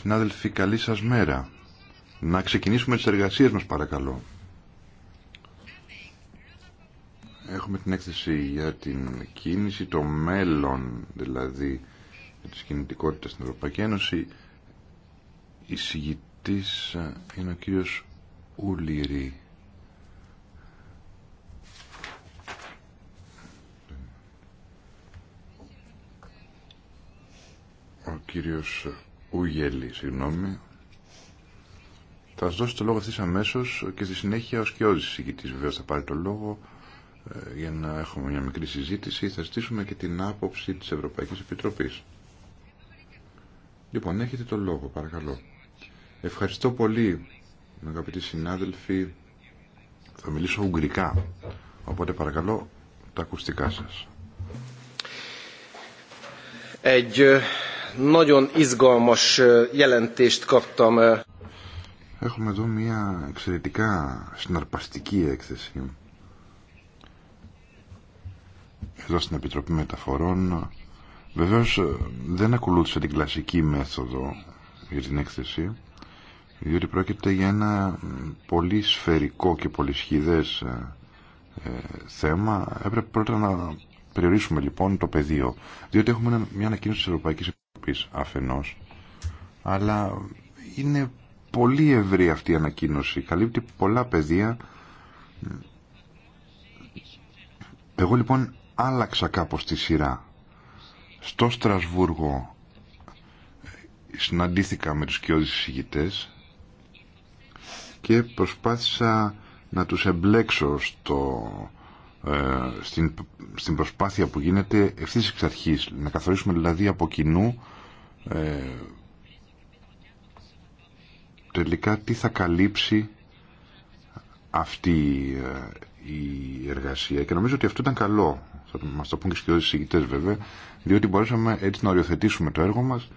Συνάδελφοι, καλή σας μέρα. Να ξεκινήσουμε τις εργασίες μας, παρακαλώ. Έχουμε την έκθεση για την κίνηση, το μέλλον, δηλαδή, της κινητικότητα στην Ευρωπαϊκή Ένωση. Η συγητής ε, είναι ο κύριος Ούλυρη. ο κύριος Ούγελη, συγγνώμη. Θα σα δώσω το λόγο αυτή αμέσω και στη συνέχεια ο Σκιώδη τις βεβαίω θα πάρει το λόγο ε, για να έχουμε μια μικρή συζήτηση. Θα στήσουμε και την άποψη της Ευρωπαϊκής Επιτροπή. Λοιπόν, έχετε το λόγο, παρακαλώ. Ευχαριστώ πολύ, αγαπητοί συνάδελφοι. Θα μιλήσω ουγγρικά, οπότε παρακαλώ τα ακουστικά σας. Ε, Έχουμε εδώ μια εξαιρετικά συναρπαστική έκθεση. Εδώ στην Επιτροπή Μεταφορών ε, βεβαίως ε, δεν ακολούθησε την κλασική μέθοδο για την έκθεση διότι πρόκειται για ένα πολύ σφαιρικό και πολύ ε, ε, θέμα. Έπρεπε πρώτα να περιορίσουμε λοιπόν το πεδίο, διότι έχουμε μια ανακοίνωση ευρωπαϊκή. Ευρωπαϊκής αφενός, αλλά είναι πολύ ευρύ αυτή η ανακοίνωση. Καλύπτει πολλά πεδία. Εγώ λοιπόν άλλαξα κάπως τη σειρά. Στο Στρασβούργο συναντήθηκα με τους κοιόδης και προσπάθησα να τους εμπλέξω στο ε, στην, στην προσπάθεια που γίνεται ευθύς εξ αρχής, να καθορίσουμε δηλαδή από κοινού ε, τελικά τι θα καλύψει αυτή ε, η εργασία και νομίζω ότι αυτό ήταν καλό θα μας το πούν και οι συγκητές βέβαια διότι μπορέσαμε έτσι να οριοθετήσουμε το έργο μας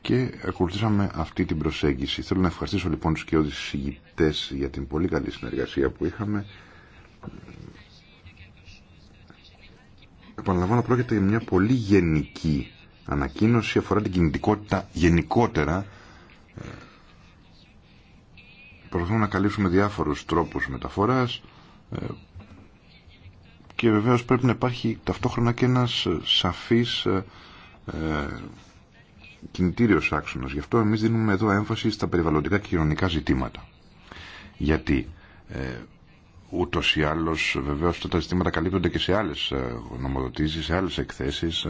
και ακολουθήσαμε αυτή την προσέγγιση θέλω να ευχαριστήσω λοιπόν τους και συγκητές για την πολύ καλή συνεργασία που είχαμε επαναλαμβάνω, πρόκειται για μια πολύ γενική ανακοίνωση, αφορά την κινητικότητα γενικότερα. Ε, προσπαθούμε να καλύψουμε διάφορους τρόπους μεταφοράς ε, και βεβαίως πρέπει να υπάρχει ταυτόχρονα και ένας σαφής ε, κινητήριος άξονας. Γι' αυτό εμείς δίνουμε εδώ έμφαση στα περιβαλλοντικά και κοινωνικά ζητήματα. Γιατί ε, ούτως ή άλλως αυτά τα ζητήματα καλύπτονται και σε άλλες ε, νομοδοτήσει, σε άλλες εκθέσεις.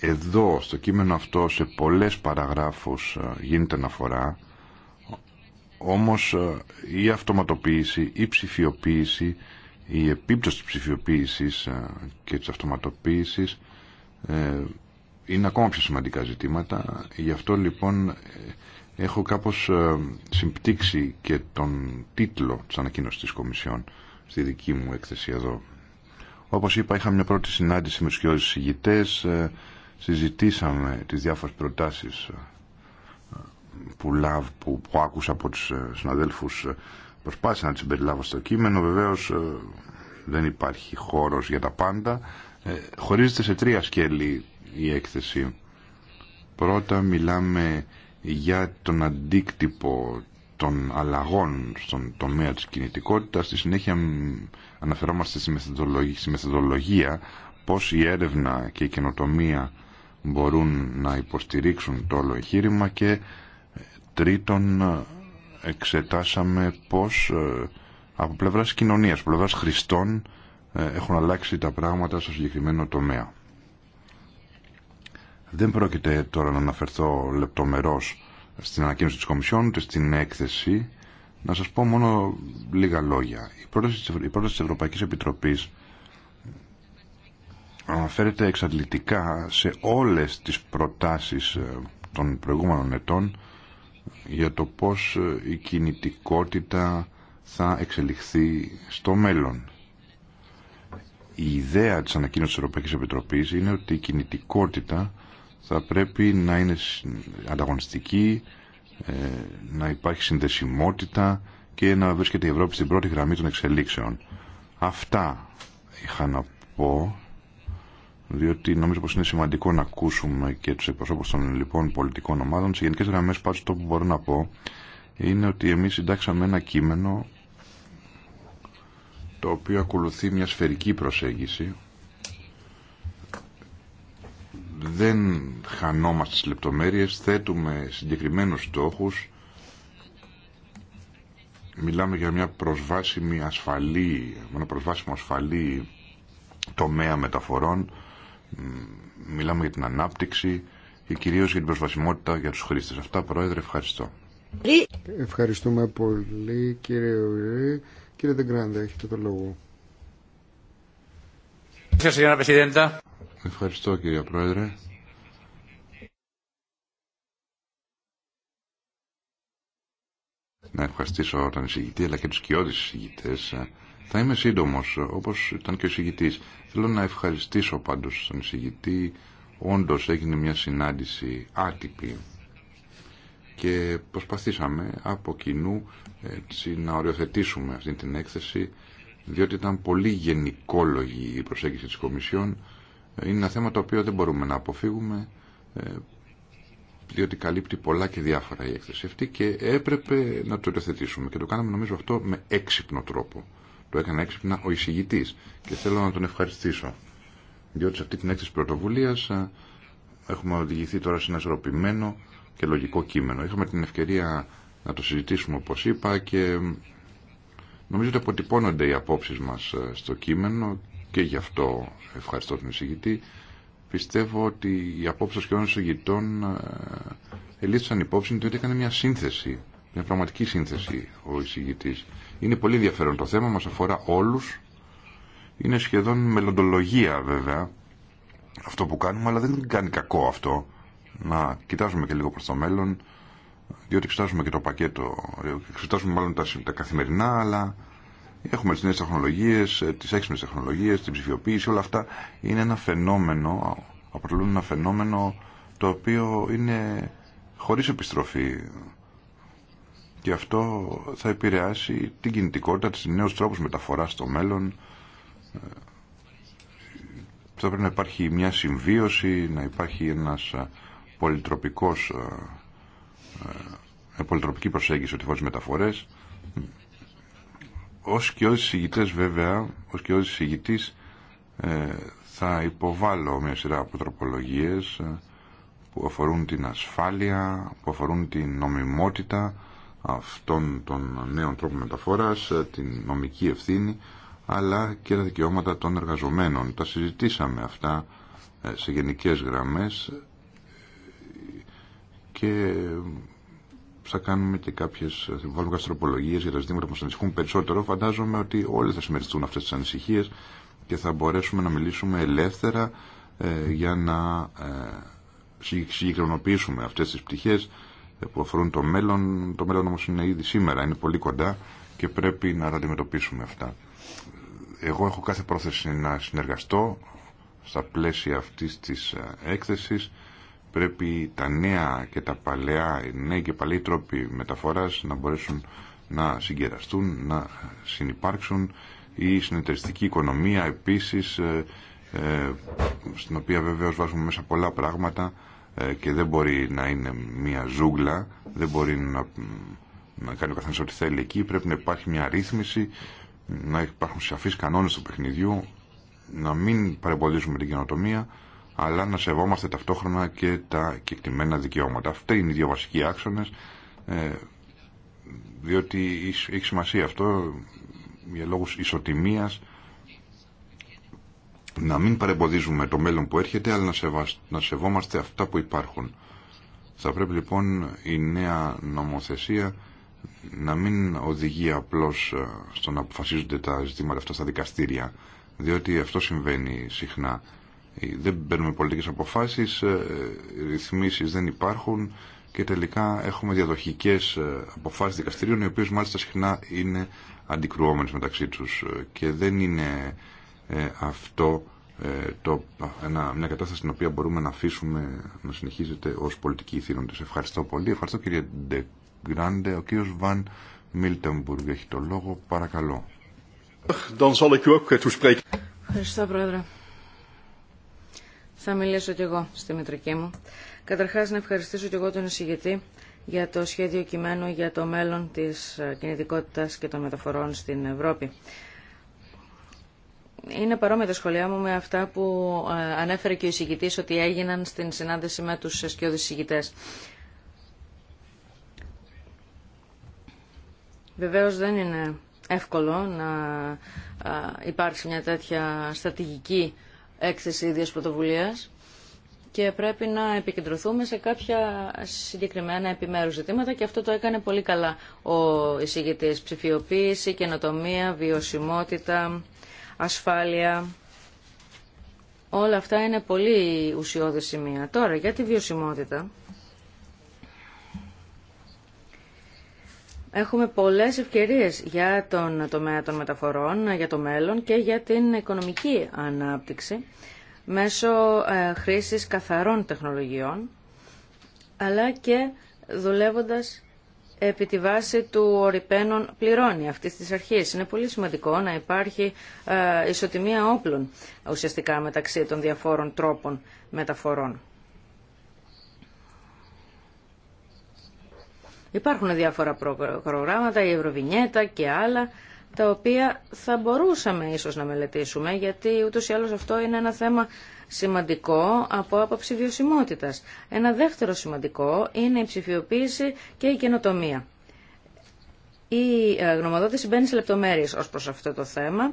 Εδώ, στο κείμενο αυτό, σε πολλέ παραγράφους ε, γίνεται αναφορά, όμως ε, η αυτοματοποίηση, η ψηφιοποίηση, η επίπτωση της ψηφιοποίησης και της αυτοματοποίησης είναι ακόμα πιο σημαντικά ζητήματα. Γι' αυτό λοιπόν Έχω κάπως ε, συμπτύξει και τον τίτλο της ανακοίνωσης της Κομισιόν στη δική μου έκθεση εδώ. Όπως είπα, είχα μια πρώτη συνάντηση με τους κοιόδους συγητές, ε, συζητήσαμε τις διάφορες προτάσεις ε, που, λάβ, που, που άκουσα από τους συναδέλφους προσπάθησα να τις περιλάβω στο κείμενο βεβαίως δεν υπάρχει χώρος για τα πάντα χωρίζεται σε τρία σκέλη η έκθεση πρώτα μιλάμε για τον αντίκτυπο των αλλαγών στον τομέα της κινητικότητας. Στη συνέχεια αναφερόμαστε στη μεθοδολογία πώς η έρευνα και η καινοτομία μπορούν να υποστηρίξουν το όλο εγχείρημα και ε, τρίτον ε, εξετάσαμε πώς ε, από πλευράς κοινωνίας, από πλευράς χρηστών έχουν αλλάξει τα πράγματα στο συγκεκριμένο τομέα. Δεν πρόκειται τώρα να αναφερθώ λεπτομερώς στην ανακοίνωση της Κομισιόν, ούτε στην έκθεση. Να σας πω μόνο λίγα λόγια. Η πρόταση, η πρόταση της αναφέρεται εξαντλητικά σε όλες τις προτάσεις ε, των προηγούμενων ετών για το πώς ε, η κινητικότητα θα εξελιχθεί στο μέλλον. Η ιδέα της ανακοίνωσης της Ευρωπαϊκής Επιτροπής είναι ότι η κινητικότητα θα πρέπει να είναι ανταγωνιστική, ε, να υπάρχει συνδεσιμότητα και να βρίσκεται η Ευρώπη στην πρώτη γραμμή των εξελίξεων. Αυτά είχα να πω, διότι νομίζω πως είναι σημαντικό να ακούσουμε και τους εκπροσώπους των λοιπόν πολιτικών ομάδων. Σε γενικές γραμμές πάντως το που μπορώ να πω είναι ότι εμείς συντάξαμε ένα κείμενο το οποίο ακολουθεί μια σφαιρική προσέγγιση δεν χανόμαστε στις λεπτομέρειες, θέτουμε συγκεκριμένους στόχους, μιλάμε για μια προσβάσιμη ασφαλή, ένα προσβάσιμο ασφαλή τομέα μεταφορών, μιλάμε για την ανάπτυξη και κυρίως για την προσβασιμότητα για τους χρήστες. Αυτά, Πρόεδρε, ευχαριστώ. Ευχαριστούμε πολύ, κύριε Ουρή. Κύριε Δεγκράντε, έχετε το λόγο. Ευχαριστώ κύριε Πρόεδρε. Να ευχαριστήσω τον εισηγητή αλλά και τους κοιόδης εισηγητές. Θα είμαι σύντομος, όπως ήταν και ο εισηγητής. Θέλω να ευχαριστήσω πάντως τον εισηγητή. Όντως έγινε μια συνάντηση άτυπη και προσπαθήσαμε από κοινού να οριοθετήσουμε αυτή την έκθεση διότι ήταν πολύ γενικόλογη η προσέγγιση της Κομισιόν είναι ένα θέμα το οποίο δεν μπορούμε να αποφύγουμε ε, διότι καλύπτει πολλά και διάφορα η έκθεση αυτή και έπρεπε να το υιοθετήσουμε και το κάναμε νομίζω αυτό με έξυπνο τρόπο. Το έκανε έξυπνα ο εισηγητή και θέλω να τον ευχαριστήσω. Διότι σε αυτή την έκθεση πρωτοβουλία ε, έχουμε οδηγηθεί τώρα σε ένα ισορροπημένο και λογικό κείμενο. Είχαμε την ευκαιρία να το συζητήσουμε όπω είπα και ε, νομίζω ότι αποτυπώνονται οι απόψει μα στο κείμενο και γι' αυτό ευχαριστώ τον εισηγητή. Πιστεύω ότι οι απόψει των κοινών εισηγητών ε, ελήφθησαν υπόψη ότι έκανε μια σύνθεση, μια πραγματική σύνθεση ο εισηγητή. Είναι πολύ ενδιαφέρον το θέμα, μα αφορά όλου. Είναι σχεδόν μελλοντολογία βέβαια αυτό που κάνουμε, αλλά δεν κάνει κακό αυτό. Να κοιτάζουμε και λίγο προ το μέλλον, διότι εξετάζουμε και το πακέτο, ε, εξετάζουμε μάλλον τα, τα καθημερινά, αλλά Έχουμε τι νέε τεχνολογίες, ε, τις έξυπνες τεχνολογίες, την ψηφιοποίηση, όλα αυτά είναι ένα φαινόμενο, αποτελούν ένα φαινόμενο το οποίο είναι χωρίς επιστροφή. Και αυτό θα επηρεάσει την κινητικότητα, του νέου τρόπου μεταφοράς στο μέλλον. Ε, θα πρέπει να υπάρχει μια συμβίωση, να υπάρχει ένας ε, πολυτροπικό πολυτροπική προσέγγιση ότι φορές μεταφορές. Ως και ως συγητές βέβαια, ως και ως ε, θα υποβάλω μια σειρά από τροπολογίες ε, που αφορούν την ασφάλεια, που αφορούν την νομιμότητα αυτών των νέων τρόπων μεταφοράς, ε, την νομική ευθύνη, αλλά και τα δικαιώματα των εργαζομένων. Τα συζητήσαμε αυτά ε, σε γενικές γραμμές και θα κάνουμε και κάποιε, θα βάλουμε κάποιε τροπολογίε για τα ζητήματα που μα ανησυχούν περισσότερο. Φαντάζομαι ότι όλοι θα συμμεριστούν αυτέ τι ανησυχίε και θα μπορέσουμε να μιλήσουμε ελεύθερα ε, για να ε, αυτέ αυτές τις πτυχές ε, που αφορούν το μέλλον. Το μέλλον όμω είναι ήδη σήμερα, είναι πολύ κοντά και πρέπει να τα αντιμετωπίσουμε αυτά. Εγώ έχω κάθε πρόθεση να συνεργαστώ στα πλαίσια αυτής της ε, έκθεσης πρέπει τα νέα και τα παλαιά, οι νέοι και παλαιοί τρόποι μεταφοράς να μπορέσουν να συγκεραστούν, να συνυπάρξουν. Η συνεταιριστική οικονομία επίσης, ε, ε, στην οποία βέβαια βάζουμε μέσα πολλά πράγματα ε, και δεν μπορεί να είναι μια ζούγκλα, δεν μπορεί να, να κάνει ο καθένας ό,τι θέλει εκεί, πρέπει να υπάρχει μια ρύθμιση, να υπάρχουν σαφείς κανόνες του παιχνιδιού, να μην παρεμποδίζουμε την καινοτομία αλλά να σεβόμαστε ταυτόχρονα και τα κεκτημένα δικαιώματα. Αυτά είναι οι δύο βασικοί άξονες, ε, διότι έχει σημασία αυτό για λόγους ισοτιμίας, να μην παρεμποδίζουμε το μέλλον που έρχεται, αλλά να σεβόμαστε αυτά που υπάρχουν. Θα πρέπει λοιπόν η νέα νομοθεσία να μην οδηγεί απλώς ε, στο να αποφασίζονται τα ζητήματα αυτά στα δικαστήρια, διότι αυτό συμβαίνει συχνά. Ε, δεν παίρνουμε πολιτικές αποφάσεις, ε, ρυθμίσεις δεν υπάρχουν και τελικά έχουμε διαδοχικές ε, αποφάσεις δικαστηρίων οι οποίες μάλιστα συχνά είναι αντικρουόμενες μεταξύ τους και δεν είναι αυτό το, ένα, μια κατάσταση την οποία μπορούμε να αφήσουμε να συνεχίζεται ως πολιτική ηθήνοντες. Ευχαριστώ πολύ. Ευχαριστώ κύριε Ντεγκράντε. Ο κύριος Βαν Μίλτεμπουργκ έχει το λόγο. Παρακαλώ. Eh, Ευχαριστώ πρόεδρε. Θα μιλήσω κι εγώ στη μητρική μου. Καταρχάς να ευχαριστήσω κι εγώ τον εισηγητή για το σχέδιο κειμένου για το μέλλον της ε, κινητικότητας και των μεταφορών στην Ευρώπη. Είναι παρόμοια τα σχολεία μου με αυτά που ε, ανέφερε και ο εισηγητή ότι έγιναν στην συνάντηση με τους σκιώδει εισηγητέ. Βεβαίω δεν είναι εύκολο να ε, υπάρξει μια τέτοια στρατηγική έκθεση ίδιας πρωτοβουλίας και πρέπει να επικεντρωθούμε σε κάποια συγκεκριμένα επιμέρους ζητήματα και αυτό το έκανε πολύ καλά ο εισηγητής. Ψηφιοποίηση, καινοτομία, βιωσιμότητα, ασφάλεια. Όλα αυτά είναι πολύ ουσιώδη σημεία. Τώρα για τη βιωσιμότητα. Έχουμε πολλές ευκαιρίες για τον τομέα των μεταφορών, για το μέλλον και για την οικονομική ανάπτυξη μέσω ε, χρήσης καθαρών τεχνολογιών, αλλά και δουλεύοντας επί τη βάση του ορυπαίνων πληρώνει αυτή τη αρχή. Είναι πολύ σημαντικό να υπάρχει ε, ισοτιμία όπλων ουσιαστικά μεταξύ των διαφόρων τρόπων μεταφορών. Υπάρχουν διάφορα προγράμματα, η Ευρωβινιέτα και άλλα, τα οποία θα μπορούσαμε ίσως να μελετήσουμε, γιατί ούτως ή άλλως αυτό είναι ένα θέμα σημαντικό από άποψη βιωσιμότητας. Ένα δεύτερο σημαντικό είναι η ψηφιοποίηση και η καινοτομία. Η ε, γνωμοδότηση μπαίνει σε λεπτομέρειες ως προς αυτό το θέμα,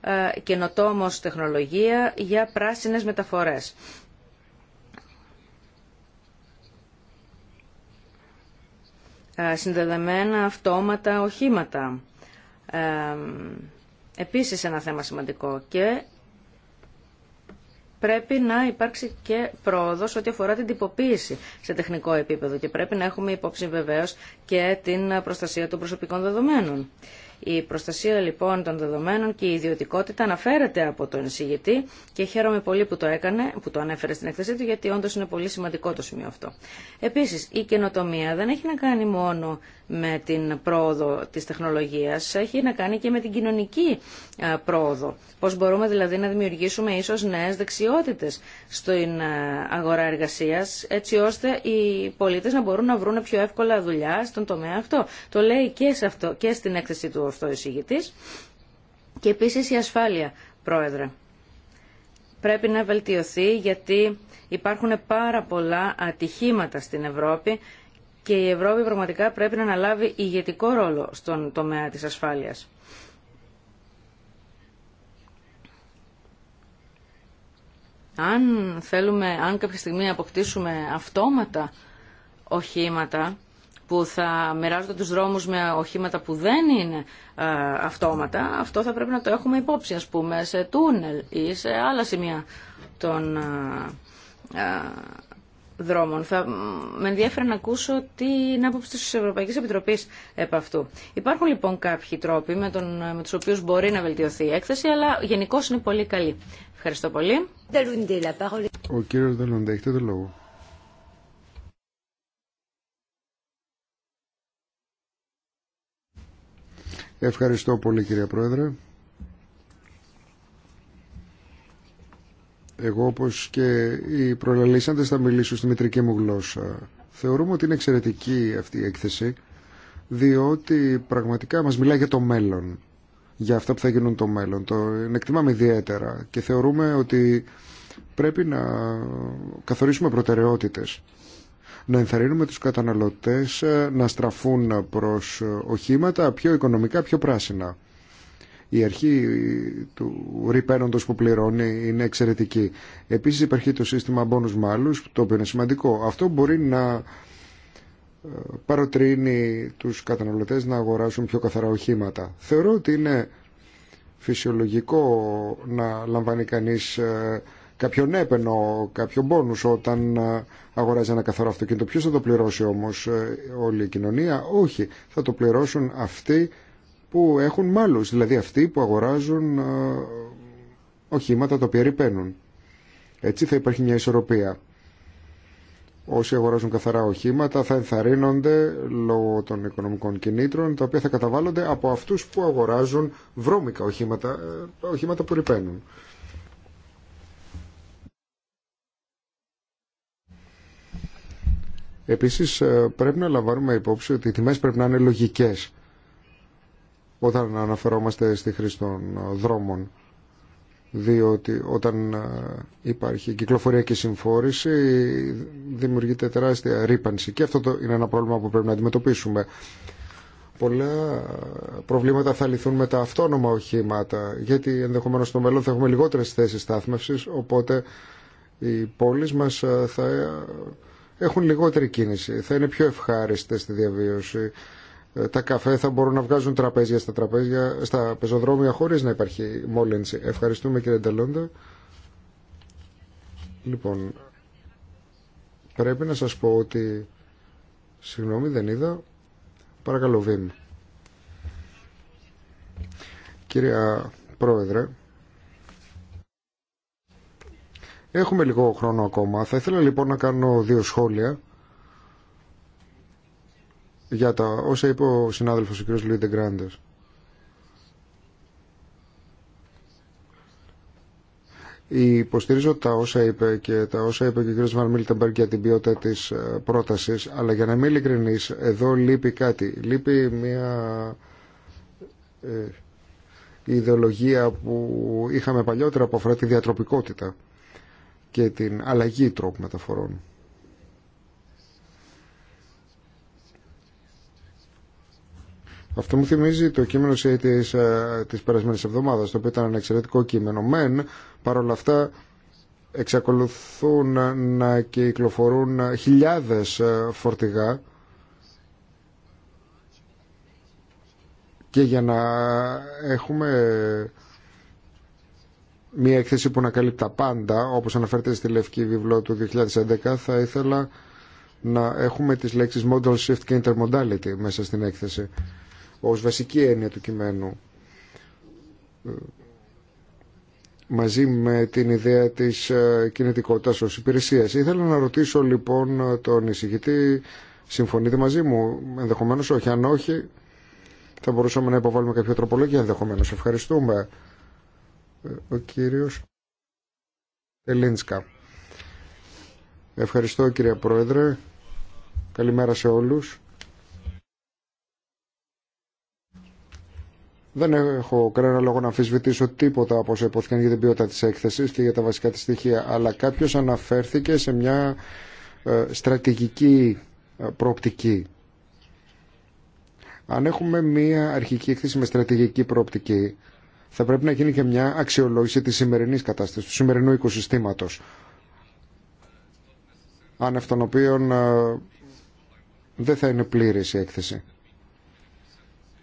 ε, καινοτόμος τεχνολογία για πράσινες μεταφορές. Ε, συνδεδεμένα αυτόματα οχήματα. Ε, επίσης ένα θέμα σημαντικό και πρέπει να υπάρξει και πρόοδο ό,τι αφορά την τυποποίηση σε τεχνικό επίπεδο και πρέπει να έχουμε υπόψη βεβαίως και την προστασία των προσωπικών δεδομένων. Η προστασία λοιπόν των δεδομένων και η ιδιωτικότητα αναφέρεται από τον εισηγητή και χαίρομαι πολύ που το έκανε, που το ανέφερε στην εκθεσή του, γιατί όντω είναι πολύ σημαντικό το σημείο αυτό. Επίση, η καινοτομία δεν έχει να κάνει μόνο με την πρόοδο τη τεχνολογία, έχει να κάνει και με την κοινωνική ε, πρόοδο. Πώ μπορούμε δηλαδή να δημιουργήσουμε ίσω νέε δεξιότητε στην ε, αγορά εργασία, έτσι ώστε οι πολίτε να μπορούν να βρουν πιο εύκολα δουλειά στον τομέα αυτό. Το λέει και, σε αυτό, και στην έκθεση του αυτό Και επίση η ασφάλεια, Πρόεδρε. Πρέπει να βελτιωθεί γιατί υπάρχουν πάρα πολλά ατυχήματα στην Ευρώπη και η Ευρώπη πραγματικά πρέπει να αναλάβει ηγετικό ρόλο στον τομέα της ασφάλειας. Αν θέλουμε, αν κάποια στιγμή αποκτήσουμε αυτόματα οχήματα, που θα μοιράζονται τους δρόμους με οχήματα που δεν είναι ε, αυτόματα, αυτό θα πρέπει να το έχουμε υπόψη, ας πούμε, σε τούνελ ή σε άλλα σημεία των ε, ε, δρόμων. Θα με ενδιαφέρει να ακούσω την άποψη της Ευρωπαϊκής Επιτροπής επ' αυτού. Υπάρχουν λοιπόν κάποιοι τρόποι με, με τους οποίους μπορεί να βελτιωθεί η έκθεση, αλλά γενικώ είναι πολύ καλή. Ευχαριστώ πολύ. Ο κύριος Δελοντέ, έχετε το λόγο. Ευχαριστώ πολύ κύριε Πρόεδρε. Εγώ όπως και οι προλαλήσαντες θα μιλήσω στη μητρική μου γλώσσα. Θεωρούμε ότι είναι εξαιρετική αυτή η έκθεση διότι πραγματικά μας μιλάει για το μέλλον. Για αυτά που θα γίνουν το μέλλον. Το εκτιμάμε ιδιαίτερα και θεωρούμε ότι πρέπει να καθορίσουμε προτεραιότητες να ενθαρρύνουμε τους καταναλωτές ε, να στραφούν προς οχήματα πιο οικονομικά, πιο πράσινα. Η αρχή του ρηπαίνοντος που πληρώνει είναι εξαιρετική. Επίσης υπάρχει το σύστημα bonus μάλους το οποίο είναι σημαντικό. Αυτό μπορεί να ε, παροτρύνει τους καταναλωτές να αγοράσουν πιο καθαρά οχήματα. Θεωρώ ότι είναι φυσιολογικό να λαμβάνει κανείς ε, κάποιον έπαινο, κάποιον πόνου όταν ε, αγοράζει ένα καθαρό αυτοκίνητο. Ποιος θα το πληρώσει όμως ε, όλη η κοινωνία. Όχι, θα το πληρώσουν αυτοί που έχουν μάλους, δηλαδή αυτοί που αγοράζουν ε, οχήματα τα οποία ρηπαίνουν. Έτσι θα υπάρχει μια ισορροπία. Όσοι αγοράζουν καθαρά οχήματα θα ενθαρρύνονται λόγω των οικονομικών κινήτρων, τα οποία θα καταβάλλονται από αυτούς που αγοράζουν βρώμικα οχήματα, οχήματα που ρηπαίνουν. Επίσης ε, πρέπει να λαμβάνουμε υπόψη ότι οι τιμέ πρέπει να είναι λογικέ όταν αναφερόμαστε στη χρήση των ε, δρόμων διότι όταν ε, υπάρχει κυκλοφορία και συμφόρηση δημιουργείται τεράστια ρήπανση και αυτό είναι ένα πρόβλημα που πρέπει να αντιμετωπίσουμε. Πολλά προβλήματα θα λυθούν με τα αυτόνομα οχήματα γιατί ενδεχομένως στο μέλλον θα έχουμε λιγότερες θέσεις στάθμευσης οπότε οι πόλεις μας θα έχουν λιγότερη κίνηση. Θα είναι πιο ευχάριστε στη διαβίωση. Ε, τα καφέ θα μπορούν να βγάζουν τραπέζια στα, τραπέζια, στα πεζοδρόμια χωρί να υπάρχει μόλυνση. Ευχαριστούμε κύριε Ντελόντα. Λοιπόν, πρέπει να σας πω ότι... Συγγνώμη, δεν είδα. Παρακαλώ, Βήμ. Κυρία Πρόεδρε, Έχουμε λίγο χρόνο ακόμα. Θα ήθελα λοιπόν να κάνω δύο σχόλια για τα όσα είπε ο συνάδελφος ο κ. Λουίδε Γκράντες. Υποστηρίζω τα όσα είπε και τα όσα είπε και ο κ. Βαν για την ποιότητα τη ε, πρόταση, αλλά για να μην ειλικρινή, εδώ λείπει κάτι. Λείπει μια ε, ιδεολογία που είχαμε παλιότερα που αφορά τη διατροπικότητα και την αλλαγή τρόπου μεταφορών. Αυτό μου θυμίζει το κείμενο σε της, ε, της περασμένης εβδομάδας, το οποίο ήταν ένα εξαιρετικό κείμενο. Μεν, παρόλα αυτά, εξακολουθούν να κυκλοφορούν χιλιάδες ε, φορτηγά και για να έχουμε μια έκθεση που να καλύπτει τα πάντα, όπως αναφέρεται στη Λευκή Βιβλό του 2011, θα ήθελα να έχουμε τις λέξεις «model shift και intermodality μέσα στην έκθεση ως βασική έννοια του κειμένου μαζί με την ιδέα της ε, κινητικότητας ως υπηρεσία. Ήθελα να ρωτήσω λοιπόν τον εισηγητή, συμφωνείτε μαζί μου, ενδεχομένως όχι, αν όχι θα μπορούσαμε να υποβάλουμε κάποια τροπολογία ενδεχομένως. Ευχαριστούμε ο κύριος Τελίνσκα. Ευχαριστώ κύριε Πρόεδρε. Καλημέρα σε όλους. Δεν έχω κανένα λόγο να αμφισβητήσω τίποτα από όσα υπόθηκαν για την ποιότητα της έκθεσης και για τα βασικά της στοιχεία, αλλά κάποιος αναφέρθηκε σε μια ε, στρατηγική ε, προοπτική. Αν έχουμε μια αρχική έκθεση με στρατηγική προοπτική, θα πρέπει να γίνει και μια αξιολόγηση της σημερινής κατάστασης, του σημερινού οικοσυστήματος. Άνευ των οποίων ε, δεν θα είναι πλήρης η έκθεση.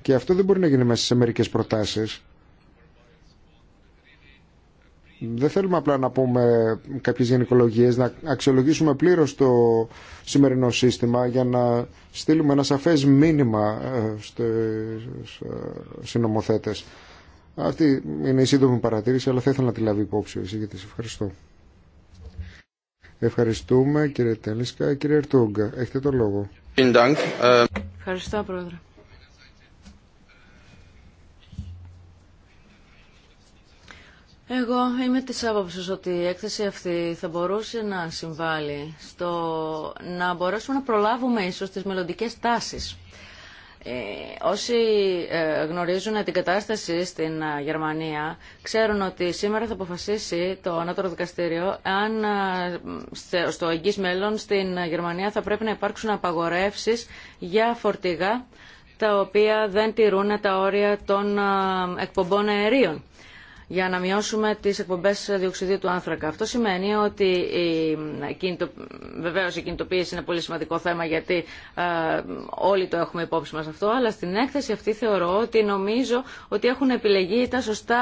Και αυτό δεν μπορεί να γίνει μέσα σε μερικές προτάσεις. Δεν θέλουμε απλά να πούμε κάποιες γενικολογίες, να αξιολογήσουμε πλήρως το σημερινό σύστημα για να στείλουμε ένα σαφές μήνυμα ε, στους ε, συνομοθέτες. Αυτή είναι η σύντομη παρατήρηση, αλλά θα ήθελα να τη λάβει υπόψη ο σε Ευχαριστώ. Ευχαριστούμε κύριε Τέλισκα. Κύριε Ερτούγκα, έχετε το λόγο. Ευχαριστώ πρόεδρε. Εγώ είμαι της άποψης ότι η έκθεση αυτή θα μπορούσε να συμβάλλει στο να μπορέσουμε να προλάβουμε ίσως τις μελλοντικέ τάσεις ε, όσοι ε, γνωρίζουν την κατάσταση στην ε, Γερμανία ξέρουν ότι σήμερα θα αποφασίσει το ανώτερο δικαστήριο αν στο εγγύς μέλλον στην Γερμανία θα πρέπει να υπάρξουν απαγορεύσεις για φορτηγά τα οποία δεν τηρούν τα όρια των εκπομπών αερίων για να μειώσουμε τις εκπομπές διοξιδίου του άνθρακα. Αυτό σημαίνει ότι η κινητο... βεβαίως η κινητοποίηση είναι πολύ σημαντικό θέμα γιατί ε, όλοι το έχουμε υπόψη μας αυτό, αλλά στην έκθεση αυτή θεωρώ ότι νομίζω ότι έχουν επιλεγεί τα σωστά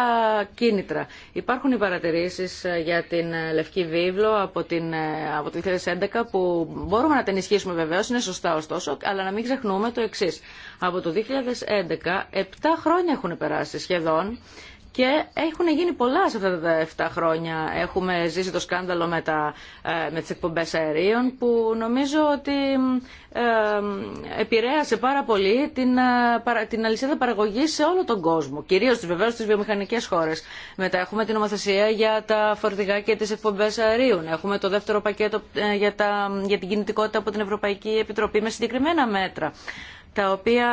κίνητρα. Υπάρχουν οι παρατηρήσεις ε, για την ε, Λευκή Βίβλο από, την, το 2011 που μπορούμε να την ενισχύσουμε βεβαίως, είναι σωστά ωστόσο, αλλά να μην ξεχνούμε το εξή. Από το 2011, 7 χρόνια έχουν περάσει σχεδόν και έχουν γίνει πολλά σε αυτά τα 7 χρόνια. Έχουμε ζήσει το σκάνδαλο με, τα, ε, με τις εκπομπές αερίων που νομίζω ότι ε, επηρέασε πάρα πολύ την, ε, την αλυσίδα παραγωγής σε όλο τον κόσμο. Κυρίως βεβαίως στις βιομηχανικές χώρες. Μετά έχουμε την νομοθεσία για τα φορτηγά και τις εκπομπές αερίων. Έχουμε το δεύτερο πακέτο ε, για, τα, για την κινητικότητα από την Ευρωπαϊκή Επιτροπή με συγκεκριμένα μέτρα τα οποία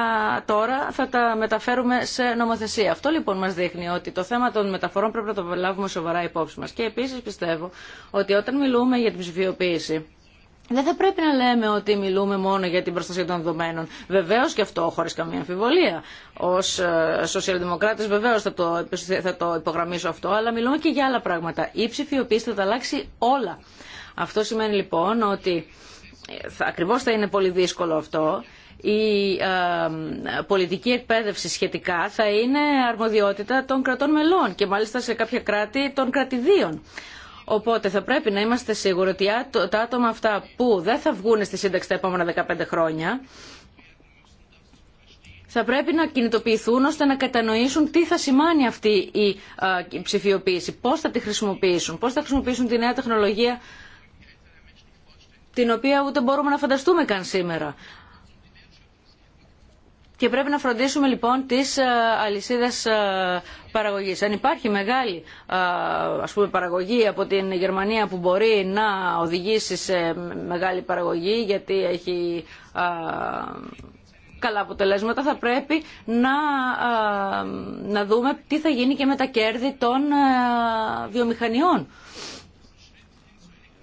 τώρα θα τα μεταφέρουμε σε νομοθεσία. Αυτό λοιπόν μας δείχνει ότι το θέμα των μεταφορών πρέπει να το λάβουμε σοβαρά υπόψη μας. Και επίσης πιστεύω ότι όταν μιλούμε για την ψηφιοποίηση, δεν θα πρέπει να λέμε ότι μιλούμε μόνο για την προστασία των δεδομένων. Βεβαίω και αυτό χωρί καμία αμφιβολία. Ω ε, σοσιαλδημοκράτη βεβαίω θα, το, θα το υπογραμμίσω αυτό, αλλά μιλούμε και για άλλα πράγματα. Η ψηφιοποίηση θα τα αλλάξει όλα. Αυτό σημαίνει λοιπόν ότι ε, θα είναι πολύ δύσκολο αυτό η ε, πολιτική εκπαίδευση σχετικά θα είναι αρμοδιότητα των κρατών μελών και μάλιστα σε κάποια κράτη των κρατηδίων. Οπότε θα πρέπει να είμαστε σίγουροι ότι τα άτομα αυτά που δεν θα βγουν στη σύνταξη τα επόμενα 15 χρόνια θα πρέπει να κινητοποιηθούν ώστε να κατανοήσουν τι θα σημάνει αυτή η ψηφιοποίηση, πώς θα τη χρησιμοποιήσουν, πώς θα χρησιμοποιήσουν τη νέα τεχνολογία την οποία ούτε μπορούμε να φανταστούμε καν σήμερα και πρέπει να φροντίσουμε λοιπόν τις ε, αλυσίδες ε, παραγωγής. Αν υπάρχει μεγάλη ε, ας πούμε, παραγωγή από την Γερμανία που μπορεί να οδηγήσει σε μεγάλη παραγωγή γιατί έχει καλά αποτελέσματα θα πρέπει να, να δούμε τι θα γίνει και με τα κέρδη των βιομηχανιών.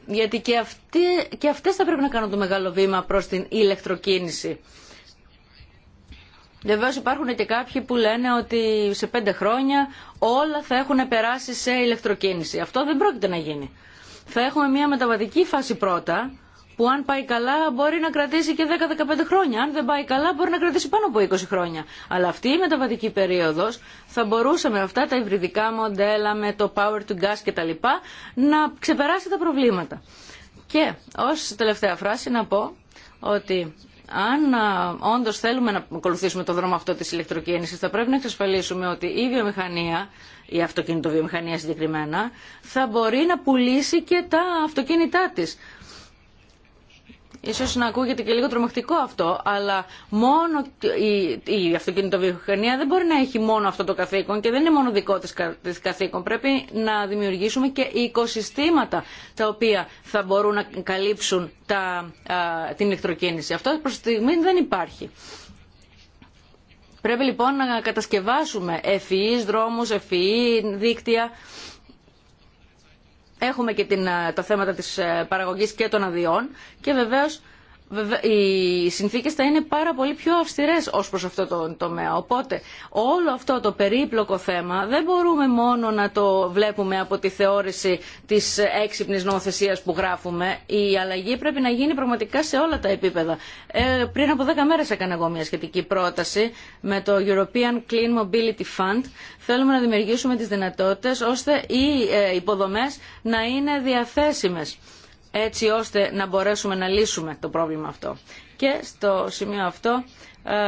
Γιατί και, αυτοί, και αυτές θα πρέπει να κάνουν το μεγάλο βήμα προς την ηλεκτροκίνηση. Βεβαίω υπάρχουν και κάποιοι που λένε ότι σε πέντε χρόνια όλα θα έχουν περάσει σε ηλεκτροκίνηση. Αυτό δεν πρόκειται να γίνει. Θα έχουμε μια μεταβατική φάση πρώτα που αν πάει καλά μπορεί να κρατήσει και 10-15 χρόνια. Αν δεν πάει καλά μπορεί να κρατήσει πάνω από 20 χρόνια. Αλλά αυτή η μεταβατική περίοδος θα μπορούσε με αυτά τα υβριδικά μοντέλα, με το power to gas κτλ. να ξεπεράσει τα προβλήματα. Και ως τελευταία φράση να πω ότι αν όντω θέλουμε να ακολουθήσουμε το δρόμο αυτό της ηλεκτροκίνησης θα πρέπει να εξασφαλίσουμε ότι η βιομηχανία, η αυτοκινητοβιομηχανία συγκεκριμένα, θα μπορεί να πουλήσει και τα αυτοκίνητά τη. Ίσως να ακούγεται και λίγο τρομακτικό αυτό, αλλά μόνο η, η αυτοκινητοβιομηχανία δεν μπορεί να έχει μόνο αυτό το καθήκον και δεν είναι μόνο δικό της, καθήκον. Πρέπει να δημιουργήσουμε και οικοσυστήματα τα οποία θα μπορούν να καλύψουν τα, την ηλεκτροκίνηση. Αυτό προς τη στιγμή δεν υπάρχει. Πρέπει λοιπόν να κατασκευάσουμε ευφυείς e δρόμους, ευφυεί e δίκτυα Έχουμε και τα ε, θέματα της ε, παραγωγής και των αδειών και βεβαίως οι συνθήκες θα είναι πάρα πολύ πιο αυστηρές ως προς αυτό το τομέα. Οπότε όλο αυτό το περίπλοκο θέμα δεν μπορούμε μόνο να το βλέπουμε από τη θεώρηση της έξυπνης νομοθεσίας που γράφουμε. Η αλλαγή πρέπει να γίνει πραγματικά σε όλα τα επίπεδα. Ε, πριν από 10 μέρες έκανα εγώ μια σχετική πρόταση με το European Clean Mobility Fund. Θέλουμε να δημιουργήσουμε τις δυνατότητες ώστε οι ε, υποδομές να είναι διαθέσιμες έτσι ώστε να μπορέσουμε να λύσουμε το πρόβλημα αυτό. Και στο σημείο αυτό ε,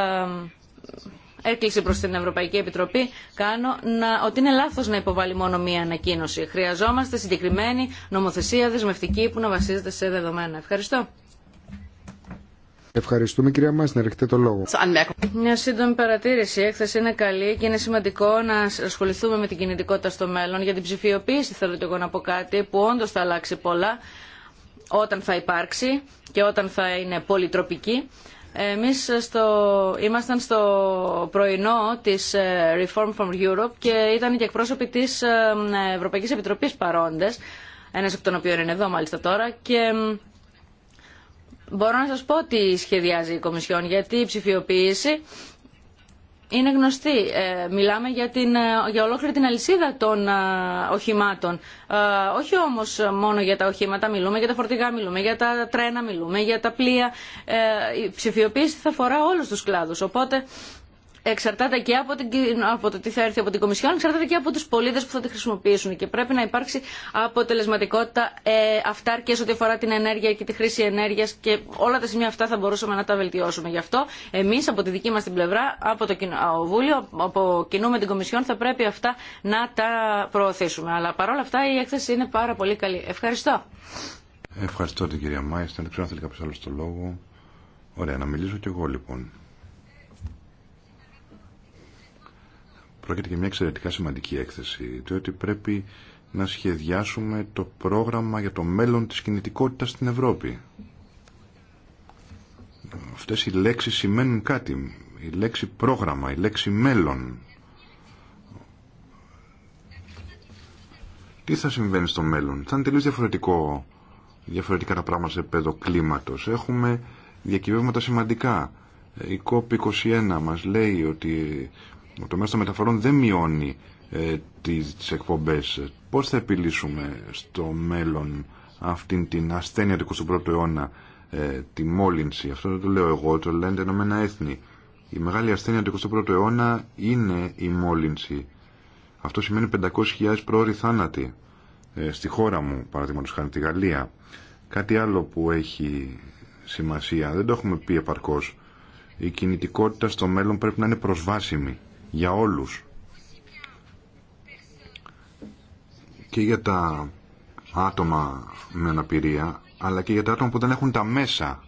έκλεισε προς την Ευρωπαϊκή Επιτροπή κάνω να, ότι είναι λάθος να υποβάλει μόνο μία ανακοίνωση. Χρειαζόμαστε συγκεκριμένη νομοθεσία δεσμευτική που να βασίζεται σε δεδομένα. Ευχαριστώ. Ευχαριστούμε κυρία Μάσνερ, έχετε το λόγο. Μια σύντομη παρατήρηση. Η έκθεση είναι καλή και είναι σημαντικό να ασχοληθούμε με την κινητικότητα στο μέλλον. Για την ψηφιοποίηση θέλω και εγώ να πω κάτι που όντω θα αλλάξει πολλά όταν θα υπάρξει και όταν θα είναι πολυτροπική. Εμείς στο, ήμασταν στο πρωινό της ε, Reform from Europe και ήταν και εκπρόσωποι της ε, Ευρωπαϊκής Επιτροπής παρόντες, ένας από τον οποίο είναι εδώ μάλιστα τώρα, και μπορώ να σας πω τι σχεδιάζει η Κομισιόν, γιατί η ψηφιοποίηση είναι γνωστή. Ε, μιλάμε για, την, ε, για ολόκληρη την αλυσίδα των ε, οχημάτων. Όχι όμως μόνο για τα οχήματα, μιλούμε για τα φορτηγά, μιλούμε για τα τρένα, μιλούμε για τα πλοία. Η ψηφιοποίηση θα αφορά όλους τους κλάδους. Οπότε εξαρτάται και από, την, από το τι θα έρθει από την Κομισιόν, εξαρτάται και από του πολίτε που θα τη χρησιμοποιήσουν και πρέπει να υπάρξει αποτελεσματικότητα ε, αυτάρκεια ό,τι αφορά την ενέργεια και τη χρήση ενέργεια και όλα τα σημεία αυτά θα μπορούσαμε να τα βελτιώσουμε. Γι' αυτό Εμεί, από τη δική μα την πλευρά, από το Βούλιο από κοινού με την Κομισιόν θα πρέπει αυτά να τα προωθήσουμε. Αλλά παρόλα αυτά η έκθεση είναι πάρα πολύ καλή. Ευχαριστώ. Ευχαριστώ την κυρία Μάιστα, Δεν ξέρω αν θέλει κάποιο άλλο το λόγο. Ωραία, να μιλήσω κι εγώ λοιπόν. πρόκειται για μια εξαιρετικά σημαντική έκθεση, διότι πρέπει να σχεδιάσουμε το πρόγραμμα για το μέλλον της κινητικότητας στην Ευρώπη. Αυτές οι λέξεις σημαίνουν κάτι. Η λέξη πρόγραμμα, η λέξη μέλλον. Τι θα συμβαίνει στο μέλλον. Θα είναι τελείως διαφορετικό, διαφορετικά τα πράγματα σε επίπεδο κλίματος. Έχουμε διακυβεύματα σημαντικά. Η COP21 μας λέει ότι ο τομέα των μεταφορών δεν μειώνει ε, τις, εκπομπές. Πώς θα επιλύσουμε στο μέλλον αυτήν την ασθένεια του 21ου αιώνα, ε, τη μόλυνση. Αυτό δεν το λέω εγώ, το λένε τα Ηνωμένα Έθνη. Η μεγάλη ασθένεια του 21ου αιώνα είναι η μόλυνση. Αυτό σημαίνει 500.000 πρόωροι θάνατοι ε, στη χώρα μου, παραδείγματο, χάρη τη Γαλλία. Κάτι άλλο που έχει σημασία, δεν το έχουμε πει επαρκώ. η κινητικότητα στο μέλλον πρέπει να είναι προσβάσιμη για όλους και για τα άτομα με αναπηρία αλλά και για τα άτομα που δεν έχουν τα μέσα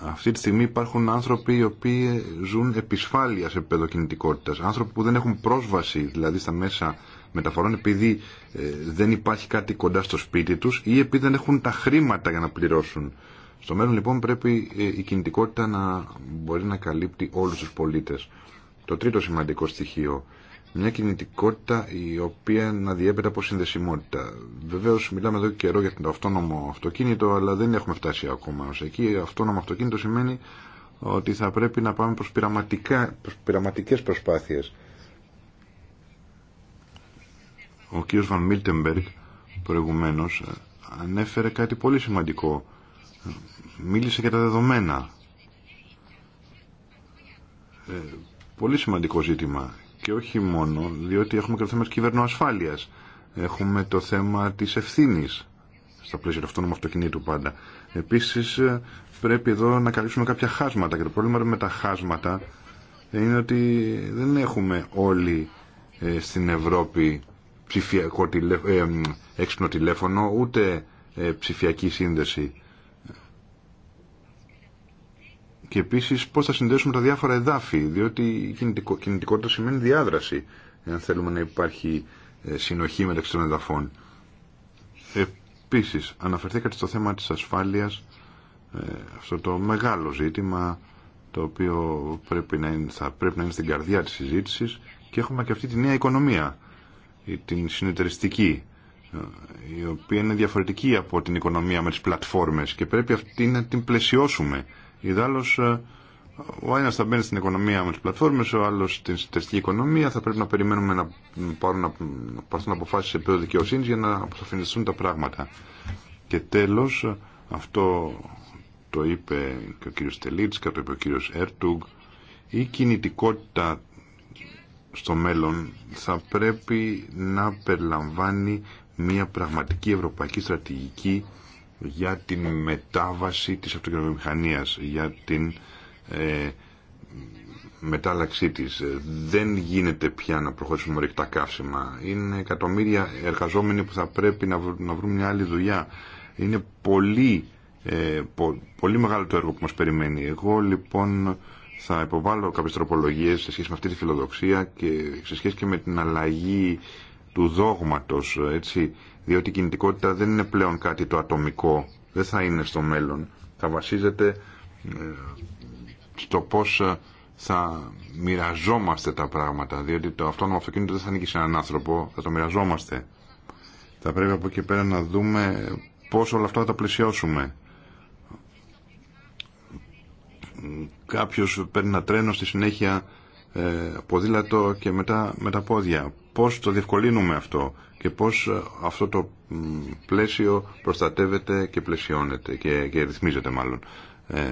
αυτή τη στιγμή υπάρχουν άνθρωποι οι οποίοι ζουν επισφάλεια σε παιδοκινητικότητα. άνθρωποι που δεν έχουν πρόσβαση δηλαδή στα μέσα μεταφορών επειδή ε, δεν υπάρχει κάτι κοντά στο σπίτι τους ή επειδή δεν έχουν τα χρήματα για να πληρώσουν στο μέλλον λοιπόν πρέπει ε, η κινητικότητα να μπορεί να καλύπτει όλους τους πολίτες το τρίτο σημαντικό στοιχείο. Μια κινητικότητα η οποία να διέπεται από συνδεσιμότητα. Βεβαίω μιλάμε εδώ και καιρό για το αυτόνομο αυτοκίνητο, αλλά δεν έχουμε φτάσει ακόμα ω εκεί. Αυτόνομο αυτοκίνητο σημαίνει ότι θα πρέπει να πάμε προς, προς πειραματικές προσπάθειες. Ο κ. Βαν Μίλτεμπεργκ προηγουμένως ανέφερε κάτι πολύ σημαντικό. Μίλησε για τα δεδομένα. Ε, Πολύ σημαντικό ζήτημα και όχι μόνο, διότι έχουμε και το θέμα της κυβερνοασφάλειας. Έχουμε το θέμα της ευθύνης στα πλαίσια του αυτόνομου αυτοκινήτου πάντα. Επίσης ε, πρέπει εδώ να καλύψουμε κάποια χάσματα και το πρόβλημα με τα χάσματα είναι ότι δεν έχουμε όλοι ε, στην Ευρώπη ψηφιακό ε, ε, έξυπνο τηλέφωνο ούτε ψηφιακή σύνδεση και επίση πώ θα συνδέσουμε τα διάφορα εδάφη, διότι η κινητικότητα σημαίνει διάδραση, αν θέλουμε να υπάρχει ε, συνοχή μεταξύ των εδαφών. Επίση, αναφερθήκατε στο θέμα της ασφάλειας, ε, αυτό το μεγάλο ζήτημα, το οποίο πρέπει να είναι, θα πρέπει να είναι στην καρδιά τη συζήτηση και έχουμε και αυτή τη νέα οικονομία, την συνεταιριστική, ε, η οποία είναι διαφορετική από την οικονομία με τις πλατφόρμες και πρέπει αυτή να την πλαισιώσουμε Ιδάλω ε, ο ένα θα μπαίνει στην οικονομία με τι πλατφόρμε, ο άλλο στην συντεστική οικονομία. Θα πρέπει να περιμένουμε να πάρουν, να πάρουν αποφάσει σε επίπεδο δικαιοσύνη για να αποσαφινιστούν τα πράγματα. Και τέλο, αυτό το είπε και ο κύριο και το είπε ο κύριο Έρτουγκ, η κινητικότητα στο μέλλον θα πρέπει να περιλαμβάνει μια πραγματική ευρωπαϊκή στρατηγική για την μετάβαση της αυτοκινητομηχανίας, για την ε, μετάλλαξή της. Δεν γίνεται πια να προχωρήσουμε με ρηκτά καύσιμα. Είναι εκατομμύρια εργαζόμενοι που θα πρέπει να, βρουν, να μια άλλη δουλειά. Είναι πολύ, ε, πολύ μεγάλο το έργο που μας περιμένει. Εγώ λοιπόν θα υποβάλω κάποιες τροπολογίες σε σχέση με αυτή τη φιλοδοξία και σε σχέση και με την αλλαγή του δόγματος, έτσι, διότι η κινητικότητα δεν είναι πλέον κάτι το ατομικό, δεν θα είναι στο μέλλον. Θα βασίζεται ε, στο πώς ε, θα μοιραζόμαστε τα πράγματα, διότι το αυτόνομο αυτοκίνητο δεν θα ανήκει σε έναν άνθρωπο, θα το μοιραζόμαστε. Θα πρέπει από εκεί πέρα να δούμε πώς όλα αυτά θα τα πλησιώσουμε. Κάποιος παίρνει ένα τρένο στη συνέχεια ε, ποδήλατο και μετά με τα πόδια. Πώς το διευκολύνουμε αυτό και πώς ε, αυτό το πλαίσιο προστατεύεται και πλαισιώνεται και, και ρυθμίζεται μάλλον. Ε,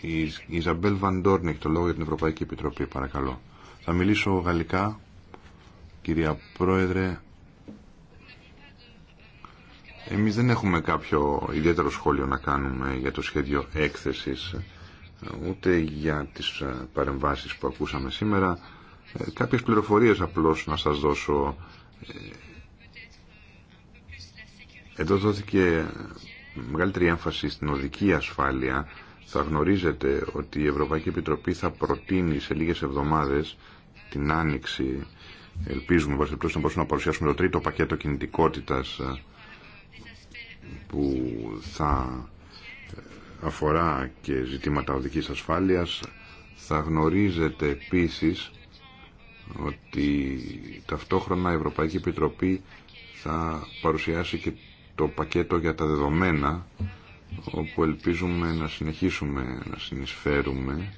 η Ιζαμπέλ Βαντόρν έχει το λόγο για την Ευρωπαϊκή Επιτροπή, παρακαλώ. Θα μιλήσω γαλλικά, κυρία Πρόεδρε. Εμείς δεν έχουμε κάποιο ιδιαίτερο σχόλιο να κάνουμε για το σχέδιο έκθεσης ούτε για τις ε, παρεμβάσεις που ακούσαμε σήμερα. Ε, κάποιες πληροφορίες απλώς να σας δώσω. Ε, εδώ δόθηκε μεγαλύτερη έμφαση στην οδική ασφάλεια. Θα γνωρίζετε ότι η Ευρωπαϊκή Επιτροπή θα προτείνει σε λίγες εβδομάδες την άνοιξη, ελπίζουμε να μπορούμε να παρουσιάσουμε το τρίτο πακέτο κινητικότητας που θα αφορά και ζητήματα οδικής ασφάλειας. Θα γνωρίζετε επίσης ότι ταυτόχρονα η Ευρωπαϊκή Επιτροπή θα παρουσιάσει και το πακέτο για τα δεδομένα όπου ελπίζουμε να συνεχίσουμε να συνεισφέρουμε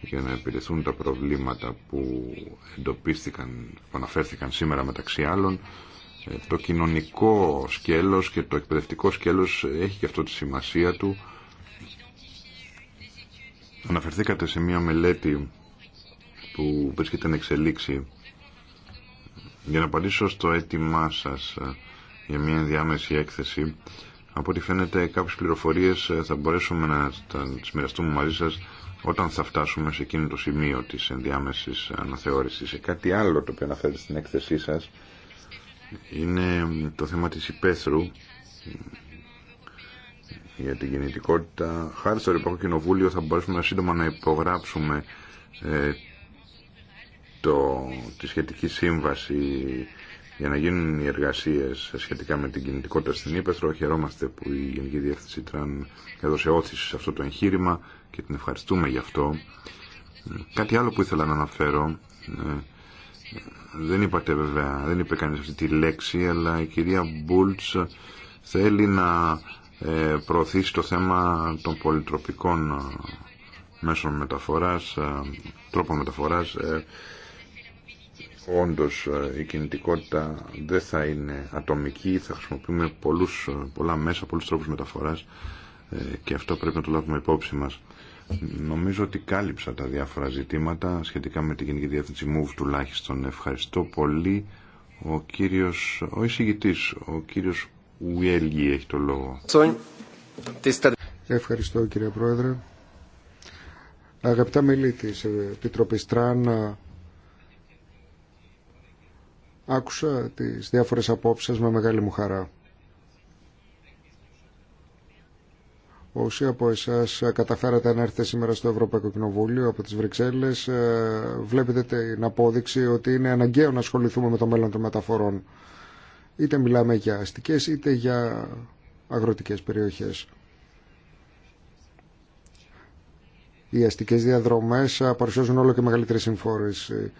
για να επιτεθούν τα προβλήματα που εντοπίστηκαν, που αναφέρθηκαν σήμερα μεταξύ άλλων. Ε, το κοινωνικό σκέλος και το εκπαιδευτικό σκέλος έχει και αυτό τη σημασία του Αναφερθήκατε σε μια μελέτη που βρίσκεται να εξελίξει για να απαντήσω στο αίτημά σας ε, για μια ενδιάμεση έκθεση. Από ό,τι φαίνεται κάποιες πληροφορίες ε, θα μπορέσουμε να τις μοιραστούμε μαζί σας όταν θα φτάσουμε σε εκείνο το σημείο της ενδιάμεσης αναθεώρησης. Σε κάτι άλλο το οποίο αναφέρετε στην έκθεσή σας είναι το θέμα της υπαίθρου για την κινητικότητα. Χάρη στο Ευρωπαϊκό Κοινοβούλιο θα μπορέσουμε σύντομα να υπογράψουμε ε, το, τη σχετική σύμβαση για να γίνουν οι εργασίες σχετικά με την κινητικότητα στην Ήπεθρο. Χαιρόμαστε που η Γενική Διεύθυνση Τραν έδωσε όθηση σε αυτό το εγχείρημα και την ευχαριστούμε γι' αυτό. Κάτι άλλο που ήθελα να αναφέρω, ε, δεν είπατε βέβαια, δεν είπε κανείς αυτή τη λέξη, αλλά η κυρία Μπούλτς θέλει να ε, προωθήσει το θέμα των πολυτροπικών ε, μέσων μεταφοράς, ε, τρόπων μεταφοράς. Όντως η κινητικότητα δεν θα είναι ατομική, θα χρησιμοποιούμε πολλούς, πολλά μέσα, πολλούς τρόπους μεταφοράς και αυτό πρέπει να το λάβουμε υπόψη μας. Νομίζω ότι κάλυψα τα διάφορα ζητήματα σχετικά με την Γενική Διεύθυνση MOVE τουλάχιστον. Ευχαριστώ πολύ ο κύριος, ο εισηγητής, ο κύριος Ευχαριστώ κύριε Πρόεδρε. Αγαπητά μελή της Επιτροπής Τραν, άκουσα τις διάφορες απόψεις με μεγάλη μου χαρά. Όσοι από εσάς καταφέρατε να έρθετε σήμερα στο Ευρωπαϊκό Κοινοβούλιο από τις Βρυξέλλες, ε, βλέπετε την απόδειξη ότι είναι αναγκαίο να ασχοληθούμε με το μέλλον των μεταφορών είτε μιλάμε για αστικές είτε για αγροτικές περιοχές. Οι αστικές διαδρομές παρουσιάζουν όλο και μεγαλύτερη συμφόρηση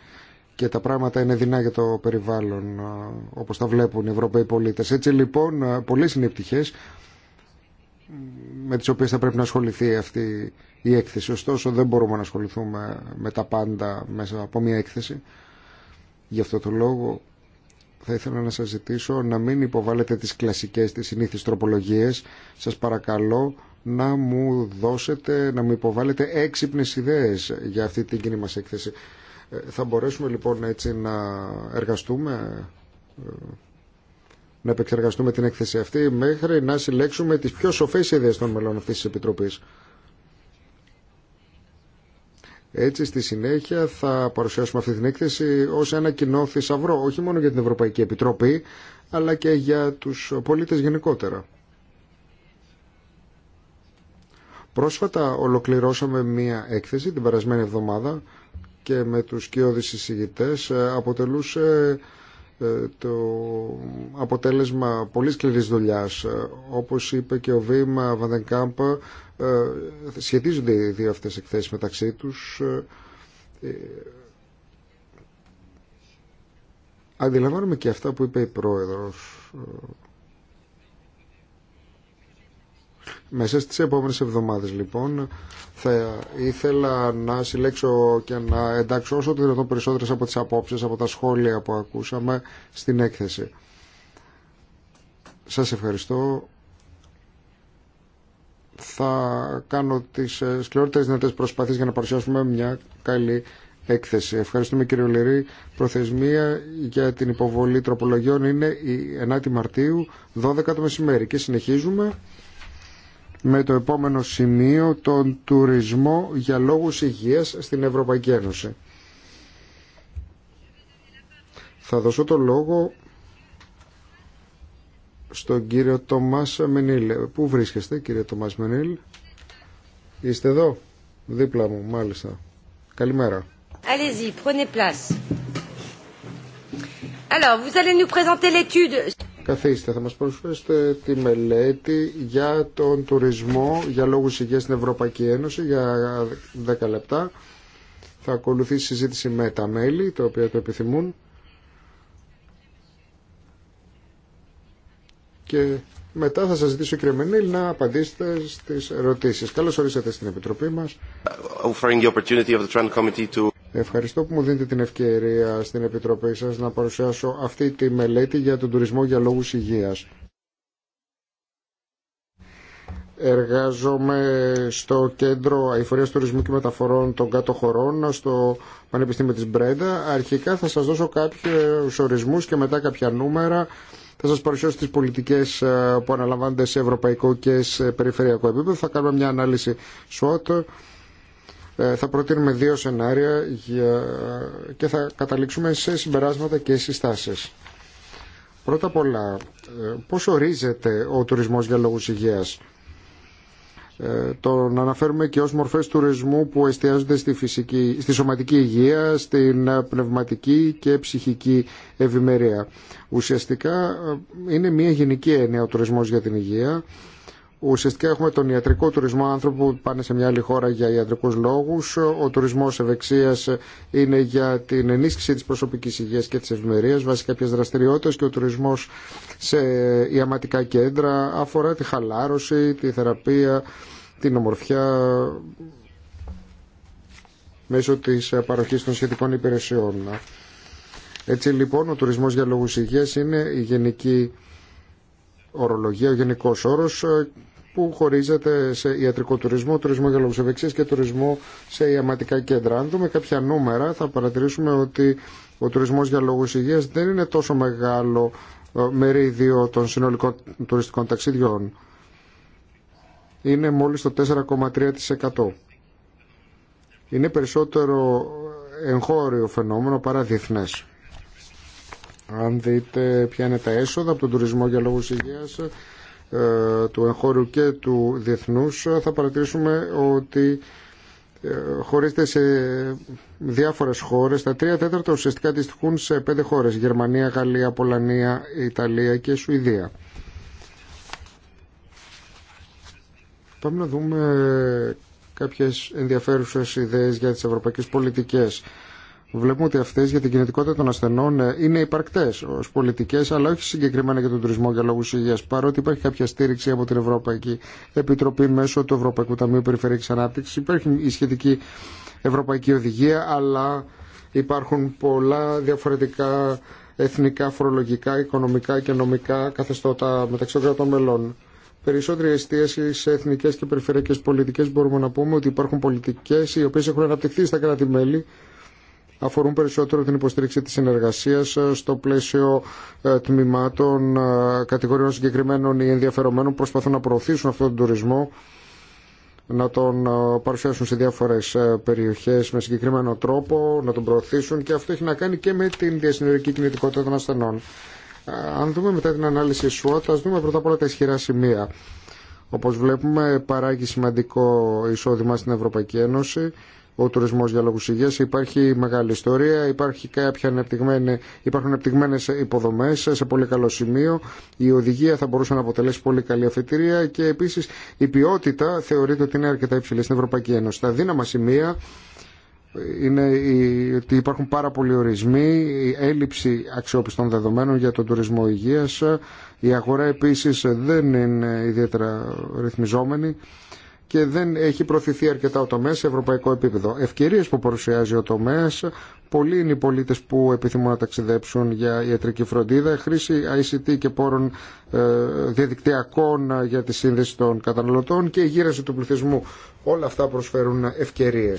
και τα πράγματα είναι δεινά για το περιβάλλον όπως τα βλέπουν οι Ευρωπαίοι πολίτες. Έτσι λοιπόν πολλές είναι οι με τις οποίες θα πρέπει να ασχοληθεί αυτή η έκθεση. Ωστόσο δεν μπορούμε να ασχοληθούμε με τα πάντα μέσα από μια έκθεση. Γι' αυτό το λόγο θα ήθελα να σας ζητήσω να μην υποβάλλετε τις κλασικές, τις συνήθεις τροπολογίες. Σας παρακαλώ να μου δώσετε, να μου υποβάλλετε έξυπνες ιδέες για αυτή την κοινή μας έκθεση. Ε, θα μπορέσουμε λοιπόν έτσι να εργαστούμε, ε, να επεξεργαστούμε την έκθεση αυτή μέχρι να συλλέξουμε τις πιο σοφές ιδέες των μελών αυτής της Επιτροπής. Έτσι στη συνέχεια θα παρουσιάσουμε αυτή την έκθεση ως ένα κοινό θησαυρό, όχι μόνο για την Ευρωπαϊκή Επιτροπή, αλλά και για τους πολίτες γενικότερα. Πρόσφατα ολοκληρώσαμε μία έκθεση την περασμένη εβδομάδα και με τους κοιόδης εισηγητές αποτελούσε ε, το αποτέλεσμα πολύ σκληρής δουλειά. Ε, όπως είπε και ο Βήμα Βαντενκάμπα, ε, σχετίζονται οι δύο αυτές εκθέσεις μεταξύ τους. Αντιλαμβάνομαι και αυτά που είπε η Πρόεδρος Μέσα στις επόμενες εβδομάδες λοιπόν θα ήθελα να συλλέξω και να εντάξω όσο το δυνατόν περισσότερες από τις απόψεις, από τα σχόλια που ακούσαμε στην έκθεση. Σας ευχαριστώ. Θα κάνω τις σκληρότερες δυνατές προσπάθειες για να παρουσιάσουμε μια καλή έκθεση. Ευχαριστούμε κύριε Λερή. Προθεσμία για την υποβολή τροπολογιών είναι η 9η Μαρτίου, 12 το μεσημέρι. Και συνεχίζουμε με το επόμενο σημείο τον τουρισμό για λόγους υγείας στην Ευρωπαϊκή Ένωση. Θα δώσω το λόγο στον κύριο Τομάς Μενίλ. Πού βρίσκεστε κύριε Τομάς Μενίλ? Είστε εδώ, δίπλα μου μάλιστα. Καλημέρα. Allez-y, prenez place. Alors, vous allez nous Καθίστε, θα μας προσφέρετε τη μελέτη για τον τουρισμό για λόγους υγείας στην Ευρωπαϊκή Ένωση για 10 λεπτά. Θα ακολουθήσει συζήτηση με τα μέλη, τα οποία το επιθυμούν. Και μετά θα σας ζητήσω κύριε Μενίλ να απαντήσετε στις ερωτήσεις. Καλώς ορίσατε στην Επιτροπή μας. Ευχαριστώ που μου δίνετε την ευκαιρία στην Επιτροπή σας να παρουσιάσω αυτή τη μελέτη για τον τουρισμό για λόγους υγείας. Εργάζομαι στο κέντρο αηφορίας τουρισμού και μεταφορών των κάτω χωρών στο Πανεπιστήμιο της Μπρέντα. Αρχικά θα σας δώσω κάποιους ορισμούς και μετά κάποια νούμερα. Θα σας παρουσιάσω τις πολιτικές ε, που αναλαμβάνονται σε ευρωπαϊκό και σε περιφερειακό επίπεδο. Θα κάνουμε μια ανάλυση SWOT ε, θα προτείνουμε δύο σενάρια και θα καταλήξουμε σε συμπεράσματα και συστάσεις. Πρώτα απ' όλα, ε, πώς ορίζεται ο τουρισμός για λόγους υγείας. Ε, τον αναφέρουμε και ως μορφές τουρισμού που εστιάζονται στη, φυσική, στη σωματική υγεία, στην πνευματική και ψυχική ευημερία. Ουσιαστικά είναι μια γενική έννοια ο τουρισμός για την υγεία Ουσιαστικά έχουμε τον ιατρικό τουρισμό, άνθρωπου που πάνε σε μια άλλη χώρα για ιατρικούς λόγους. Ο τουρισμός ευεξία είναι για την ενίσχυση της προσωπικής υγείας και τη ευημερία βάσει κάποιε δραστηριότητες και ο τουρισμός σε ιαματικά κέντρα αφορά τη χαλάρωση, τη θεραπεία, την ομορφιά μέσω της παροχή των σχετικών υπηρεσιών. Έτσι λοιπόν ο τουρισμός για λόγους υγείας είναι η γενική ορολογία, ο γενικός όρος ε, που χωρίζεται σε ιατρικό τουρισμό, τουρισμό για λόγους και τουρισμό σε ιαματικά κέντρα. Αν δούμε κάποια νούμερα θα παρατηρήσουμε ότι ο τουρισμός για λόγους υγείας δεν είναι τόσο μεγάλο ε, μερίδιο των συνολικών τουριστικών ταξιδιών. Είναι μόλις το 4,3%. Είναι περισσότερο εγχώριο φαινόμενο παρά διεθνές. Αν δείτε ποια είναι τα έσοδα από τον τουρισμό για λόγους υγείας ε, του εγχώριου και του διεθνούς ε, θα παρατηρήσουμε ότι ε, χωρίζεται σε διάφορες χώρες. Τα τρία τέταρτα ουσιαστικά αντιστοιχούν σε πέντε χώρες. Γερμανία, Γαλλία, Πολωνία, Ιταλία και Σουηδία. Πάμε να δούμε κάποιες ενδιαφέρουσες ιδέες για τις ευρωπαϊκές πολιτικές βλέπουμε ότι αυτές για την κινητικότητα των ασθενών ε, είναι υπαρκτές ως πολιτικές, αλλά όχι συγκεκριμένα για τον τουρισμό για λόγους υγείας, παρότι υπάρχει κάποια στήριξη από την Ευρωπαϊκή Επιτροπή μέσω του Ευρωπαϊκού Ταμείου Περιφερειακής Ανάπτυξης. Υπάρχει η σχετική ευρωπαϊκή οδηγία, αλλά υπάρχουν πολλά διαφορετικά εθνικά, φορολογικά, οικονομικά και νομικά καθεστώτα μεταξύ των κρατών μελών. Περισσότερη εστίαση σε εθνικέ και περιφερειακέ πολιτικέ μπορούμε να πούμε ότι υπάρχουν πολιτικέ οι οποίε έχουν αναπτυχθεί στα κράτη-μέλη αφορούν περισσότερο την υποστήριξη της συνεργασίας ε, στο πλαίσιο ε, τμήματων ε, κατηγοριών συγκεκριμένων ή ενδιαφερομένων που προσπαθούν να προωθήσουν αυτόν τον τουρισμό να τον παρουσιάσουν σε διάφορες περιοχές με συγκεκριμένο τρόπο, να τον προωθήσουν και αυτό έχει να κάνει και με την διασυνορική κινητικότητα των ασθενών. Αν δούμε μετά την ανάλυση SWOT, ας δούμε πρώτα απ' όλα τα ισχυρά σημεία. Όπως βλέπουμε παράγει σημαντικό εισόδημα στην Ευρωπαϊκή Ένωση ο τουρισμός για λόγους υγείας. Υπάρχει μεγάλη ιστορία, υπάρχει κάποια ανεπτυγμένη, υπάρχουν ανεπτυγμένες υποδομές σε πολύ καλό σημείο. Η οδηγία θα μπορούσε να αποτελέσει πολύ καλή αφετηρία και επίσης η ποιότητα θεωρείται ότι είναι αρκετά υψηλή στην Ευρωπαϊκή Ένωση. Τα δύναμα σημεία είναι ότι υπάρχουν πάρα πολλοί ορισμοί, η έλλειψη αξιόπιστων δεδομένων για τον τουρισμό υγείας, η αγορά επίσης δεν είναι ιδιαίτερα ρυθμιζόμενη και δεν έχει προωθηθεί αρκετά ο τομέα σε ευρωπαϊκό επίπεδο. Ευκαιρίες που παρουσιάζει ο τομέα, πολλοί είναι οι πολίτε που επιθυμούν να ταξιδέψουν για ιατρική φροντίδα, χρήση ICT και πόρων ε, διαδικτυακών για τη σύνδεση των καταναλωτών και η γύραση του πληθυσμού. Όλα αυτά προσφέρουν ευκαιρίε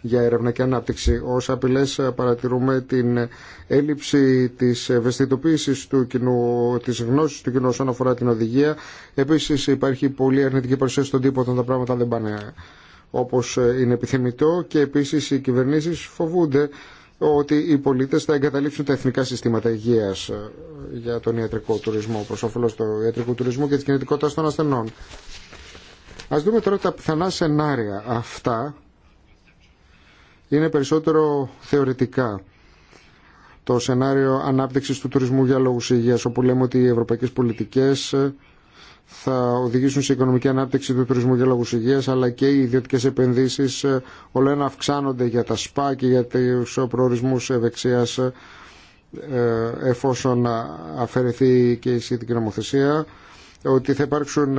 για έρευνα και ανάπτυξη. Ως απειλέ, ε, παρατηρούμε την έλλειψη τη ευαισθητοποίηση του γνώση της γνώσης του κοινού όσον αφορά την οδηγία. Επίση υπάρχει πολύ αρνητική παρουσία στον τύπο όταν τα πράγματα δεν πάνε όπω ε, είναι επιθυμητό και επίση οι κυβερνήσει φοβούνται ότι οι πολίτε θα εγκαταλείψουν τα εθνικά συστήματα υγεία ε, για τον ιατρικό τουρισμό, προ όφελο του ιατρικού τουρισμού και τη κινητικότητα των ασθενών. Ας δούμε τώρα τα πιθανά σενάρια αυτά είναι περισσότερο θεωρητικά. Το σενάριο ανάπτυξης του τουρισμού για λόγους υγείας, όπου λέμε ότι οι ευρωπαϊκές πολιτικές ε, θα οδηγήσουν σε οικονομική ανάπτυξη του τουρισμού για λόγους υγείας, αλλά και οι ιδιωτικές επενδύσεις ε, όλο ένα αυξάνονται για τα ΣΠΑ και για τους προορισμούς ευεξίας ε, εφόσον αφαιρεθεί και η σχετική νομοθεσία ότι θα υπάρξουν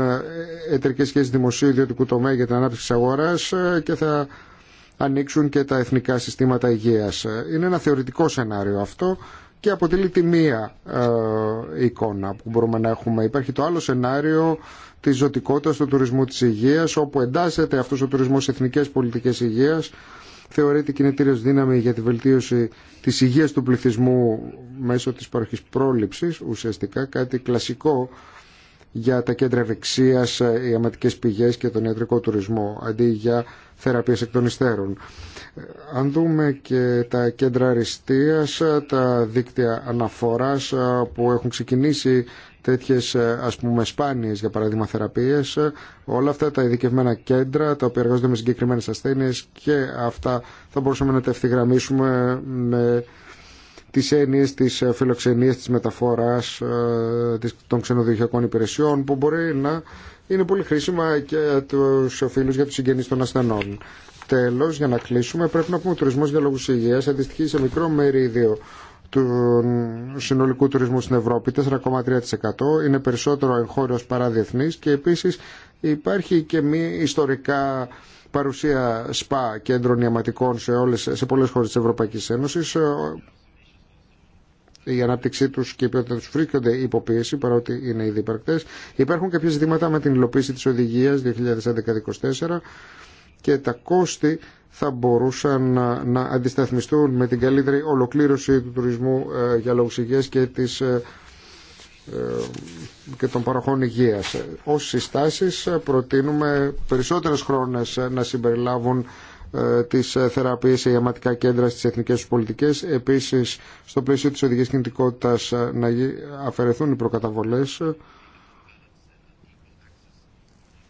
εταιρικές σχέσεις δημοσίου ιδιωτικού τομέα για την ανάπτυξη της αγορά και θα ανοίξουν και τα εθνικά συστήματα υγείας. Είναι ένα θεωρητικό σενάριο αυτό και αποτελεί τη μία ε, εικόνα που μπορούμε να έχουμε. Υπάρχει το άλλο σενάριο της ζωτικότητας του τουρισμού της υγείας, όπου εντάσσεται αυτός ο τουρισμός σε εθνικές πολιτικές υγείας, θεωρείται κινητήριο δύναμη για τη βελτίωση της υγείας του πληθυσμού μέσω της παροχής πρόληψης, ουσιαστικά κάτι κλασικό για τα κέντρα ευεξία, ε, οι αματικέ πηγέ και τον ιατρικό τουρισμό, αντί για θεραπείε εκ των υστέρων. Ε, αν δούμε και τα κέντρα αριστεία, ε, τα δίκτυα αναφορά που έχουν ξεκινήσει τέτοιε ας πούμε για παράδειγμα θεραπείες όλα αυτά τα ειδικευμένα κέντρα τα οποία εργάζονται με συγκεκριμένε ασθένειε, και αυτά θα μπορούσαμε να τα ευθυγραμμίσουμε με τις έννοιες της ε, φιλοξενίας, της μεταφοράς ε, των ξενοδοχειακών υπηρεσιών που μπορεί να είναι πολύ χρήσιμα και τους φίλους για τους συγγενείς των ασθενών. Τέλος, για να κλείσουμε, πρέπει να πούμε ο τουρισμός για λόγους υγείας αντιστοιχεί σε μικρό μερίδιο του συνολικού τουρισμού στην Ευρώπη, 4,3%. Είναι περισσότερο εγχώριος παρά διεθνής και επίσης υπάρχει και μη ιστορικά παρουσία ΣΠΑ κέντρων ιαματικών σε, όλες, σε πολλές χώρες της Ευρωπαϊκής η ανάπτυξή του και η ποιότητα του βρίσκονται υποπίεση παρότι είναι ήδη υπαρκτέ. Υπάρχουν κάποια ζητήματα με την υλοποίηση τη οδηγία 2011-2024 και τα κόστη θα μπορούσαν να, αντισταθμιστούν με την καλύτερη ολοκλήρωση του τουρισμού ε, για λόγους υγείας και, ε, ε, και των παροχών υγείας. Ως συστάσεις ε, προτείνουμε περισσότερες χρόνες να συμπεριλάβουν ε, της ε, θεραπείας σε ιαματικά κέντρα στις εθνικές τους πολιτικές. Επίσης, στο πλαίσιο της οδηγίας κινητικότητας ε, να αφαιρεθούν οι προκαταβολές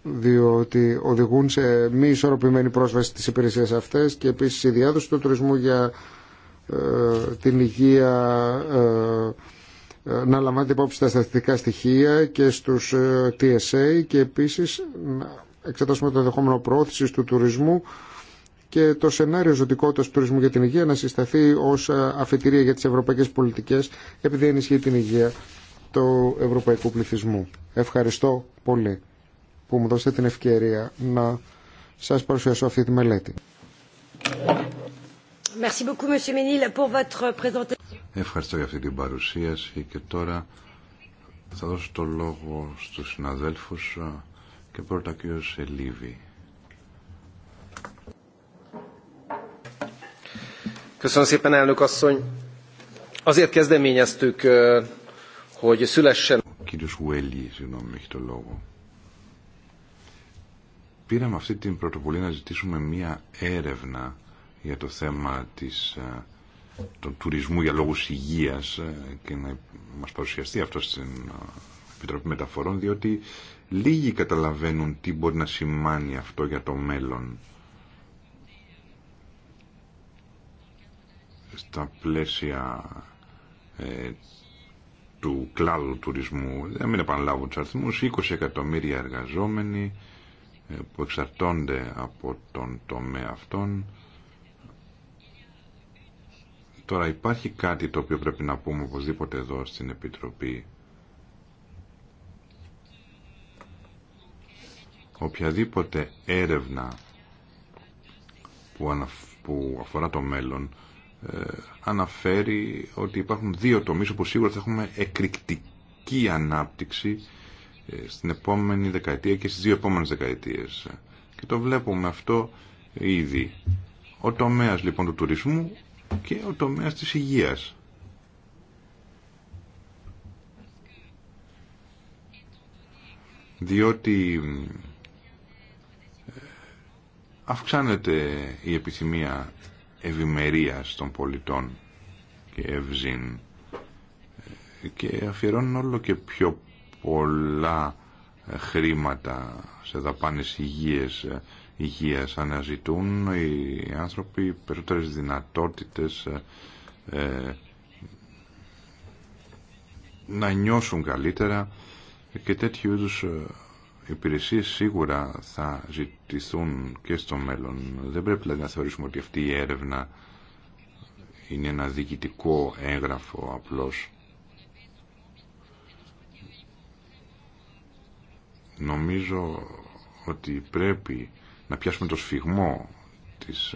διότι οδηγούν σε μη ισορροπημένη πρόσβαση στις υπηρεσίες αυτές και επίσης η διάδοση του τουρισμού για την υγεία να λαμβάνεται υπόψη τα στατιστικά στοιχεία και στους TSA και επίσης να εξετάσουμε το ενδεχόμενο πρόθεση του τουρισμού και το σενάριο ζωτικότητα του τουρισμού για την υγεία να συσταθεί ως ε, αφετηρία για τις ευρωπαϊκές πολιτικές επειδή ενισχύει την υγεία του ευρωπαϊκού πληθυσμού. Ευχαριστώ πολύ που μου δώσετε την ευκαιρία να σας παρουσιάσω αυτή τη μελέτη. Ευχαριστώ για αυτή την παρουσίαση και τώρα θα δώσω το λόγο στους συναδέλφους ε, και πρώτα κύριο Σελίβη. Köszönöm szépen, elnök Κύριος Βουέλη, συγγνώμη, έχει το λόγο. Πήραμε αυτή την πρωτοβουλία να ζητήσουμε μία έρευνα για το θέμα της, ε, του τουρισμού για λόγους υγείας ε, και να μας παρουσιαστεί αυτό στην ε, Επιτροπή Μεταφορών διότι λίγοι καταλαβαίνουν τι μπορεί να σημάνει αυτό για το μέλλον. στα πλαίσια ε, του κλάδου τουρισμού. Δεν μην επαναλάβω τους αριθμούς. 20 εκατομμύρια εργαζόμενοι ε, που εξαρτώνται από τον τομέα αυτών. Τώρα υπάρχει κάτι το οποίο πρέπει να πούμε οπωσδήποτε εδώ στην Επιτροπή. Οποιαδήποτε έρευνα που αφορά το μέλλον ε, αναφέρει ότι υπάρχουν δύο τομείς όπου σίγουρα θα έχουμε εκρηκτική ανάπτυξη ε, στην επόμενη δεκαετία και στις δύο επόμενες δεκαετίες. Και το βλέπουμε αυτό ήδη. Ο τομέας λοιπόν του τουρισμού και ο τομέας της υγείας. Διότι ε, αυξάνεται η επιθυμία ευημερίας των πολιτών και ευζήν και αφιερώνουν όλο και πιο πολλά ε, χρήματα σε δαπάνες υγείας, ε, υγείας αναζητούν οι άνθρωποι περισσότερες δυνατότητες ε, να νιώσουν καλύτερα και τέτοιου είδους υπηρεσίες σίγουρα θα ζητηθούν και στο μέλλον. Δεν πρέπει δηλαδή να θεωρήσουμε ότι αυτή η έρευνα είναι ένα διοικητικό έγγραφο απλώς. Νομίζω ότι πρέπει να πιάσουμε το σφιγμό της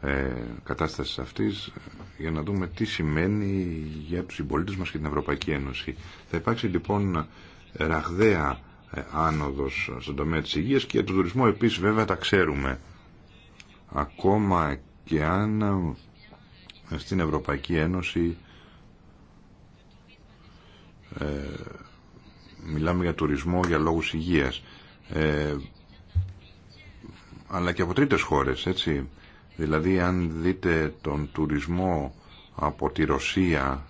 ε, κατάστασης αυτής ε, για να δούμε τι σημαίνει για τους συμπολίτε μας και την Ευρωπαϊκή Ένωση. Θα υπάρξει λοιπόν ραγδαία ε, άνοδος στον τομέα της υγείας και τον τουρισμό επίσης βέβαια τα ξέρουμε. Ακόμα και αν ε, στην Ευρωπαϊκή Ένωση ε, μιλάμε για τουρισμό για λόγους υγείας ε, αλλά και από τρίτες χώρες έτσι δηλαδή αν δείτε τον τουρισμό από τη Ρωσία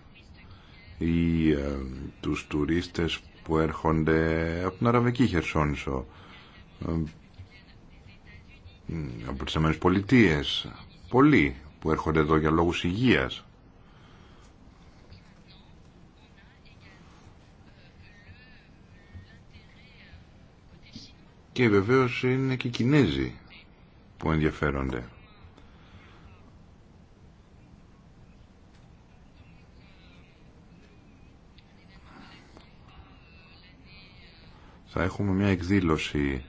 ή ε, τους τουρίστες που έρχονται από την Αραβική Χερσόνησο, ε, από τις Ηνωμένες Πολιτείες, πολλοί που έρχονται εδώ για λόγους υγείας. Και βεβαίως είναι και οι Κινέζοι που ενδιαφέρονται. θα έχουμε μια εκδήλωση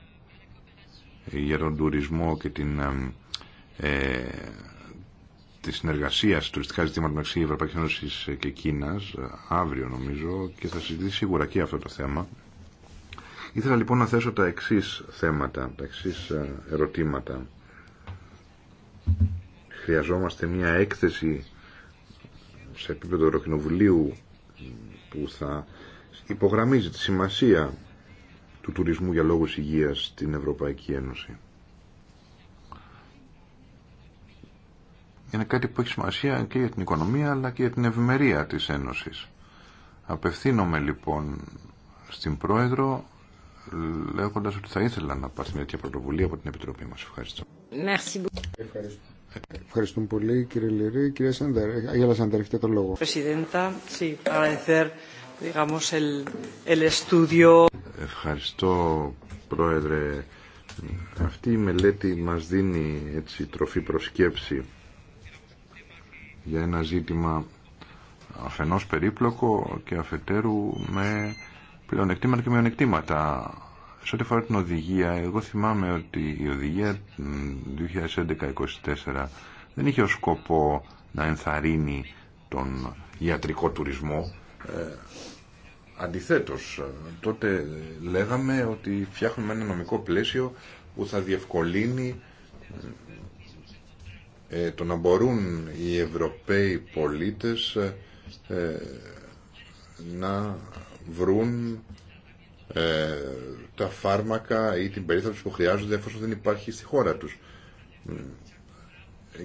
για τον τουρισμό και την, ε, τη συνεργασία τουριστικά ζητήματα μεταξύ Ευρωπαϊκής Ένωσης και Κίνας ε, αύριο νομίζω και θα συζητήσει σίγουρα και αυτό το θέμα. Ήθελα λοιπόν να θέσω τα εξής θέματα, τα εξής ε, ερωτήματα. Χρειαζόμαστε μια έκθεση σε επίπεδο Ευρωκοινοβουλίου που θα υπογραμμίζει τη σημασία του τουρισμού για λόγους υγείας στην Ευρωπαϊκή Ένωση. Είναι κάτι που έχει σημασία και για την οικονομία αλλά και για την ευημερία της Ένωσης. Απευθύνομαι λοιπόν στην Πρόεδρο λέγοντας ότι θα ήθελα να πάρει μια τέτοια πρωτοβουλία από την Επιτροπή μας. Ευχαριστώ. Ευχαριστώ. Ευχαριστούμε πολύ κύριε Λυρή. Κύριε Σάντερ, για Σάντερ, τον λόγο. Presidenta, sí, agradecer, Ευχαριστώ Πρόεδρε. Αυτή η μελέτη μας δίνει έτσι τροφή προσκέψη για ένα ζήτημα αφενός περίπλοκο και αφετέρου με πλεονεκτήματα και μειονεκτήματα. Σε ό,τι αφορά την οδηγία, εγώ θυμάμαι ότι η οδηγία 2024 δεν είχε ως σκοπό να ενθαρρύνει τον ιατρικό τουρισμό ε, Αντιθέτως, ε, τότε λέγαμε ότι φτιάχνουμε ένα νομικό πλαίσιο που θα διευκολύνει ε, το να μπορούν οι Ευρωπαίοι πολίτες ε, να βρουν τα φάρμακα ή την περίθαλψη που χρειάζονται εφόσον δεν υπάρχει στη χώρα τους.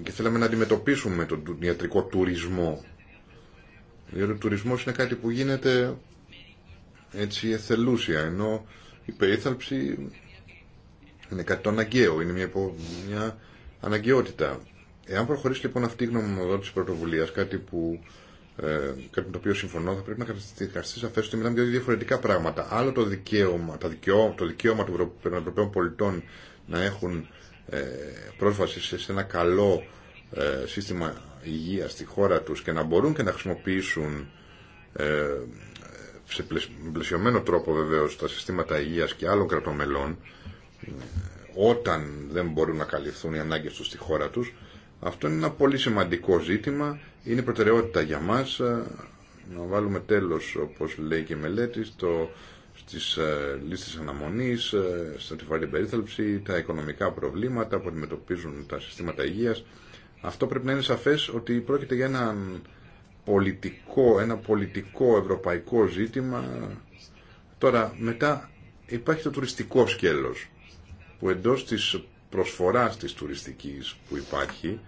Και θέλαμε να αντιμετωπίσουμε τον ιατρικό τουρισμό. Διότι ο τουρισμός είναι κάτι που γίνεται έτσι εθελούσια, ενώ η περίθαλψη είναι κάτι το αναγκαίο, είναι μια, μια αναγκαιότητα. Εάν προχωρήσει λοιπόν αυτή η γνωμοδότηση πρωτοβουλία, κάτι που ε, κάτι με το οποίο συμφωνώ, θα πρέπει να καταστηθεί σαφέ ότι μιλάμε για δύο διαφορετικά πράγματα. Άλλο το δικαίωμα, τα δικαιώ, το δικαίωμα των Ευρωπαίων πολιτών να έχουν ε, πρόσβαση σε, σε, ένα καλό ε, σύστημα υγεία στη χώρα του και να μπορούν και να χρησιμοποιήσουν ε, σε πλαισιωμένο τρόπο βεβαίως τα συστήματα υγείας και άλλων κρατομελών ε, όταν δεν μπορούν να καλυφθούν οι ανάγκες τους στη χώρα τους αυτό είναι ένα πολύ σημαντικό ζήτημα είναι προτεραιότητα για μας ε, να βάλουμε τέλος όπως λέει και η μελέτη στο, στις ε, λίστες αναμονής ε, στην τεφαρή περίθαλψη τα οικονομικά προβλήματα που αντιμετωπίζουν τα συστήματα υγείας αυτό πρέπει να είναι σαφές ότι πρόκειται για έναν πολιτικό, ένα πολιτικό ευρωπαϊκό ζήτημα. Τώρα μετά υπάρχει το τουριστικό σκέλος που εντός της προσφοράς της τουριστικής που υπάρχει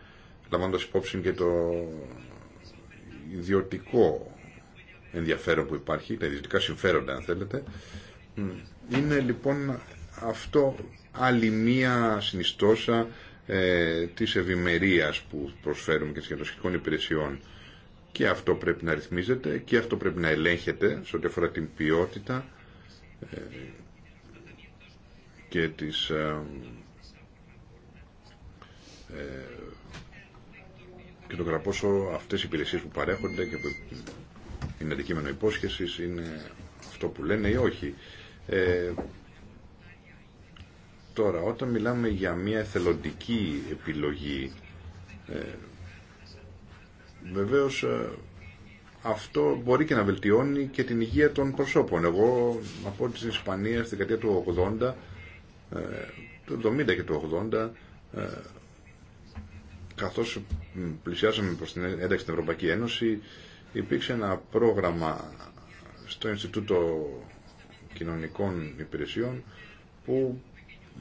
λαμβάνοντα υπόψη και το ιδιωτικό ενδιαφέρον που υπάρχει, τα ιδιωτικά συμφέροντα αν θέλετε είναι λοιπόν αυτό άλλη μία συνιστόσα ε, της ευημερίας που προσφέρουμε και υπηρεσιών και αυτό πρέπει να ρυθμίζεται και αυτό πρέπει να ελέγχεται σε ό,τι αφορά την ποιότητα ε, και τις ε, ε, και το κατά αυτές οι υπηρεσίες που παρέχονται και είναι αντικείμενο υπόσχεσης είναι αυτό που λένε ή όχι. τώρα, όταν μιλάμε για μια εθελοντική επιλογή Βεβαίως ε, αυτό μπορεί και να βελτιώνει και την υγεία των προσώπων. Εγώ από την Ισπανία στην δεκαετία του 80, ε, το 70 και του 80, ε, καθώς πλησιάσαμε προς την ένταξη στην Ευρωπαϊκή Ένωση, υπήρξε ένα πρόγραμμα στο Ινστιτούτο Κοινωνικών Υπηρεσιών που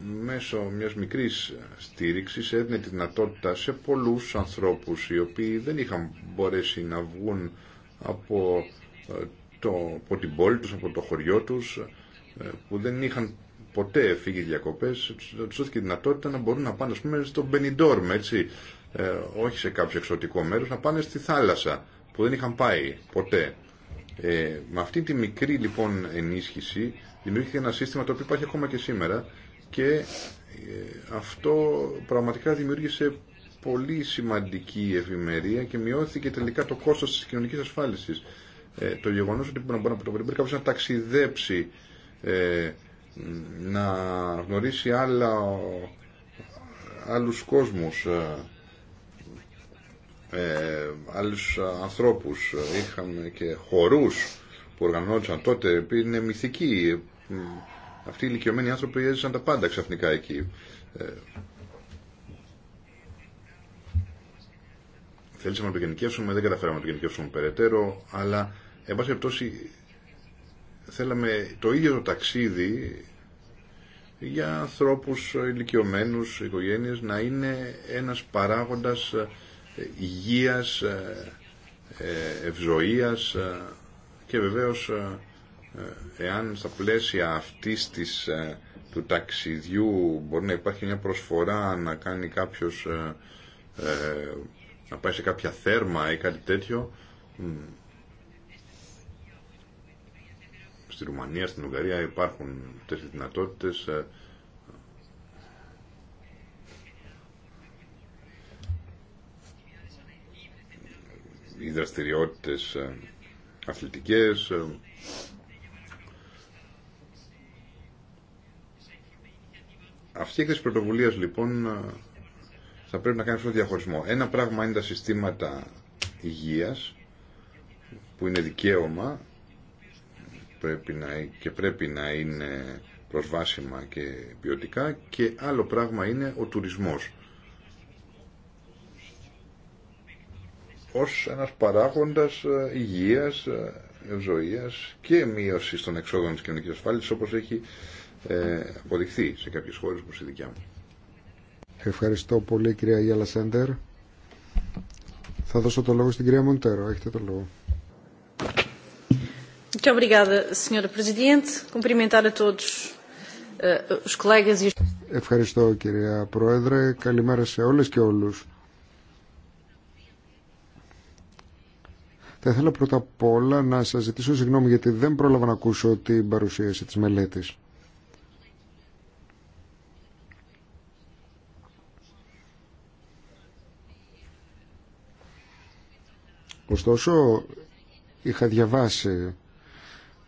μέσω μιας μικρής στήριξης έδινε τη δυνατότητα σε πολλούς ανθρώπους οι οποίοι δεν είχαν μπορέσει να βγουν από, ε, το, από την πόλη τους, από το χωριό τους ε, που δεν είχαν ποτέ φύγει διακοπές τους δόθηκε η δυνατότητα να μπορούν να πάνε ας πούμε στο Μπενιντόρμ έτσι ε, όχι σε κάποιο εξωτικό μέρος να πάνε στη θάλασσα που δεν είχαν πάει ποτέ ε, με αυτή τη μικρή λοιπόν ενίσχυση δημιουργήθηκε ένα σύστημα το οποίο υπάρχει ακόμα και σήμερα και ε, αυτό πραγματικά δημιούργησε πολύ σημαντική ευημερία και μειώθηκε τελικά το κόστος της κοινωνικής ασφάλισης. Ε, το γεγονός ότι μπορεί να μπορεί κάποιος να ταξιδέψει, ε, να γνωρίσει άλλα, άλλους κόσμους, ε, ε άλλους ανθρώπους, είχαμε και χορούς που οργανώνονταν τότε, είναι μυθική ε, αυτοί οι ηλικιωμένοι άνθρωποι έζησαν τα πάντα ξαφνικά εκεί. Ε, θέλησαμε να το γενικεύσουμε, δεν καταφέραμε να το γενικεύσουμε περαιτέρω, αλλά εν πάση θέλαμε το ίδιο το ταξίδι για ανθρώπους ηλικιωμένους, οικογένειες, να είναι ένας παράγοντας ε, υγείας, ε, ε, ευζοίας και βεβαίως εάν στα πλαίσια αυτής της, ε, του ταξιδιού μπορεί να υπάρχει μια προσφορά να κάνει κάποιος ε, ε να πάει σε κάποια θέρμα ή κάτι τέτοιο στη Ρουμανία, στην Ουγγαρία υπάρχουν τέτοιες δυνατότητες ε, οι δραστηριότητες αθλητικές Αυτή η έκθεση πρωτοβουλία λοιπόν θα πρέπει να κάνει αυτό το διαχωρισμό. Ένα πράγμα είναι τα συστήματα υγεία που είναι δικαίωμα πρέπει να, και πρέπει να είναι προσβάσιμα και ποιοτικά και άλλο πράγμα είναι ο τουρισμός. Ως ένας παράγοντας ε, υγείας, ε, ζωίας και μείωση των εξόδων της κοινωνικής ασφάλισης όπως έχει ε, αποδειχθεί σε κάποιες χώρες όπως η δικιά μου. Ευχαριστώ πολύ κυρία Γιάλα Σέντερ. Θα δώσω το λόγο στην κυρία Μοντέρο. Έχετε το λόγο. Eh, e Ευχαριστώ κυρία Πρόεδρε. Καλημέρα σε όλες και όλους. Θα ήθελα πρώτα απ' όλα να σας ζητήσω συγγνώμη γιατί δεν πρόλαβα να ακούσω την παρουσίαση της μελέτης. Ωστόσο, είχα διαβάσει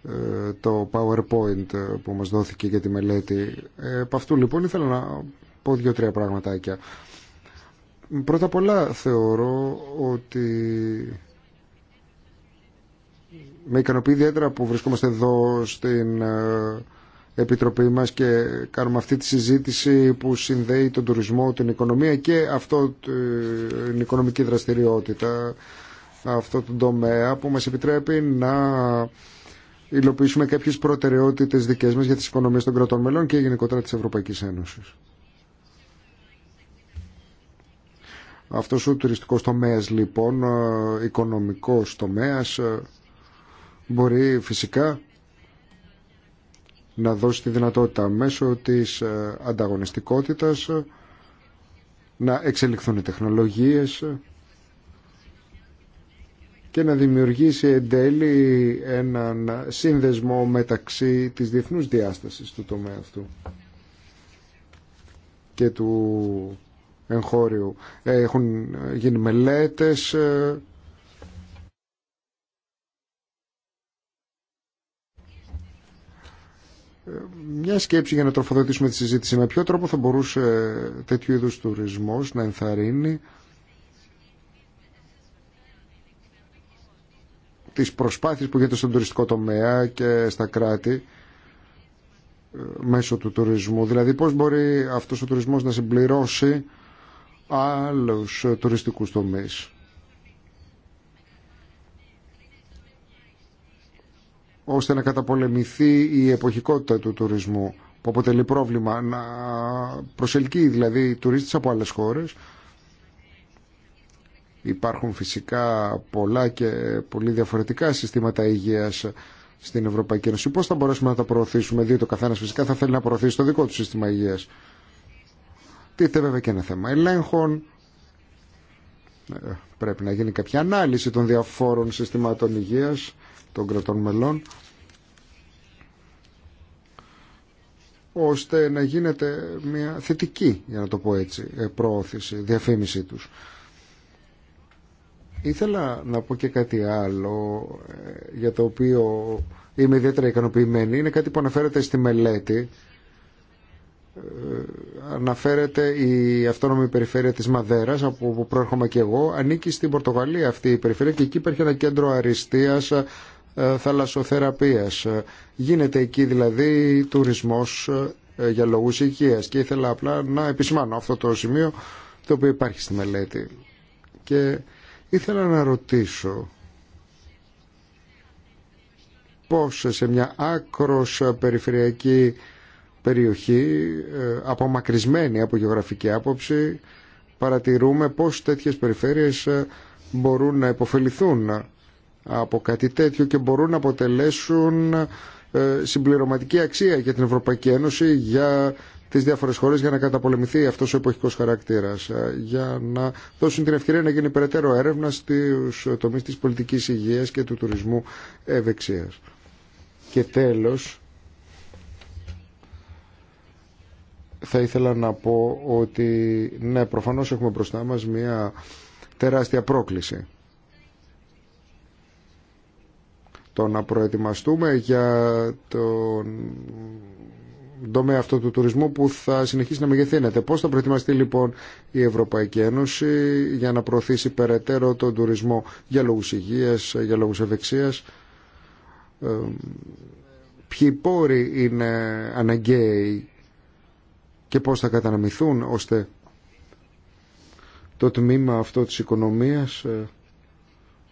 ε, το PowerPoint ε, που μας δόθηκε για τη μελέτη. Από ε, αυτού λοιπόν ήθελα να πω δύο-τρία πραγματάκια. Πρώτα απ' όλα θεωρώ ότι με ικανοποιεί ιδιαίτερα που βρισκόμαστε εδώ στην Επιτροπή μας και κάνουμε αυτή τη συζήτηση που συνδέει τον τουρισμό, την οικονομία και αυτό την οικονομική δραστηριότητα αυτό το τομέα που μας επιτρέπει να υλοποιήσουμε κάποιες προτεραιότητες δικές μας για τις οικονομίες των κρατών μελών και γενικότερα της Ευρωπαϊκής Ένωσης. Αυτός ο τουριστικός τομέας λοιπόν, ε, οικονομικός τομέας, ε, μπορεί φυσικά να δώσει τη δυνατότητα μέσω της ε, ανταγωνιστικότητας να εξελιχθούν οι τεχνολογίες και να δημιουργήσει εν τέλει έναν σύνδεσμο μεταξύ της διεθνούς διάστασης του τομέα αυτού και του εγχώριου. Έχουν γίνει μελέτες Μια σκέψη για να τροφοδοτήσουμε τη συζήτηση. Με ποιο τρόπο θα μπορούσε τέτοιου είδους τουρισμός να ενθαρρύνει τις προσπάθειες που γίνεται στον τουριστικό τομέα και στα κράτη ε, μέσω του τουρισμού. Δηλαδή πώς μπορεί αυτός ο τουρισμός να συμπληρώσει άλλους ε, τουριστικούς τομείς. ώστε να καταπολεμηθεί η εποχικότητα του τουρισμού που αποτελεί πρόβλημα να προσελκύει δηλαδή τουρίστες από άλλες χώρες Υπάρχουν φυσικά πολλά και πολύ διαφορετικά συστήματα υγείας στην Ευρωπαϊκή Ένωση. Πώς θα μπορέσουμε να τα προωθήσουμε, διότι ο καθένας φυσικά θα θέλει να προωθήσει το δικό του σύστημα υγείας. Τίθε βέβαια και ένα θέμα ελέγχων. Ε, πρέπει να γίνει κάποια ανάλυση των διαφόρων συστημάτων υγείας των κρατών μελών ώστε να γίνεται μια θετική, για να το πω έτσι, ε, προώθηση, διαφήμιση τους. Ήθελα να πω και κάτι άλλο ε, για το οποίο είμαι ιδιαίτερα ικανοποιημένη. Είναι κάτι που αναφέρεται στη μελέτη. Ε, αναφέρεται η αυτόνομη περιφέρεια της Μαδέρας από όπου προέρχομαι και εγώ. Ανήκει στην Πορτογαλία αυτή η περιφέρεια και εκεί υπάρχει ένα κέντρο αριστείας ε, θαλασσοθεραπείας. Γίνεται εκεί δηλαδή τουρισμός για λόγους και ήθελα απλά να επισημάνω αυτό το σημείο το οποίο υπάρχει στη μελέτη. Και Ήθελα να ρωτήσω πώς σε μια άκρος περιφερειακή περιοχή, ε, απομακρυσμένη από γεωγραφική άποψη, παρατηρούμε πώς τέτοιες περιφέρειες ε, μπορούν να υποφεληθούν από κάτι τέτοιο και μπορούν να αποτελέσουν ε, συμπληρωματική αξία για την Ευρωπαϊκή Ένωση για τις διάφορες χώρες για να καταπολεμηθεί αυτός ο εποχικός χαρακτήρας, ε, για να δώσουν την ευκαιρία να γίνει περαιτέρω έρευνα στους τομείς της πολιτικής υγείας και του τουρισμού ευεξίας. Και τέλος, θα ήθελα να πω ότι ναι, προφανώς έχουμε μπροστά μας μια τεράστια πρόκληση. Το να προετοιμαστούμε για τον τομέα αυτό του τουρισμού που θα συνεχίσει να μεγεθύνεται. Πώς θα προετοιμαστεί λοιπόν η Ευρωπαϊκή Ένωση για να προωθήσει περαιτέρω τον τουρισμό για λόγους υγείας, για λόγους ευεξίας. Ε, ποιοι πόροι είναι αναγκαίοι και πώς θα καταναμηθούν ώστε το τμήμα αυτό της οικονομίας ε,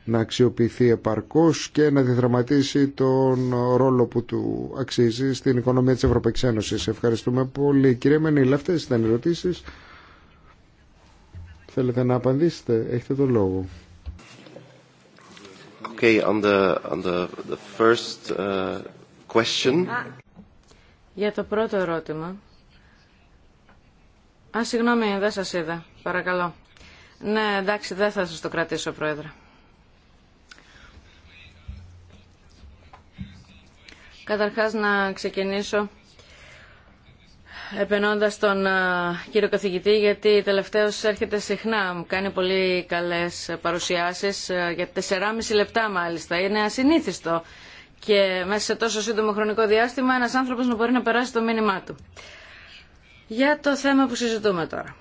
να αξιοποιηθεί επαρκώς και να διδραματίσει τον ρόλο που του αξίζει στην οικονομία της Ευρωπαϊκής Ένωσης. Ευχαριστούμε πολύ. Κύριε Μενίλα, αυτές ήταν οι ερωτήσεις. Θέλετε να απαντήσετε. Έχετε το λόγο. Okay, on the, on the, first uh, Για το πρώτο ερώτημα. Α, συγγνώμη, δεν σας είδα. Παρακαλώ. Ναι, εντάξει, δεν θα σας το κρατήσω, Πρόεδρε. Καταρχάς να ξεκινήσω επενώντας τον κύριο καθηγητή γιατί τελευταίος έρχεται συχνά, κάνει πολύ καλές παρουσιάσεις για 4,5 λεπτά μάλιστα. Είναι ασυνήθιστο και μέσα σε τόσο σύντομο χρονικό διάστημα ένας άνθρωπος να μπορεί να περάσει το μήνυμά του. Για το θέμα που συζητούμε τώρα.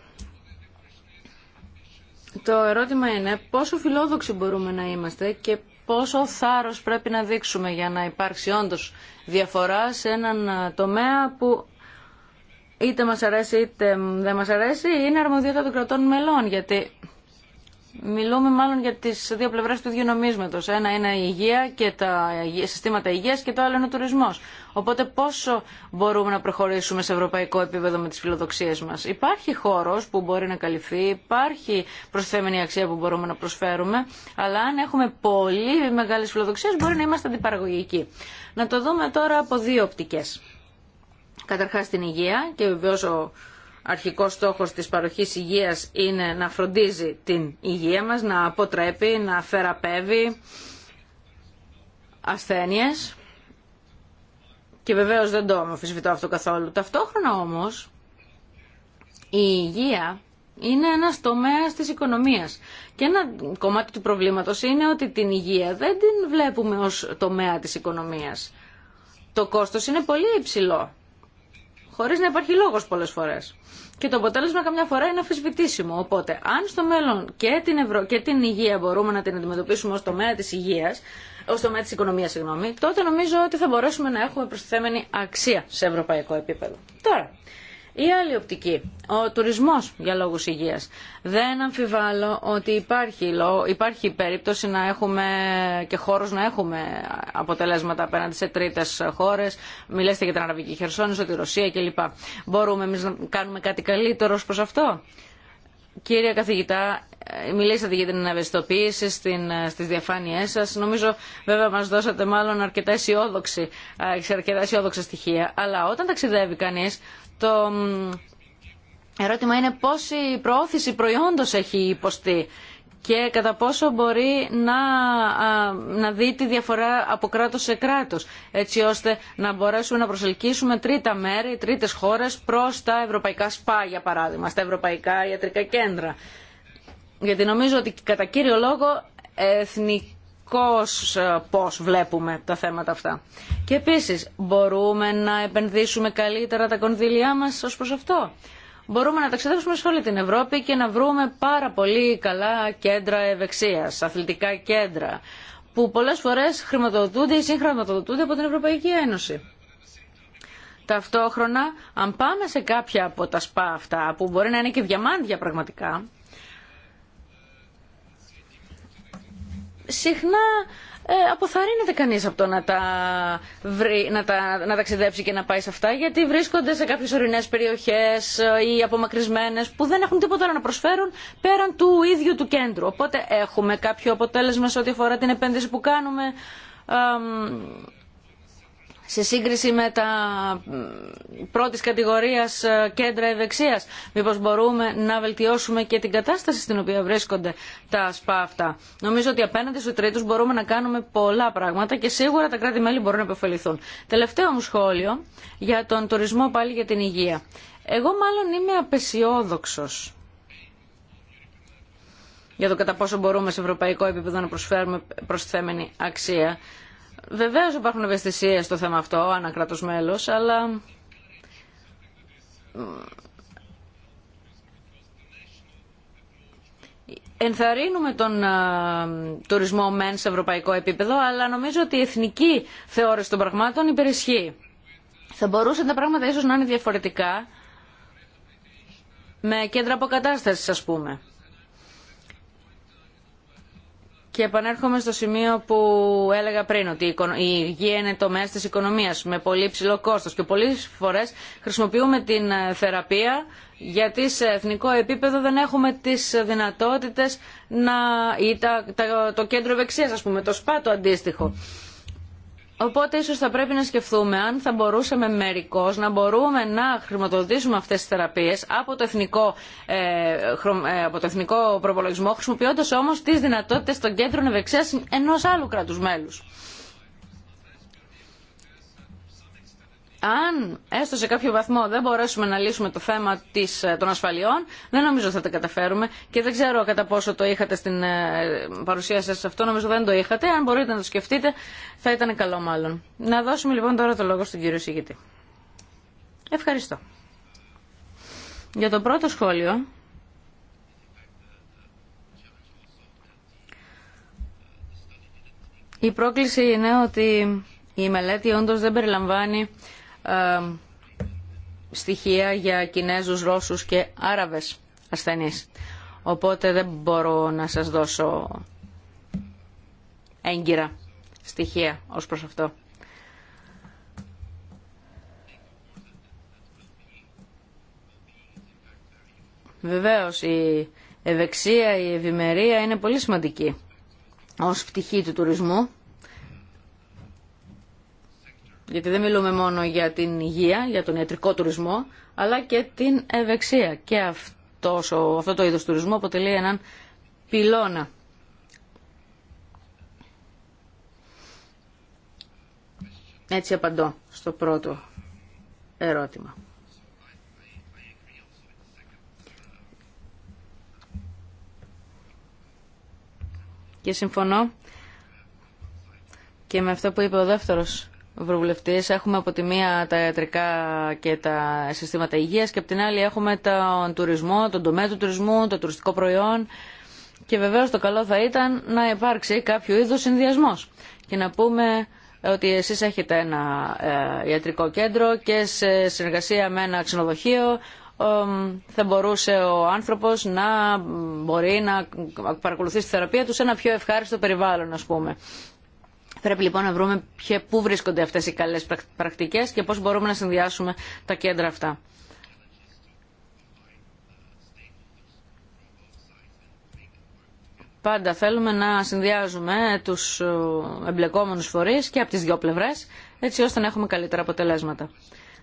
Το ερώτημα είναι πόσο φιλόδοξοι μπορούμε να είμαστε και πόσο θάρρος πρέπει να δείξουμε για να υπάρξει όντως διαφορά σε έναν ε, τομέα που είτε μας αρέσει είτε δεν μας αρέσει είναι αρμοδιότητα των κρατών μελών γιατί Μιλούμε μάλλον για τις δύο πλευρές του ίδιου Ένα είναι η υγεία και τα συστήματα υγείας και το άλλο είναι ο τουρισμός. Οπότε πόσο μπορούμε να προχωρήσουμε σε ευρωπαϊκό επίπεδο με τις φιλοδοξίες μας. Υπάρχει χώρος που μπορεί να καλυφθεί, υπάρχει προσθέμενη αξία που μπορούμε να προσφέρουμε, αλλά αν έχουμε πολύ μεγάλε φιλοδοξίε μπορεί να είμαστε αντιπαραγωγικοί. Να το δούμε τώρα από δύο οπτικές. Καταρχά την υγεία και βεβαίω. ο αρχικός στόχος της παροχής υγείας είναι να φροντίζει την υγεία μας, να αποτρέπει, να θεραπεύει ασθένειες και βεβαίως δεν το αμφισβητώ αυτό καθόλου. Ταυτόχρονα όμως η υγεία είναι ένας τομέας της οικονομίας και ένα κομμάτι του προβλήματος είναι ότι την υγεία δεν την βλέπουμε ως τομέα της οικονομίας. Το κόστος είναι πολύ υψηλό, χωρίς να υπάρχει λόγος πολλές φορές και το αποτέλεσμα καμιά φορά είναι αφισβητήσιμο. Οπότε, αν στο μέλλον και την, ευρω... και την υγεία μπορούμε να την αντιμετωπίσουμε ως τομέα της υγείας, ως τομέα της οικονομίας, συγγνώμη, τότε νομίζω ότι θα μπορέσουμε να έχουμε προστιθέμενη αξία σε ευρωπαϊκό επίπεδο. Τώρα, η άλλη οπτική, ο τουρισμός για λόγους υγείας. Δεν αμφιβάλλω ότι υπάρχει, υπάρχει περίπτωση να έχουμε και χώρος να έχουμε αποτελέσματα απέναντι σε τρίτες χώρες. Μιλέστε για την Αραβική Χερσόνησο, τη Ρωσία κλπ. Μπορούμε εμείς να κάνουμε κάτι καλύτερο προς αυτό. Κύριε καθηγητά, μιλήσατε για την ευαισθητοποίηση ε, στις διαφάνειές σας. Νομίζω βέβαια μας δώσατε μάλλον αρκετά αισιόδοξη, αρκετά αισιόδοξα στοιχεία. Αλλά όταν ταξιδεύει κανείς, το ερώτημα είναι πόση προώθηση προϊόντος έχει υποστεί και κατά πόσο μπορεί να, να δει τη διαφορά από κράτος σε κράτος, έτσι ώστε να μπορέσουμε να προσελκύσουμε τρίτα μέρη, τρίτες χώρες προς τα ευρωπαϊκά ΣΠΑ, για παράδειγμα, στα ευρωπαϊκά ιατρικά κέντρα. Γιατί νομίζω ότι κατά κύριο λόγο εθνικός ε, πώ βλέπουμε τα θέματα αυτά. Και επίσης μπορούμε να επενδύσουμε καλύτερα τα κονδύλια μας ως προς αυτό μπορούμε να ταξιδέψουμε σε όλη την Ευρώπη και να βρούμε πάρα πολύ καλά κέντρα ευεξίας, αθλητικά κέντρα, που πολλές φορές χρηματοδοτούνται ή συγχρηματοδοτούνται από την Ευρωπαϊκή Ένωση. Ταυτόχρονα, αν πάμε σε κάποια από τα σπα αυτά, που μπορεί να είναι και διαμάντια πραγματικά, συχνά ε, αποθαρρύνεται κανείς από το να τα, να, τα, να ταξιδέψει και να πάει σε αυτά γιατί βρίσκονται σε κάποιε ορεινέ περιοχές ε, ή απομακρυσμένες που δεν έχουν τίποτα άλλο να προσφέρουν πέραν του ίδιου του κέντρου. Οπότε έχουμε κάποιο αποτέλεσμα σε ό,τι αφορά την επένδυση που κάνουμε σε σύγκριση με τα πρώτης κατηγορίας ε, κέντρα ευεξίας. μήπω μπορούμε να βελτιώσουμε και την κατάσταση στην οποία βρίσκονται τα ΣΠΑ αυτά. Νομίζω ότι απέναντι στους τρίτου μπορούμε να κάνουμε πολλά πράγματα και σίγουρα τα κράτη-μέλη μπορούν να επωφεληθούν. Τελευταίο μου σχόλιο για τον τουρισμό πάλι για την υγεία. Εγώ μάλλον είμαι απεσιόδοξος για το κατά πόσο μπορούμε σε ευρωπαϊκό επίπεδο να προσφέρουμε προσθέμενη αξία. Βεβαίω υπάρχουν ευαισθησίε στο θέμα αυτό, ανά κράτο μέλο, αλλά. Ενθαρρύνουμε τον τουρισμό μεν σε ευρωπαϊκό επίπεδο, αλλά νομίζω ότι η εθνική θεώρηση των πραγμάτων υπερισχύει. Θα μπορούσαν τα πράγματα ίσως να είναι διαφορετικά με κέντρα αποκατάστασης, ας πούμε. Και επανέρχομαι στο σημείο που έλεγα πριν, ότι η υγεία είναι τομέα τη οικονομία με πολύ ψηλό κόστο. Και πολλέ φορέ χρησιμοποιούμε την ε, θεραπεία γιατί σε εθνικό επίπεδο δεν έχουμε τι δυνατότητες να... ή το κέντρο ευεξία, α πούμε, το σπάτο αντίστοιχο. Οπότε ίσως θα πρέπει να σκεφτούμε αν θα μπορούσαμε μερικώς να μπορούμε να χρηματοδοτήσουμε αυτές τις θεραπείες από το εθνικό, ε, ε, από το εθνικό προπολογισμό χρησιμοποιώντας όμως τις δυνατότητες των κέντρων ευεξίας ενός άλλου κράτους μέλους. αν έστω σε κάποιο βαθμό δεν μπορέσουμε να λύσουμε το θέμα της, ε, των ασφαλιών, δεν νομίζω θα τα καταφέρουμε και δεν ξέρω κατά πόσο το είχατε στην ε, παρουσία σας αυτό, νομίζω δεν το είχατε. Αν μπορείτε να το σκεφτείτε θα ήταν καλό μάλλον. Να δώσουμε λοιπόν τώρα το λόγο στον κύριο Σιγητή. Ευχαριστώ. Για το πρώτο σχόλιο, η πρόκληση είναι ότι η μελέτη όντως δεν περιλαμβάνει στοιχεία για Κινέζους, Ρώσους και Άραβες ασθενείς. Οπότε δεν μπορώ να σας δώσω έγκυρα στοιχεία ως προς αυτό. Βεβαίως η ευεξία, η ευημερία είναι πολύ σημαντική ως πτυχή του τουρισμού γιατί δεν μιλούμε μόνο για την υγεία, για τον ιατρικό τουρισμό, αλλά και την ευεξία. Και αυτός, αυτό το είδος τουρισμού αποτελεί έναν πυλώνα. Έτσι απαντώ στο πρώτο ερώτημα. Και συμφωνώ και με αυτό που είπε ο δεύτερος Ευρωβουλευτή. έχουμε από τη μία τα ιατρικά και τα συστήματα υγείας και από την άλλη έχουμε τον τουρισμό, τον τομέα του τουρισμού, το τουριστικό προϊόν και βεβαίω το καλό θα ήταν να υπάρξει κάποιο είδος συνδυασμό. και να πούμε ότι εσείς έχετε ένα ε, ιατρικό κέντρο και σε συνεργασία με ένα ξενοδοχείο ε, θα μπορούσε ο άνθρωπος να μπορεί να παρακολουθεί τη θεραπεία του σε ένα πιο ευχάριστο περιβάλλον ας πούμε. Πρέπει λοιπόν να βρούμε πού βρίσκονται αυτές οι καλές πρακτικές και πώς μπορούμε να συνδυάσουμε τα κέντρα αυτά. Πάντα θέλουμε να συνδυάζουμε τους ε, εμπλεκόμενους φορείς και από τις δύο πλευρές, έτσι ώστε να έχουμε καλύτερα αποτελέσματα.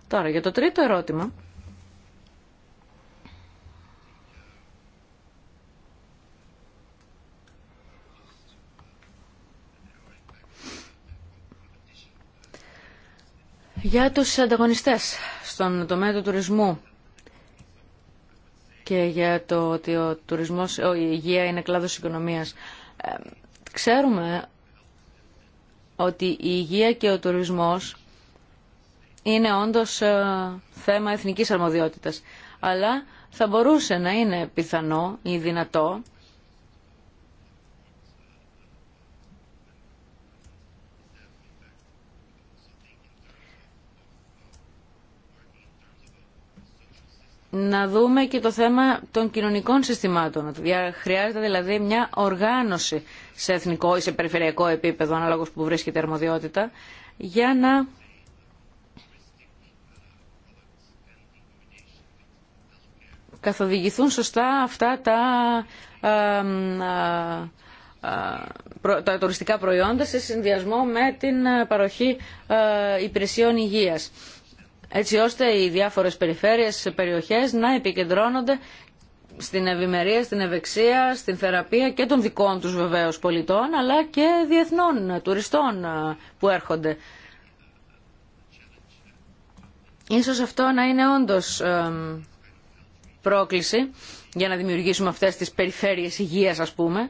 Τώρα, για το τρίτο ερώτημα, Για τους ανταγωνιστές στον τομέα του τουρισμού και για το ότι ο τουρισμός, η υγεία είναι κλάδος οικονομίας. Ξέρουμε ότι η υγεία και ο τουρισμός είναι όντως ε, θέμα εθνικής αρμοδιότητας. Αλλά θα μπορούσε να είναι πιθανό ή δυνατό να δούμε και το θέμα των κοινωνικών συστημάτων. Χρειάζεται δηλαδή μια οργάνωση σε εθνικό ή σε περιφερειακό επίπεδο, ανάλογος που βρίσκεται η αρμοδιότητα, για να καθοδηγηθούν σωστά αυτά τα τα τουριστικά προϊόντα σε συνδυασμό με την παροχή ε, υπηρεσιών υγείας έτσι ώστε οι διάφορες περιφέρειες, περιοχές να επικεντρώνονται στην ευημερία, στην ευεξία, στην θεραπεία και των δικών τους βεβαίως πολιτών, αλλά και διεθνών τουριστών που έρχονται. Ίσως αυτό να είναι όντως πρόκληση για να δημιουργήσουμε αυτές τις περιφέρειες υγείας ας πούμε.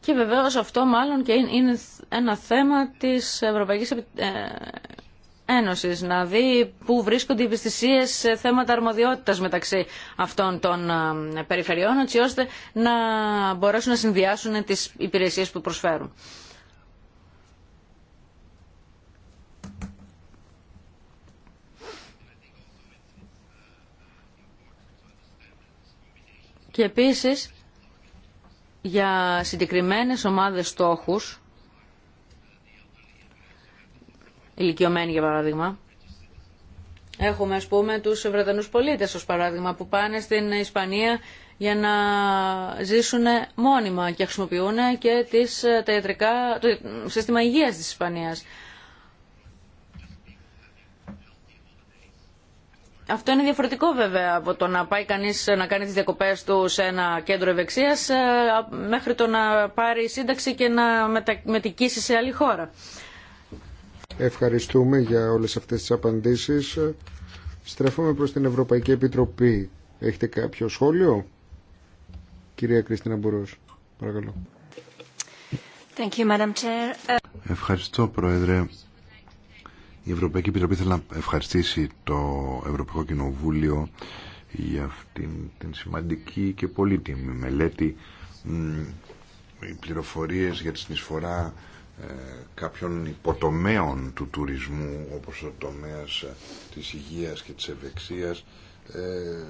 Και βεβαίως αυτό μάλλον και είναι ένα θέμα της Ευρωπαϊκής ε, να δει πού βρίσκονται οι ευαισθησίες σε θέματα αρμοδιότητας μεταξύ αυτών των περιφερειών, έτσι ώστε να μπορέσουν να συνδυάσουν τις υπηρεσίες που βρισκονται οι ευαισθησιε σε θεματα αρμοδιοτητας μεταξυ αυτων των περιφερειων ετσι ωστε να μπορεσουν να συνδυασουν τις υπηρεσιες που προσφερουν Και επίσης, για συγκεκριμένες ομάδες στόχους, ηλικιωμένοι για παράδειγμα. Έχουμε ας πούμε τους Βρετανούς πολίτες ως παράδειγμα που πάνε στην Ισπανία για να ζήσουν μόνιμα και χρησιμοποιούν και τις, ε, τα ιατρικά, το σύστημα υγείας της Ισπανίας. Αυτό είναι διαφορετικό βέβαια από το να πάει κανείς να κάνει τις διακοπές του σε ένα κέντρο ευεξίας ε, μέχρι το να πάρει σύνταξη και να μετικήσει σε άλλη χώρα. Ευχαριστούμε για όλες αυτές τις απαντήσεις. Στρέφουμε προς την Ευρωπαϊκή Επιτροπή. Έχετε κάποιο σχόλιο? Κυρία Κρίστινα Μπουρός, παρακαλώ. Ευχαριστώ, Πρόεδρε. Η Ευρωπαϊκή Επιτροπή θέλει να ευχαριστήσει το Ευρωπαϊκό Κοινοβούλιο για αυτήν την σημαντική και πολύτιμη μελέτη. Οι πληροφορίες για τη συνεισφορά ε, κάποιων υποτομέων του τουρισμού όπως ο τομέας ε, της υγείας και της ευεξίας ε,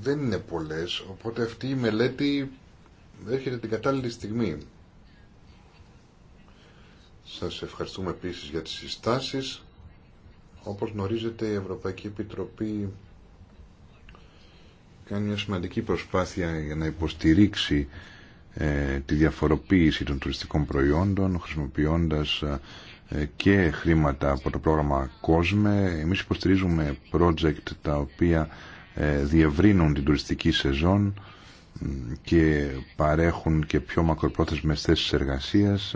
δεν είναι πολλές οπότε αυτή η μελέτη έρχεται την κατάλληλη στιγμή σας ευχαριστούμε επίσης για τις συστάσεις όπως γνωρίζετε η Ευρωπαϊκή Επιτροπή κάνει μια σημαντική προσπάθεια για να υποστηρίξει ε, τη διαφοροποίηση των τουριστικών προϊόντων χρησιμοποιώντας ε, και χρήματα από το πρόγραμμα COSME. Εμείς υποστηρίζουμε project τα οποία ε, διευρύνουν την τουριστική σεζόν και παρέχουν και πιο μακροπρόθεσμες θέσεις εργασίας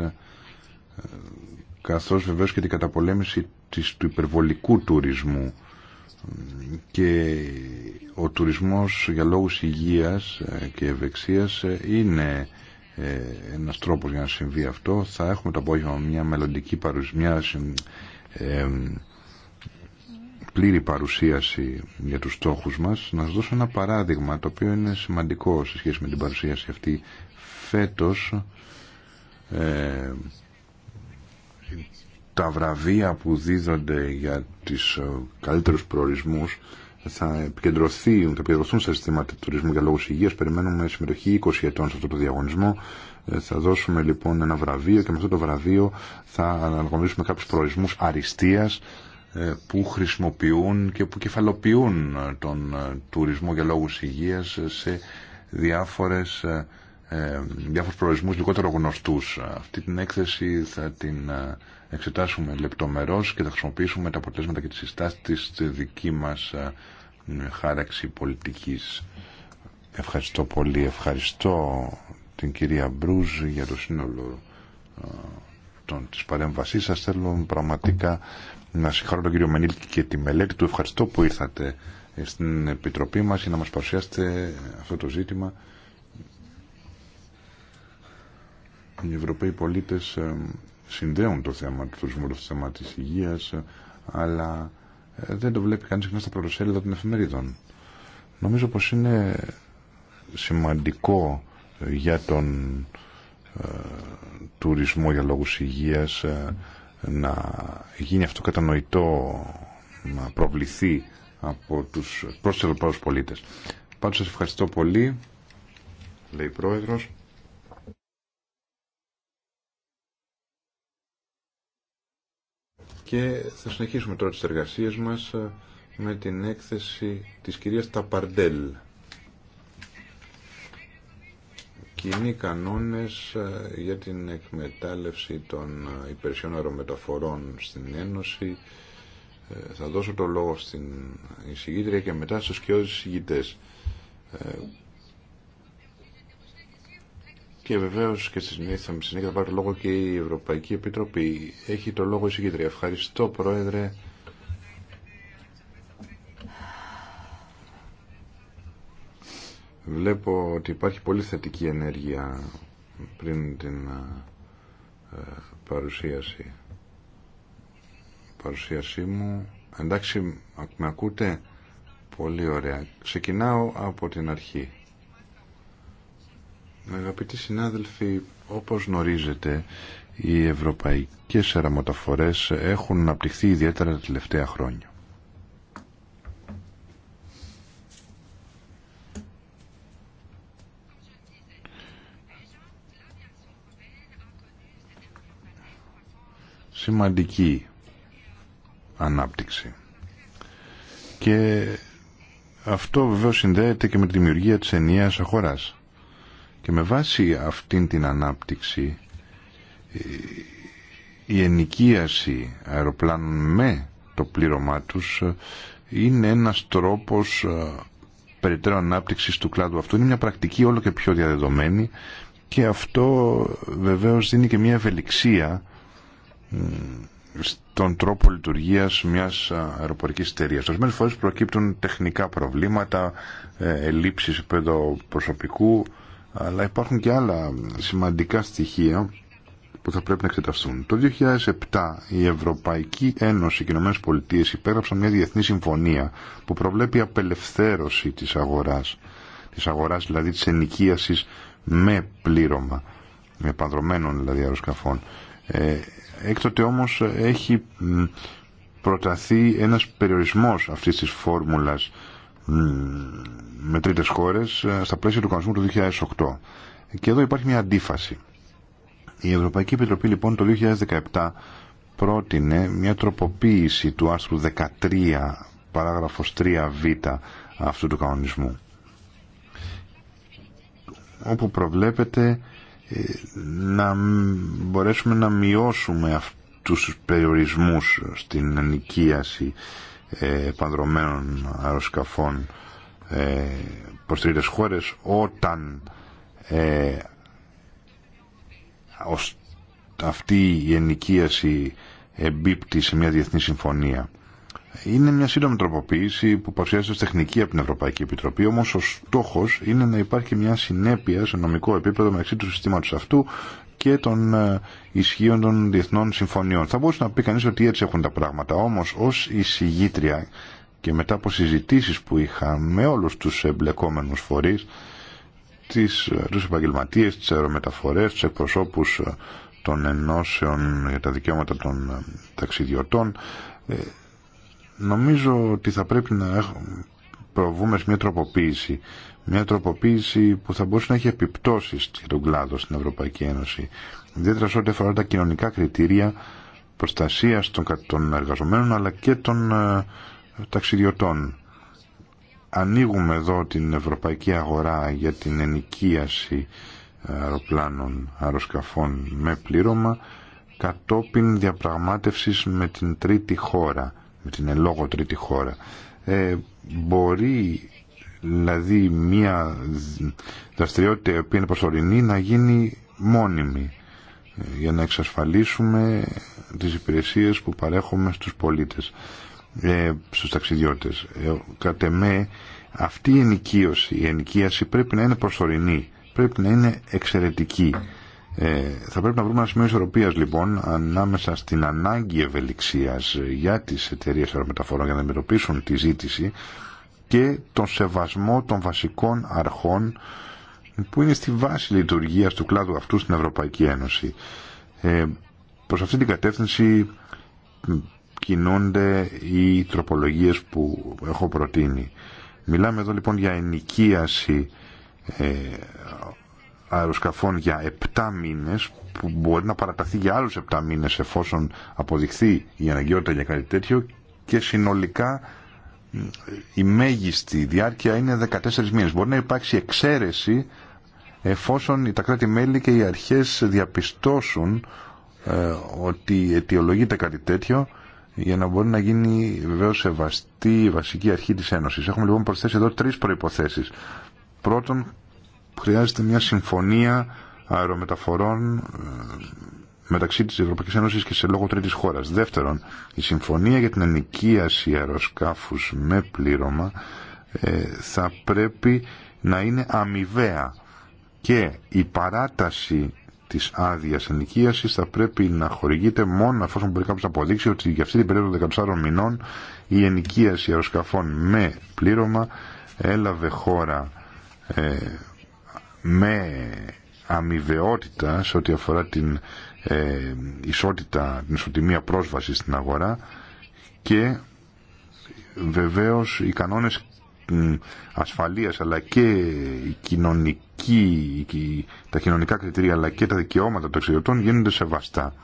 καθώς βεβαίως και την καταπολέμηση της, του υπερβολικού τουρισμού και ο τουρισμός για λόγους υγείας ε, και ευεξίας ε, είναι ε, ένας τρόπος για να συμβεί αυτό. Θα έχουμε το απόγευμα μια μελλοντική παρουσία, πλήρη παρουσίαση για τους στόχους μας. Να σας δώσω ένα παράδειγμα το οποίο είναι σημαντικό σε σχέση με την παρουσίαση αυτή. Φέτος τα βραβεία που δίδονται για τις ε, καλύτερους προορισμούς θα επικεντρωθούν, θα επικεντρωθούν στα συστήματα τουρισμού για λόγους υγείας. Περιμένουμε συμμετοχή 20 ετών σε αυτό το διαγωνισμό. Ε, θα δώσουμε λοιπόν ένα βραβείο και με αυτό το βραβείο θα αναγνωρίσουμε κάποιους προορισμούς αριστείας ε, που χρησιμοποιούν και που κεφαλοποιούν τον τουρισμό για λόγους υγείας σε διάφορες διάφορους προορισμούς λιγότερο γνωστούς. Αυτή την έκθεση θα την εξετάσουμε λεπτομερώς και θα χρησιμοποιήσουμε τα αποτελέσματα και τις συστάσεις της δική μας χάραξη πολιτικής. Ευχαριστώ πολύ. Ευχαριστώ την κυρία Μπρούζ για το σύνολο των, της παρέμβασής σας. Θέλω πραγματικά να συγχαρώ τον κύριο Μενίλκη και τη μελέτη του. Ευχαριστώ που ήρθατε ε, στην Επιτροπή μας για να μας παρουσιάσετε αυτό το ζήτημα. Οι Ευρωπαίοι πολίτες ε, συνδέουν το θέμα του τουρισμού, το θέμα της υγείας, αλλά ε, δεν το βλέπει κανείς συχνά στα πρωτοσέλιδα των εφημερίδων. Νομίζω πως είναι σημαντικό για τον ε, τουρισμό για λόγους υγείας ε, να γίνει αυτό κατανοητό να προβληθεί από τους πρόσθελους πολίτες. Πάντως σας ευχαριστώ πολύ λέει η Πρόεδρος και θα συνεχίσουμε τώρα τις εργασίες μας ε, με την έκθεση της κυρίας Ταπαρντέλ. Κοινοί κανόνες ε, για την εκμετάλλευση των ε, υπηρεσιών αερομεταφορών στην Ένωση. Θα δώσω το λόγο στην εισηγήτρια και μετά στους κοιόδους εισηγητές. Και βεβαίω και στη συνέχεια θα πάρει λόγο και η Ευρωπαϊκή Επιτροπή. Έχει το λόγο η συγκεντρία. Ευχαριστώ, Πρόεδρε. Βλέπω ότι υπάρχει πολύ θετική ενέργεια πριν την ε, ε, παρουσίαση παρουσίασή μου. Εντάξει, με ακούτε. Πολύ ωραία. Ξεκινάω από την αρχή. Αγαπητοί συνάδελφοι, όπως γνωρίζετε, οι ευρωπαϊκές αεραμοταφορές έχουν αναπτυχθεί ιδιαίτερα τα τελευταία χρόνια. Σημαντική ανάπτυξη. Και αυτό βεβαίως συνδέεται και με τη δημιουργία της ενιαίας αγοράς. Και με βάση αυτήν την ανάπτυξη η ενοικίαση αεροπλάνων με το πλήρωμά τους ε, είναι ένας τρόπος ε, περαιτέρω ανάπτυξης του κλάδου αυτού. Είναι μια πρακτική όλο και πιο διαδεδομένη και αυτό βεβαίως δίνει και μια ευελιξία στον τρόπο λειτουργίας μιας αεροπορικής εταιρεία. Ορισμένε φορές προκύπτουν τεχνικά προβλήματα, ε, ελλείψεις προσωπικού, αλλά υπάρχουν και άλλα σημαντικά στοιχεία που θα πρέπει να εξεταστούν. Το 2007 η Ευρωπαϊκή Ένωση και οι ΗΠΑ υπέγραψαν μια διεθνή συμφωνία που προβλέπει απελευθέρωση της αγοράς, της αγοράς δηλαδή της ενοικίασης με πλήρωμα, με πανδρομένων δηλαδή αεροσκαφών. Ε, έκτοτε όμως έχει προταθεί ένας περιορισμός αυτής της φόρμουλας με τρίτες χώρε ε, στα πλαίσια του κανονισμού του 2008. Και εδώ υπάρχει μια αντίφαση. Η Ευρωπαϊκή Επιτροπή λοιπόν το 2017 πρότεινε μια τροποποίηση του άρθρου 13 παράγραφος 3β αυτού του κανονισμού όπου προβλέπεται ε, να μπορέσουμε να μειώσουμε αυτούς τους περιορισμούς στην ενοικίαση ε, πανδρομένων αεροσκαφών ε, προς τρίτες χώρες όταν ε, αυτή η ενοικίαση εμπίπτει σε μια διεθνή συμφωνία. Είναι μια σύντομη τροποποίηση που παρουσιάζεται ως τεχνική από την Ευρωπαϊκή Επιτροπή, όμως ο στόχος είναι να υπάρχει μια συνέπεια σε νομικό επίπεδο μεταξύ του συστήματος αυτού και των ε, ισχύων των διεθνών συμφωνιών. Θα μπορούσε να πει κανείς ότι έτσι έχουν τα πράγματα. Όμως ως εισηγήτρια και μετά από συζητήσεις που είχα με όλους τους εμπλεκόμενους φορείς, τις, ε, τους επαγγελματίες, τις αερομεταφορές, τους εκπροσώπους ε, των ενώσεων για τα δικαιώματα των ταξιδιωτών, νομίζω ότι θα πρέπει να προβούμε σε μια τροποποίηση μια τροποποίηση που θα μπορούσε να έχει επιπτώσεις για τον κλάδο στην Ευρωπαϊκή Ένωση. Ιδιαίτερα σε ό,τι αφορά τα κοινωνικά κριτήρια προστασία των, εργαζομένων αλλά και των ε, ταξιδιωτών. Ανοίγουμε εδώ την ευρωπαϊκή αγορά για την ενοικίαση ε, αεροπλάνων, αεροσκαφών με πλήρωμα κατόπιν διαπραγμάτευσης με την τρίτη χώρα, με την ελόγω τρίτη χώρα. Ε, μπορεί δηλαδή μια δραστηριότητα η οποία είναι προσωρινή να γίνει μόνιμη ε, για να εξασφαλίσουμε τις υπηρεσίες που παρέχουμε στους πολίτες, ε, στους ταξιδιώτες. Ε, κατ' εμέ αυτή η ενοικίωση, η ενοικίαση πρέπει να είναι προσωρινή, πρέπει να είναι εξαιρετική. Ε, θα πρέπει να βρούμε ένα σημείο ισορροπίας λοιπόν ανάμεσα στην ανάγκη ευελιξίας για τις εταιρείες αερομεταφορών για να αντιμετωπίσουν τη ζήτηση και τον σεβασμό των βασικών αρχών που είναι στη βάση λειτουργίας του κλάδου αυτού στην Ευρωπαϊκή Ένωση. Ε, προς αυτή την κατεύθυνση κινούνται οι τροπολογίες που έχω προτείνει. Μιλάμε εδώ λοιπόν για ενοικίαση ε, αεροσκαφών για 7 μήνες που μπορεί να παραταθεί για άλλους 7 μήνες εφόσον αποδειχθεί η αναγκαιότητα για κάτι τέτοιο και συνολικά η μέγιστη διάρκεια είναι 14 μήνες. Μπορεί να υπάρξει εξαίρεση εφόσον τα κράτη-μέλη και οι αρχές διαπιστώσουν ε, ότι αιτιολογείται κάτι τέτοιο για να μπορεί να γίνει βεβαίω σεβαστή η βασική αρχή της Ένωσης. Έχουμε λοιπόν προσθέσει εδώ τρεις προϋποθέσεις. Πρώτον, χρειάζεται μια συμφωνία αερομεταφορών ε, μεταξύ της Ευρωπαϊκής Ένωσης και σε λόγο τρίτης χώρας. Δεύτερον, η συμφωνία για την ενοικίαση αεροσκάφου με πλήρωμα ε, θα πρέπει να είναι αμοιβαία και η παράταση της άδειας ενοικίασης θα πρέπει να χορηγείται μόνο αφού μπορεί κάποιος να αποδείξει ότι για αυτή την περίοδο 14 μηνών η ενοικίαση αεροσκαφών με πλήρωμα έλαβε χώρα ε, με αμοιβαιότητα σε ό,τι αφορά την ε, ισότητα, την ισοτιμία πρόσβαση στην αγορά και βεβαίως οι κανόνες ασφαλείας αλλά και η κοινωνική, τα κοινωνικά κριτήρια αλλά και τα δικαιώματα των εξαιρετών γίνονται σεβαστά.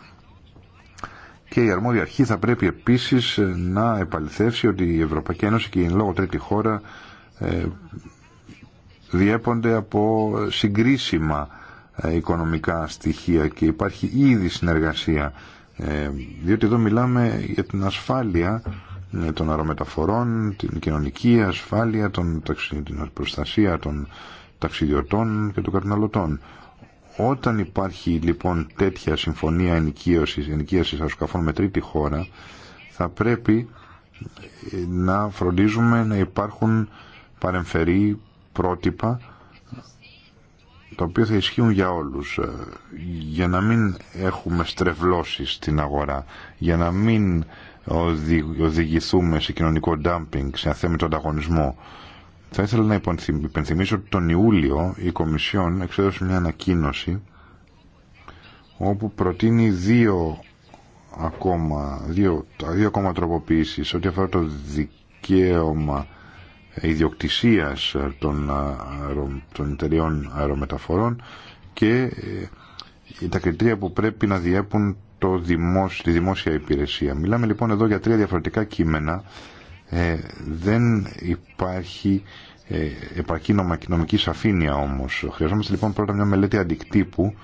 Και η αρμόδια αρχή θα πρέπει επίσης να επαληθεύσει ότι η Ευρωπαϊκή Ένωση και η εν λόγω τρίτη χώρα ε, διέπονται από συγκρίσιμα ε, οικονομικά στοιχεία και υπάρχει ήδη συνεργασία ε, διότι εδώ μιλάμε για την ασφάλεια ε, των αερομεταφορών, την κοινωνική ασφάλεια, τον, την προστασία των ταξιδιωτών και των καρναλωτών. Όταν υπάρχει λοιπόν τέτοια συμφωνία ενοικίωσης, ενοικίωσης αεροσκαφών με τρίτη χώρα, θα πρέπει να φροντίζουμε να υπάρχουν παρεμφερή πρότυπα τα οποία θα ισχύουν για όλους ε, για να μην έχουμε στρεβλώσει στην αγορά για να μην οδηγηθούμε σε κοινωνικό ντάμπινγκ σε αθέμητο ανταγωνισμό θα ήθελα να υπενθυμίσω ότι τον Ιούλιο η Κομισιόν εξέδωσε μια ανακοίνωση όπου προτείνει δύο ακόμα, δύο, δύο ακόμα τροποποιήσεις ό,τι αφορά το δικαίωμα ιδιοκτησίας των, αερο, των εταιριών αερομεταφορών και ε, τα κριτήρια που πρέπει να διέπουν το τη δημόσια υπηρεσία. Μιλάμε λοιπόν εδώ για τρία διαφορετικά κείμενα. Ε, δεν υπάρχει ε, επαρκή νομική σαφήνεια όμως. Χρειαζόμαστε λοιπόν πρώτα μια μελέτη αντικτύπου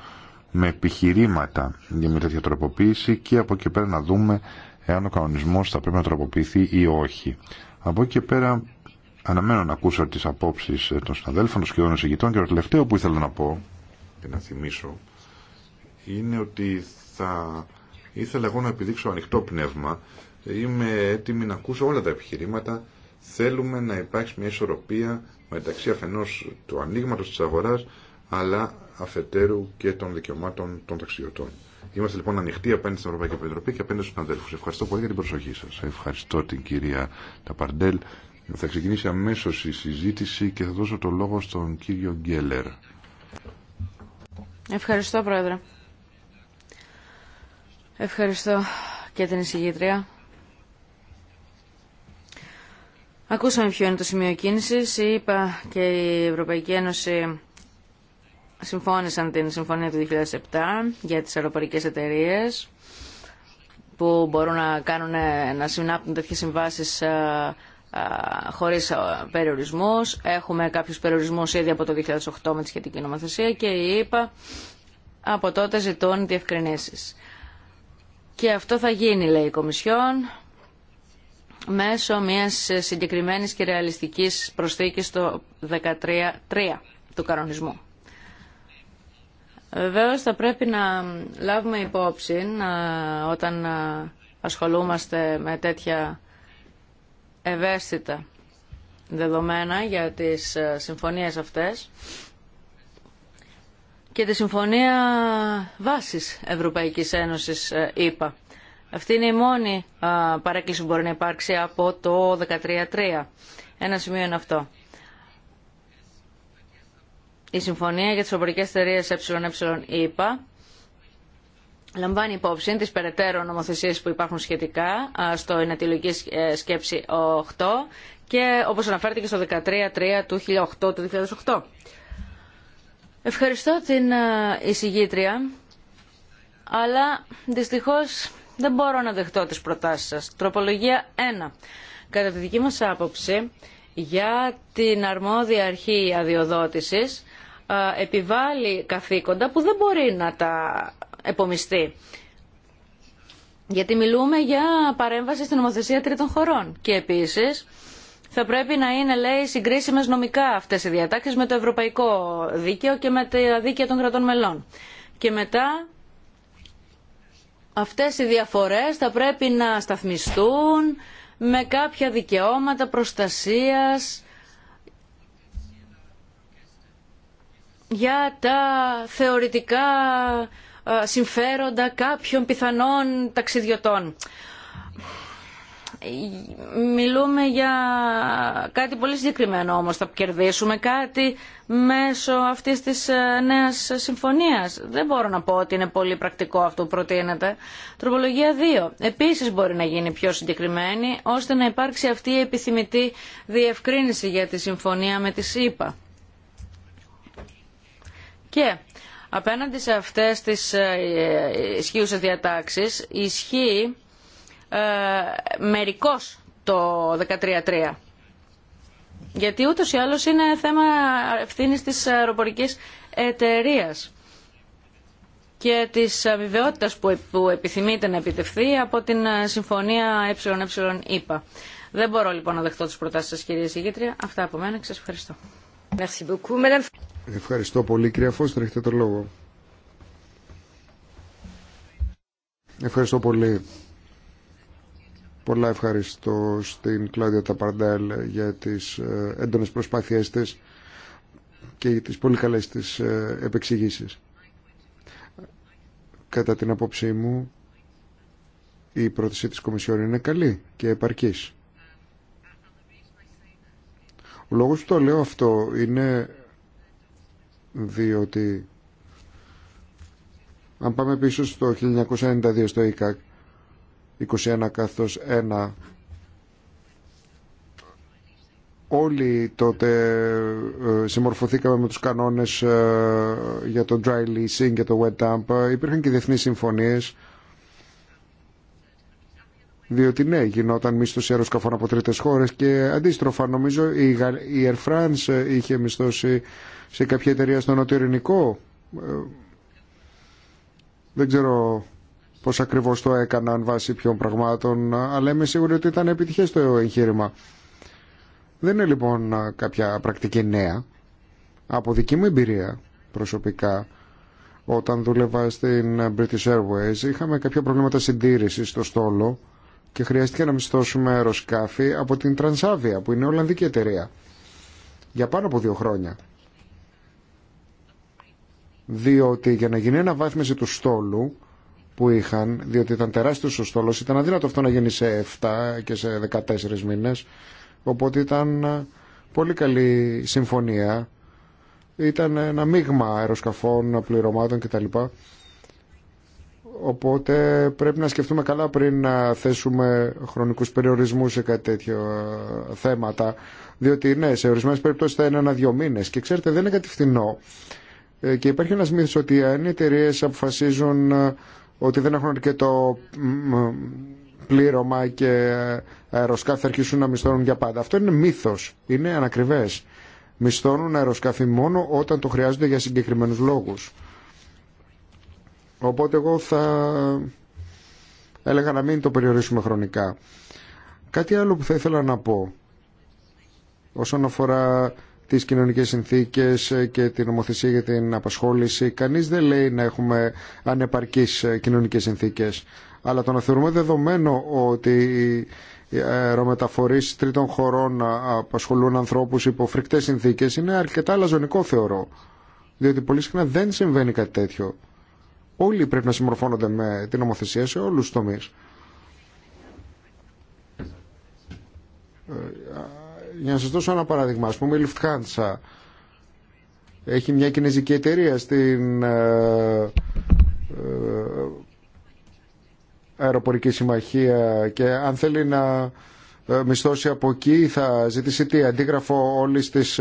με επιχειρήματα για μια τέτοια τροποποίηση και από εκεί πέρα να δούμε εάν ο κανονισμός θα πρέπει να τροποποιηθεί ή όχι. Από εκεί πέρα αναμένω να ακούσω τις απόψεις ε, των συναδέλφων, των σχεδόν εισηγητών και το τελευταίο που ήθελα να πω και να θυμίσω είναι ότι θα ήθελα εγώ να επιδείξω ανοιχτό πνεύμα είμαι έτοιμη να ακούσω όλα τα επιχειρήματα θέλουμε να υπάρξει μια ισορροπία μεταξύ αφενός του ανοίγματο της αγοράς αλλά αφετέρου και των δικαιωμάτων των ταξιδιωτών. Είμαστε λοιπόν ανοιχτοί απέναντι στην Ευρωπαϊκή Επιτροπή και απέναντι στους αδέλφους. Ευχαριστώ πολύ για την προσοχή σας. Ευχαριστώ την κυρία Ταπαρντέλ. Θα ξεκινήσει αμέσως η συζήτηση και θα δώσω το λόγο στον κύριο Γκέλερ. Ευχαριστώ, Πρόεδρε. Ευχαριστώ και την εισηγήτρια. Ακούσαμε ποιο είναι το σημείο κίνησης. Είπα και η Ευρωπαϊκή Ένωση συμφώνησαν την συμφωνία του 2007 για τις αεροπορικές εταιρείες που μπορούν να, κάνουν, να συνάπτουν τέτοιες συμβάσεις ε, χωρίς περιορισμούς. Έχουμε κάποιους περιορισμούς ήδη από το 2008 με τη σχετική νομοθεσία και η ΕΠΑ από τότε ζητούν διευκρινήσεις. Και αυτό θα γίνει, λέει η Κομισιόν, μέσω μιας συγκεκριμένης και ρεαλιστικής προσθήκης στο 13.3 του κανονισμού. Βεβαίω θα πρέπει να λάβουμε υπόψη όταν ασχολούμαστε με τέτοια ευαίσθητα δεδομένα για τις ε, συμφωνίες αυτές και τη Συμφωνία Βάσης Ευρωπαϊκής Ένωσης είπα. Αυτή είναι η μόνη ε, παρέκκληση που μπορεί να υπάρξει από το 13.3. Ένα σημείο είναι αυτό. Η Συμφωνία για τις Ευρωπαϊκές Εταιρείες ΕΕ λαμβάνει υπόψη τις περαιτέρω νομοθεσίες που υπάρχουν σχετικά στο Ενατιλογική ε, Σκέψη 8 και όπως αναφέρθηκε στο 13.3 του 2008 του 2008. Ευχαριστώ την ε, εισηγήτρια, αλλά δυστυχώς δεν μπορώ να δεχτώ τις προτάσεις σας. Τροπολογία 1. Κατά τη δική μας άποψη, για την αρμόδια αρχή αδειοδότησης ε, επιβάλλει καθήκοντα που δεν μπορεί να τα επομιστεί. Γιατί μιλούμε για παρέμβαση στην νομοθεσία τρίτων χωρών. Και επίσης θα πρέπει να είναι, λέει, συγκρίσιμες νομικά αυτές οι διατάξεις με το ευρωπαϊκό δίκαιο και με τα δίκαια των κρατών μελών. Και μετά αυτές οι διαφορές θα πρέπει να σταθμιστούν με κάποια δικαιώματα προστασίας για τα θεωρητικά ε, συμφέροντα κάποιων πιθανών ταξιδιωτών. Ε, μιλούμε για κάτι πολύ συγκεκριμένο όμως θα κερδίσουμε κάτι μέσω αυτής της ε, νέας συμφωνίας. Δεν μπορώ να πω ότι είναι πολύ πρακτικό αυτό που προτείνεται. Τροπολογία 2. Επίσης μπορεί να γίνει πιο συγκεκριμένη ώστε να υπάρξει αυτή η επιθυμητή διευκρίνηση για τη συμφωνία με τη ΣΥΠΑ. Και Απέναντι σε αυτές τις ε, ισχύουσες διατάξεις ισχύει ε, μερικώς το 13.3. Γιατί ούτως ή άλλως είναι θέμα ευθύνης της αεροπορικής εταιρεία και της αβιβαιότητας που επιθυμείται να επιτευχθεί από την Συμφωνία ΕΕ ΕΠΑ. ΕΕ. Δεν μπορώ λοιπόν να δεχτώ τις προτάσεις σας κυρία Συγήτρια. Αυτά από μένα και σας ευχαριστώ. Ευχαριστώ πολύ κυρία Φώστερ, έχετε το λόγο. Ευχαριστώ πολύ. Πολλά ευχαριστώ στην Κλάδια Ταπαρντάλ για τις ε, έντονες προσπάθειές της και για τις πολύ καλές της ε, επεξηγήσεις. Κατά την απόψή μου, η πρόταση της Κομισιόν είναι καλή και επαρκής. Ο λόγος που το λέω αυτό είναι διότι αν πάμε πίσω στο 1992 στο ΙΚΑΚ 21 καθώς 1 όλοι τότε ε, συμμορφωθήκαμε με τους κανόνες ε, για το dry leasing και το wet dump. Ε, υπήρχαν και διεθνείς συμφωνίες διότι ναι, γινόταν μίσθωση αεροσκαφών από τρίτε χώρε και αντίστροφα νομίζω η Air France ε, είχε μισθώσει σε κάποια εταιρεία στο Νοτιοειρηνικό. Ε, δεν ξέρω πώ ακριβώ το έκαναν βάσει ποιων πραγμάτων, αλλά είμαι σίγουρη ότι ήταν επιτυχέ το εγχείρημα. Δεν είναι λοιπόν κάποια πρακτική νέα. Από δική μου εμπειρία προσωπικά, όταν δούλευα στην British Airways, είχαμε κάποια προβλήματα συντήρηση στο στόλο και χρειάστηκε να μισθώσουμε αεροσκάφη από την Τρανσάβια που είναι Ολλανδική εταιρεία για πάνω από δύο χρόνια. Διότι για να γίνει βάθμιση του στόλου που είχαν, διότι ήταν τεράστιο ο στόλο ήταν αδύνατο αυτό να γίνει σε 7 και σε 14 μήνες, οπότε ήταν ε, πολύ καλή συμφωνία. Ήταν ένα μείγμα αεροσκαφών, πληρωμάτων κτλ. Οπότε πρέπει να σκεφτούμε καλά πριν να θέσουμε χρονικούς περιορισμούς σε κάτι τέτοιο ε, θέματα. Διότι ναι, σε ορισμένες περιπτώσεις θα είναι ένα-δυο μήνες. Και ξέρετε δεν είναι κάτι φθηνό. Ε, και υπάρχει ένας μύθος ότι αν οι εταιρείε αποφασίζουν ε, ότι δεν έχουν αρκετό πλήρωμα και αεροσκάφη θα αρχίσουν να μισθώνουν για πάντα. Αυτό είναι μύθος. Είναι ανακριβές. Μισθώνουν αεροσκάφη μόνο όταν το χρειάζονται για συγκεκριμένους λόγους. Οπότε εγώ θα έλεγα να μην το περιορίσουμε χρονικά. Κάτι άλλο που θα ήθελα να πω όσον αφορά τις κοινωνικές συνθήκες και την νομοθεσία για την απασχόληση. Κανείς δεν λέει να έχουμε ανεπαρκείς κοινωνικές συνθήκες. Αλλά το να θεωρούμε δεδομένο ότι οι αερομεταφορείς τρίτων χωρών απασχολούν ανθρώπους υπό φρικτές συνθήκες είναι αρκετά λαζονικό θεωρώ. Διότι πολύ συχνά δεν συμβαίνει κάτι τέτοιο. Όλοι πρέπει να συμμορφώνονται με την νομοθεσία σε όλους τους τομείς. Ε, για να σας δώσω ένα παράδειγμα, ας πούμε η Lufthansa έχει μια κινέζικη εταιρεία στην ε, ε, αεροπορική συμμαχία και αν θέλει να μισθώσει από εκεί θα ζητήσει τι αντίγραφο όλης της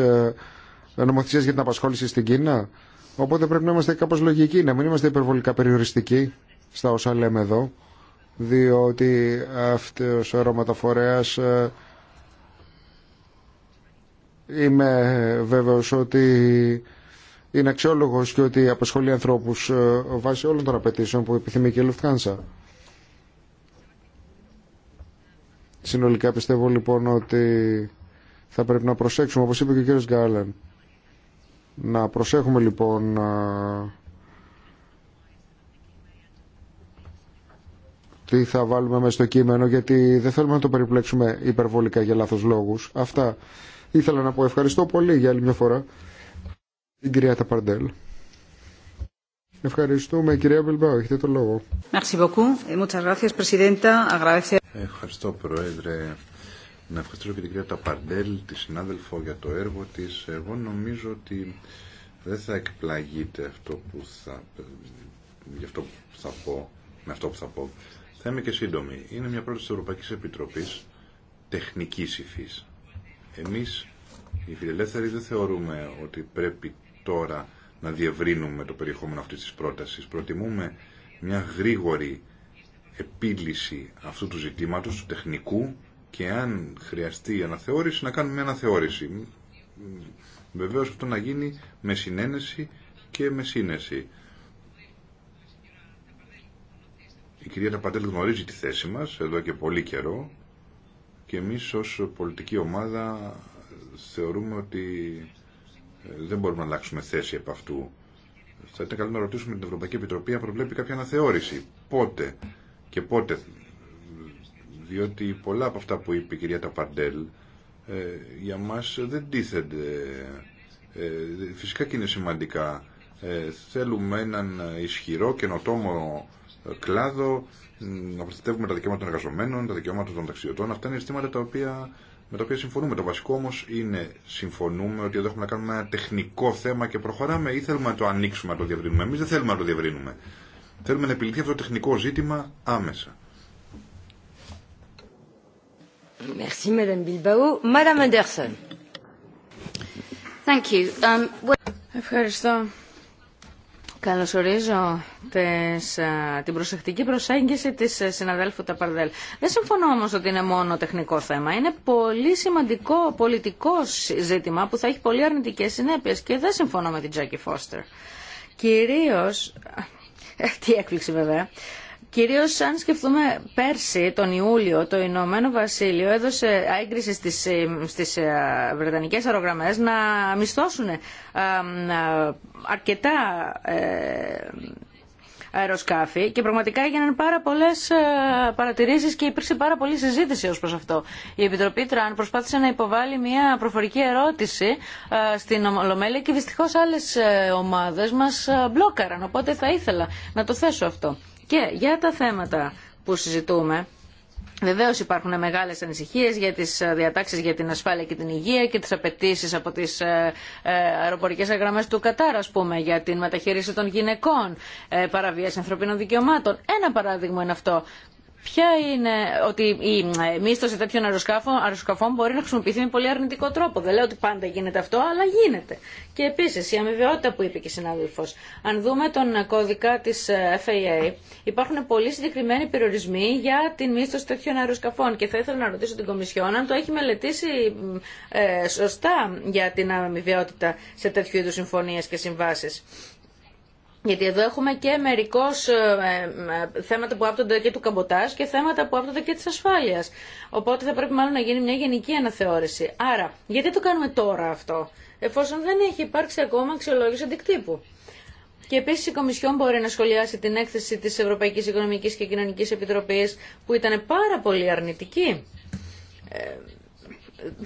νομοθεσίας για την απασχόληση στην Κίνα Οπότε πρέπει να είμαστε κάπω λογικοί, να μην είμαστε υπερβολικά περιοριστικοί στα όσα λέμε εδώ, διότι αυτό ο αρωματοφορέας ε, είμαι βέβαιος ότι είναι αξιόλογος και ότι απασχολεί ανθρώπους ε, βάσει όλων των απαιτήσεων που επιθυμεί και η Λουφθάνσα. Συνολικά πιστεύω λοιπόν ότι θα πρέπει να προσέξουμε, όπως είπε και ο κ. Γκάλαν, να προσέχουμε λοιπόν τι θα βάλουμε μέσα στο κείμενο γιατί δεν θέλουμε να το περιπλέξουμε υπερβολικά για λάθος λόγους. Αυτά ήθελα να πω. Ευχαριστώ πολύ για άλλη μια φορά την κυρία Ταπαρντέλ. Ευχαριστούμε κυρία Μπελμπάου. Έχετε το λόγο. Ευχαριστώ Πρόεδρε να ευχαριστήσω και την κυρία Ταπαρντέλ, τη συνάδελφο για το έργο της. Εγώ νομίζω ότι δεν θα εκπλαγείτε αυτό που θα, γι αυτό που θα πω, με αυτό που θα πω. Θα είμαι και σύντομη. Είναι μια πρόταση της Ευρωπαϊκής Επιτροπής τεχνικής υφής. Εμείς οι φιλελεύθεροι δεν θεωρούμε ότι πρέπει τώρα να διευρύνουμε το περιεχόμενο αυτή της πρότασης. Προτιμούμε μια γρήγορη επίλυση αυτού του ζητήματος, του τεχνικού, και αν χρειαστεί η αναθεώρηση να κάνουμε μια αναθεώρηση. Βεβαίω αυτό να γίνει με συνένεση και με σύνεση. Η κυρία Ταπαντέλ γνωρίζει τη θέση μας εδώ και πολύ καιρό και εμείς ως πολιτική ομάδα θεωρούμε ότι ε, δεν μπορούμε να αλλάξουμε θέση από αυτού. Θα ήταν καλό να ρωτήσουμε την Ευρωπαϊκή Επιτροπή αν προβλέπει κάποια αναθεώρηση. Πότε και πότε διότι πολλά από αυτά που είπε η κυρία Ταπαντέλ ε, για μας δεν τίθενται. Ε, φυσικά και είναι σημαντικά. Ε, θέλουμε έναν ισχυρό καινοτόμο κλάδο, να προστατεύουμε τα δικαιώματα των εργαζομένων, τα δικαιώματα των ταξιδιωτών. Αυτά είναι αισθήματα τα οποία, με τα οποία συμφωνούμε. Το βασικό όμω είναι συμφωνούμε ότι εδώ έχουμε να κάνουμε ένα τεχνικό θέμα και προχωράμε ή θέλουμε να το ανοίξουμε, να το διαβρύνουμε. Εμεί δεν θέλουμε να το διαβρύνουμε. Θέλουμε να επιληθεί αυτό το τεχνικό ζήτημα άμεσα. Um, Ευχαριστώ. Καλωσορίζω την προσεκτική προσέγγιση της συναδέλφου Ταπαρδέλ. Δεν συμφωνώ όμως ότι είναι μόνο τεχνικό θέμα. Είναι πολύ σημαντικό πολιτικό ζήτημα που θα έχει πολύ αρνητικές συνέπειες και δεν συμφωνώ με την Τζάκι Φώστερ. Κυρίως, ε, τι έκπληξη βέβαια, Κυρίω αν σκεφτούμε πέρσι τον Ιούλιο το Ηνωμένο Βασίλειο έδωσε έγκριση στις, ε, στις ε, βρετανικές αερογραμμές να μισθώσουν αρκετά ε, αεροσκάφη και πραγματικά έγιναν πάρα πολλέ παρατηρήσει και υπήρξε πάρα πολλή συζήτηση ω προ αυτό. Η Επιτροπή Τραν προσπάθησε να υποβάλει μια προφορική ερώτηση στην Ολομέλη και δυστυχώ άλλε ομάδε μα μπλόκαραν. Οπότε θα ήθελα να το θέσω αυτό. Και για τα θέματα που συζητούμε, Βεβαίω υπάρχουν μεγάλε ανησυχίε για τι διατάξει για την ασφάλεια και την υγεία και τι απαιτήσει από τι ε, ε, αεροπορικέ γραμμέ του Κατάρ, α πούμε, για την μεταχείριση των γυναικών, ε, παραβίαση ανθρωπίνων δικαιωμάτων. Ένα παράδειγμα είναι αυτό ποια είναι ότι η ε, μίσθωση τέτοιων αεροσκάφων, αεροσκαφών μπορεί να χρησιμοποιηθεί με πολύ αρνητικό τρόπο. Δεν λέω ότι πάντα γίνεται αυτό, αλλά γίνεται. Και επίση η αμοιβαιότητα που είπε και η συνάδελφο. Αν δούμε τον κώδικα τη ε, FAA, υπάρχουν πολύ συγκεκριμένοι περιορισμοί για την μίσθωση τέτοιων αεροσκαφών. Και θα ήθελα να ρωτήσω την Κομισιόν αν το έχει μελετήσει ε, σωστά για την αμοιβαιότητα σε τέτοιου είδου συμφωνίε και συμβάσει. Γιατί εδώ έχουμε και μερικώ ε, ε, ε, θέματα που άπτονται και του καμποτάζ και θέματα που άπτονται και τη ασφάλεια. Οπότε θα πρέπει μάλλον να γίνει μια γενική αναθεώρηση. Άρα, γιατί το κάνουμε τώρα αυτό, εφόσον δεν έχει υπάρξει ακόμα αξιολόγηση αντικτύπου. Και επίση η Κομισιόν μπορεί να σχολιάσει την έκθεση τη Ευρωπαϊκή Οικονομική και Κοινωνική Επιτροπή που ήταν πάρα πολύ αρνητική. Ε,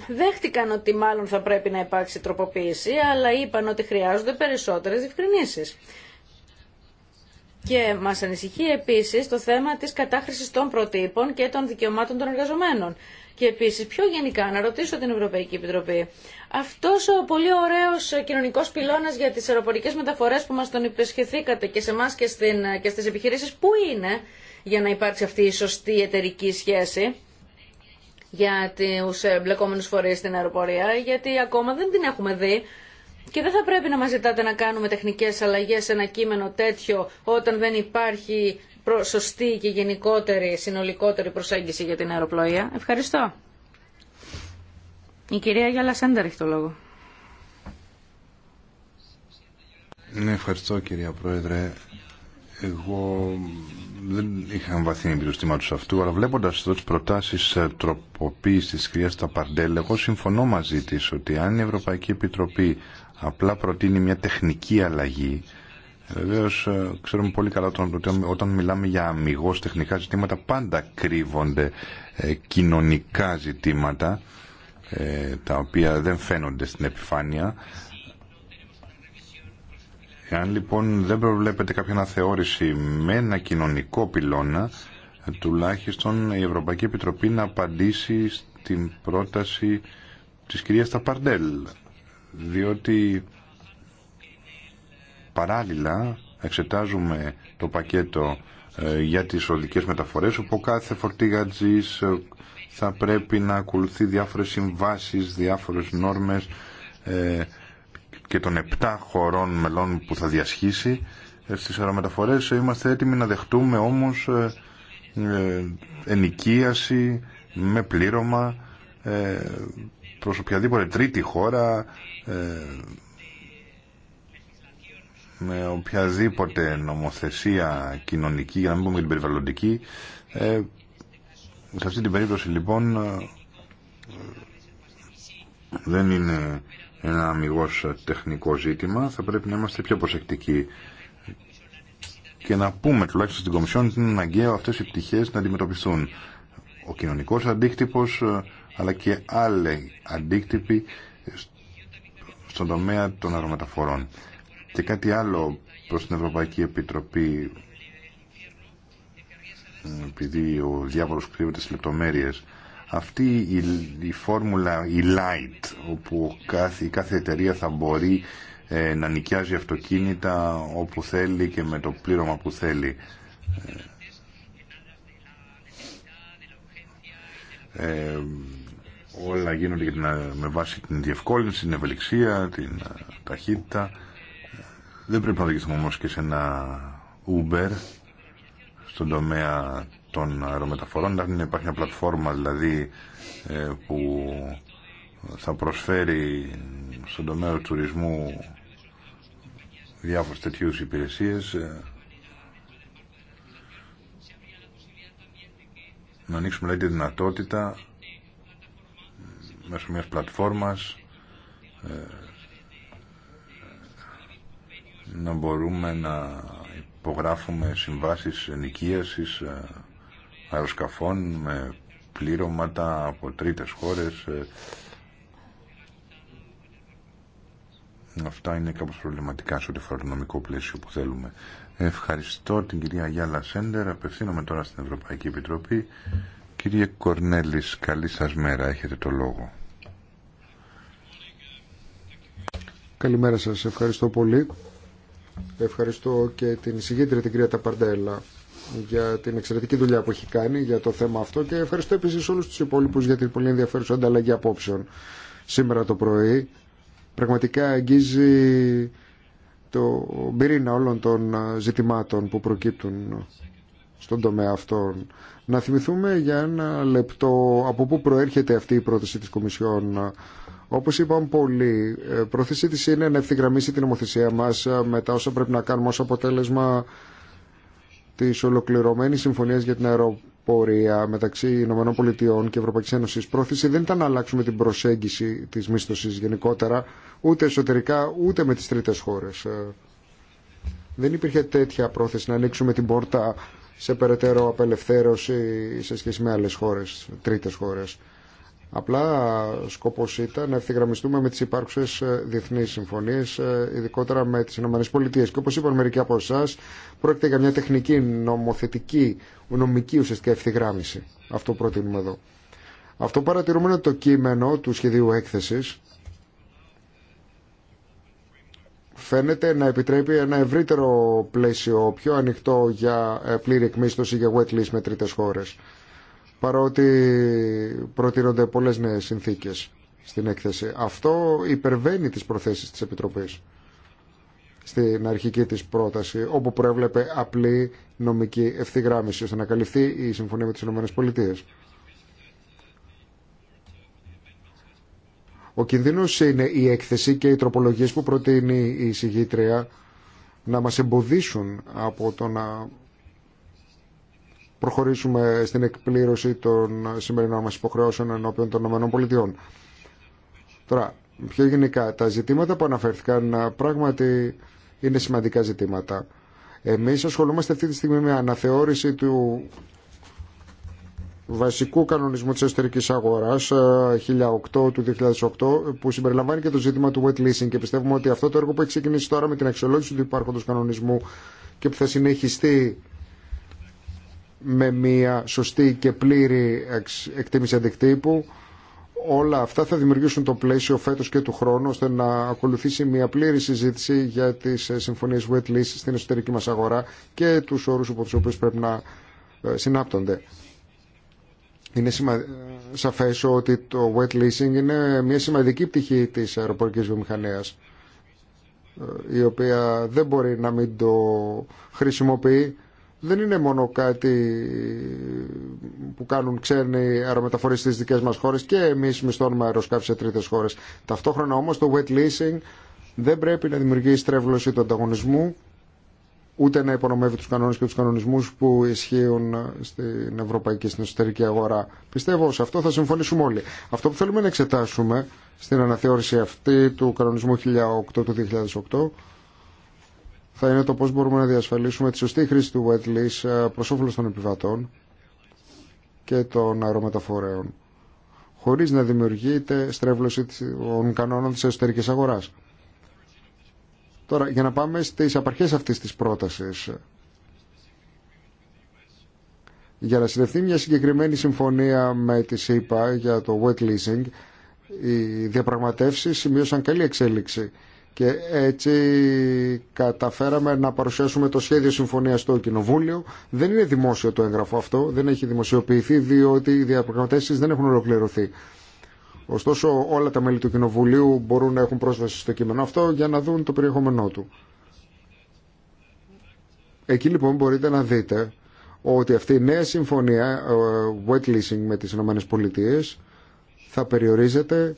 δέχτηκαν ότι μάλλον θα πρέπει να υπάρξει τροποποίηση, αλλά είπαν ότι χρειάζονται περισσότερε διευκρινήσει. Και μα ανησυχεί επίσης το θέμα της κατάχρησης των προτύπων και των δικαιωμάτων των εργαζομένων. Και επίσης πιο γενικά να ρωτήσω την Ευρωπαϊκή Επιτροπή. Αυτός ο πολύ ωραίος κοινωνικό πυλώνα για τις αεροπορικές μεταφορές που μας τον υπεσχεθήκατε και σε εμά και, στην, και στις επιχειρήσεις, πού είναι για να υπάρξει αυτή η σωστή εταιρική σχέση για του εμπλεκόμενου φορεί στην αεροπορία, γιατί ακόμα δεν την έχουμε δει και δεν θα πρέπει να μας ζητάτε να κάνουμε τεχνικές αλλαγές σε ένα κείμενο τέτοιο όταν δεν υπάρχει σωστή και γενικότερη, συνολικότερη προσέγγιση για την αεροπλοεία. Ευχαριστώ. Η κυρία Γιάλα Σέντερ έχει το λόγο. Ναι, ευχαριστώ κυρία Πρόεδρε. Εγώ δεν είχα βαθύνει επί του αυτού, αλλά βλέποντας εδώ τις προτάσεις ε, τροποποίησης της κυρίας Ταπαρντέλ, εγώ συμφωνώ μαζί της ότι αν η Ευρωπαϊκή Επιτροπή απλά προτείνει μια τεχνική αλλαγή. Βεβαίω ε, ξέρουμε πολύ καλά ότι όταν μιλάμε για αμυγό τεχνικά ζητήματα πάντα κρύβονται ε, κοινωνικά ζητήματα ε, τα οποία δεν φαίνονται στην επιφάνεια. Εάν λοιπόν δεν προβλέπετε κάποια αναθεώρηση με ένα κοινωνικό πυλώνα, τουλάχιστον η Ευρωπαϊκή Επιτροπή να απαντήσει στην πρόταση της κυρίας Ταπαρντέλ διότι παράλληλα εξετάζουμε το πακέτο ε, για τις οδικές μεταφορές όπου κάθε φορτίγατζης ε, θα πρέπει να ακολουθεί διάφορες συμβάσεις, διάφορες νόρμες ε, και των επτά χωρών μελών που θα διασχίσει στις αερομεταφορές είμαστε έτοιμοι να δεχτούμε όμως ενοικίαση με πλήρωμα προς οποιαδήποτε τρίτη χώρα ε, με οποιαδήποτε νομοθεσία κοινωνική, για να μην πούμε την περιβαλλοντική. Ε, σε αυτή την περίπτωση λοιπόν ε, δεν είναι ένα αμυγός τεχνικό ζήτημα, θα πρέπει να είμαστε πιο προσεκτικοί και να πούμε τουλάχιστον στην Κομισιόν ότι είναι αναγκαίο αυτές οι πτυχές να αντιμετωπιστούν. Ο κοινωνικός αντίκτυπος αλλά και άλλοι αντίκτυποι στον τομέα των αερομεταφορών. Και κάτι άλλο προς την Ευρωπαϊκή Επιτροπή, επειδή ο διάβολος κρύβεται στις λεπτομέρειες, αυτή η, η φόρμουλα, η light, όπου κάθε, κάθε εταιρεία θα μπορεί ε, να νοικιάζει αυτοκίνητα όπου θέλει και με το πλήρωμα που θέλει. Ε, ε, όλα γίνονται την, ε, με βάση την διευκόλυνση, την ευελιξία, την ε, ταχύτητα. Δεν πρέπει να οδηγηθούμε όμως και σε ένα Uber στον τομέα των αερομεταφορών. Αν υπάρχει μια πλατφόρμα δηλαδή ε, που θα προσφέρει στον τομέα του τουρισμού διάφορες τέτοιου υπηρεσίε. να ανοίξουμε λέει, τη δυνατότητα μέσω μιας πλατφόρμας ε, να μπορούμε να υπογράφουμε συμβάσεις ενοικίασης ε, αεροσκαφών με πλήρωματα από τρίτες χώρες. Ε. Αυτά είναι κάπως προβληματικά σε ό,τι το πλαίσιο που θέλουμε. Ευχαριστώ την κυρία Γιάλα Σέντερ. Απευθύνομαι τώρα στην Ευρωπαϊκή Επιτροπή. Κύριε Κορνέλης, καλή σας μέρα. Έχετε το λόγο. Καλημέρα σας. Ευχαριστώ πολύ. Ευχαριστώ και την συγγέντρια την κυρία Ταπαρντέλα για την εξαιρετική δουλειά που έχει κάνει για το θέμα αυτό και ευχαριστώ επίσης όλους τους υπόλοιπους για την πολύ ενδιαφέρουσα ανταλλαγή απόψεων σήμερα το πρωί. Πραγματικά αγγίζει το πυρήνα όλων των ζητημάτων που προκύπτουν στον τομέα αυτών. Να θυμηθούμε για ένα λεπτό από πού προέρχεται αυτή η πρόθεση της Κομισιόν. Όπως πολύ, η ε, πρόθεσή της είναι να ευθυγραμμίσει την νομοθεσία μας ε, μετά όσα πρέπει να κάνουμε ως αποτέλεσμα της ολοκληρωμένης συμφωνίας για την αεροπορία μεταξύ Ηνωμένων Πολιτειών και Ευρωπαϊκής Ένωσης. Πρόθεση δεν ήταν να αλλάξουμε την προσέγγιση της μίσθωσης γενικότερα, ούτε εσωτερικά, ούτε με τις τρίτες χώρες. Ε, δεν υπήρχε τέτοια πρόθεση να ανοίξουμε την πόρτα σε περαιτέρω απελευθέρωση σε σχέση με άλλες χώρες, τρίτες χώρες. Απλά σκοπός ήταν να ευθυγραμμιστούμε με τις υπάρχουσες ε, διεθνείς συμφωνίες, ε, ειδικότερα με τις ΗΠΑ. Και όπως είπαν μερικοί από εσά, πρόκειται για μια τεχνική, νομοθετική, νομική ουσιαστικά ευθυγράμμιση. Αυτό προτείνουμε εδώ. Αυτό παρατηρούμε είναι το κείμενο του σχεδίου έκθεσης φαίνεται να επιτρέπει ένα ευρύτερο πλαίσιο, πιο ανοιχτό για ε, πλήρη εκμίστοση για wet list με τρίτες χώρες. Παρότι προτείνονται πολλές νέες συνθήκες στην έκθεση. Αυτό υπερβαίνει τις προθέσεις της Επιτροπής στην αρχική της πρόταση, όπου προέβλεπε απλή νομική ευθυγράμμιση ώστε να καλυφθεί η συμφωνία με τις ΗΠΑ. Ο κινδύνος είναι η έκθεση και οι τροπολογίες που προτείνει η συγγήτρια να μας εμποδίσουν από το να προχωρήσουμε στην εκπλήρωση των σημερινών μας υποχρεώσεων ενώπιον των ΗΠΑ. Τώρα, πιο γενικά, τα ζητήματα που αναφέρθηκαν πράγματι είναι σημαντικά ζητήματα. Εμείς ασχολούμαστε αυτή τη στιγμή με αναθεώρηση του βασικού κανονισμού της εσωτερικής αγοράς 2008 ε, του 2008 που συμπεριλαμβάνει και το ζήτημα του wet leasing και πιστεύουμε ότι αυτό το έργο που έχει ξεκινήσει τώρα με την αξιολόγηση του υπάρχοντος κανονισμού και που θα συνεχιστεί με μια σωστή και πλήρη εκτίμηση αντικτύπου όλα αυτά θα δημιουργήσουν το πλαίσιο φέτος και του χρόνου ώστε να ακολουθήσει μια πλήρη συζήτηση για τις ε, συμφωνίες wet leasing στην εσωτερική μας αγορά και τους όρους από τους οποίους πρέπει να ε, συνάπτονται. Είναι σημα... σαφές ότι το wet leasing είναι μια σημαντική πτυχή της αεροπορικής βιομηχανίας ε, η οποία δεν μπορεί να μην το χρησιμοποιεί δεν είναι μόνο κάτι που κάνουν ξένοι αερομεταφορείς στις δικές μας χώρες και εμείς μισθώνουμε αεροσκάφη σε τρίτες χώρες. Ταυτόχρονα όμως το wet leasing δεν πρέπει να δημιουργεί στρέβλωση του ανταγωνισμού ούτε να υπονομεύει τους κανόνες και τους κανονισμούς που ισχύουν στην ευρωπαϊκή και στην εσωτερική αγορά. Πιστεύω σε αυτό θα συμφωνήσουμε όλοι. Αυτό που θέλουμε να εξετάσουμε στην αναθεώρηση αυτή του κανονισμού 1008 του 2008 θα είναι το πώς μπορούμε να διασφαλίσουμε τη σωστή χρήση του List ε, προς όφελος των επιβατών και των αερομεταφορέων χωρίς να δημιουργείται στρέβλωση των κανόνων της εσωτερικής αγοράς. Τώρα, για να πάμε στις απαρχέ αυτής της πρότασης. Για να συνδεθεί μια συγκεκριμένη συμφωνία με τη ΣΥΠΑ για το wet leasing, οι διαπραγματεύσει σημείωσαν καλή εξέλιξη και έτσι καταφέραμε να παρουσιάσουμε το σχέδιο συμφωνία στο Κοινοβούλιο. Δεν είναι δημόσιο το έγγραφο αυτό, δεν έχει δημοσιοποιηθεί διότι οι διαπραγματεύσει δεν έχουν ολοκληρωθεί. Ωστόσο όλα τα μέλη του Κοινοβουλίου μπορούν να έχουν πρόσβαση στο κείμενο αυτό για να δουν το περιεχόμενό του. Εκεί λοιπόν μπορείτε να δείτε ότι αυτή η νέα συμφωνία ε, wet leasing με τις ΗΠΑ, Πολιτείες θα περιορίζεται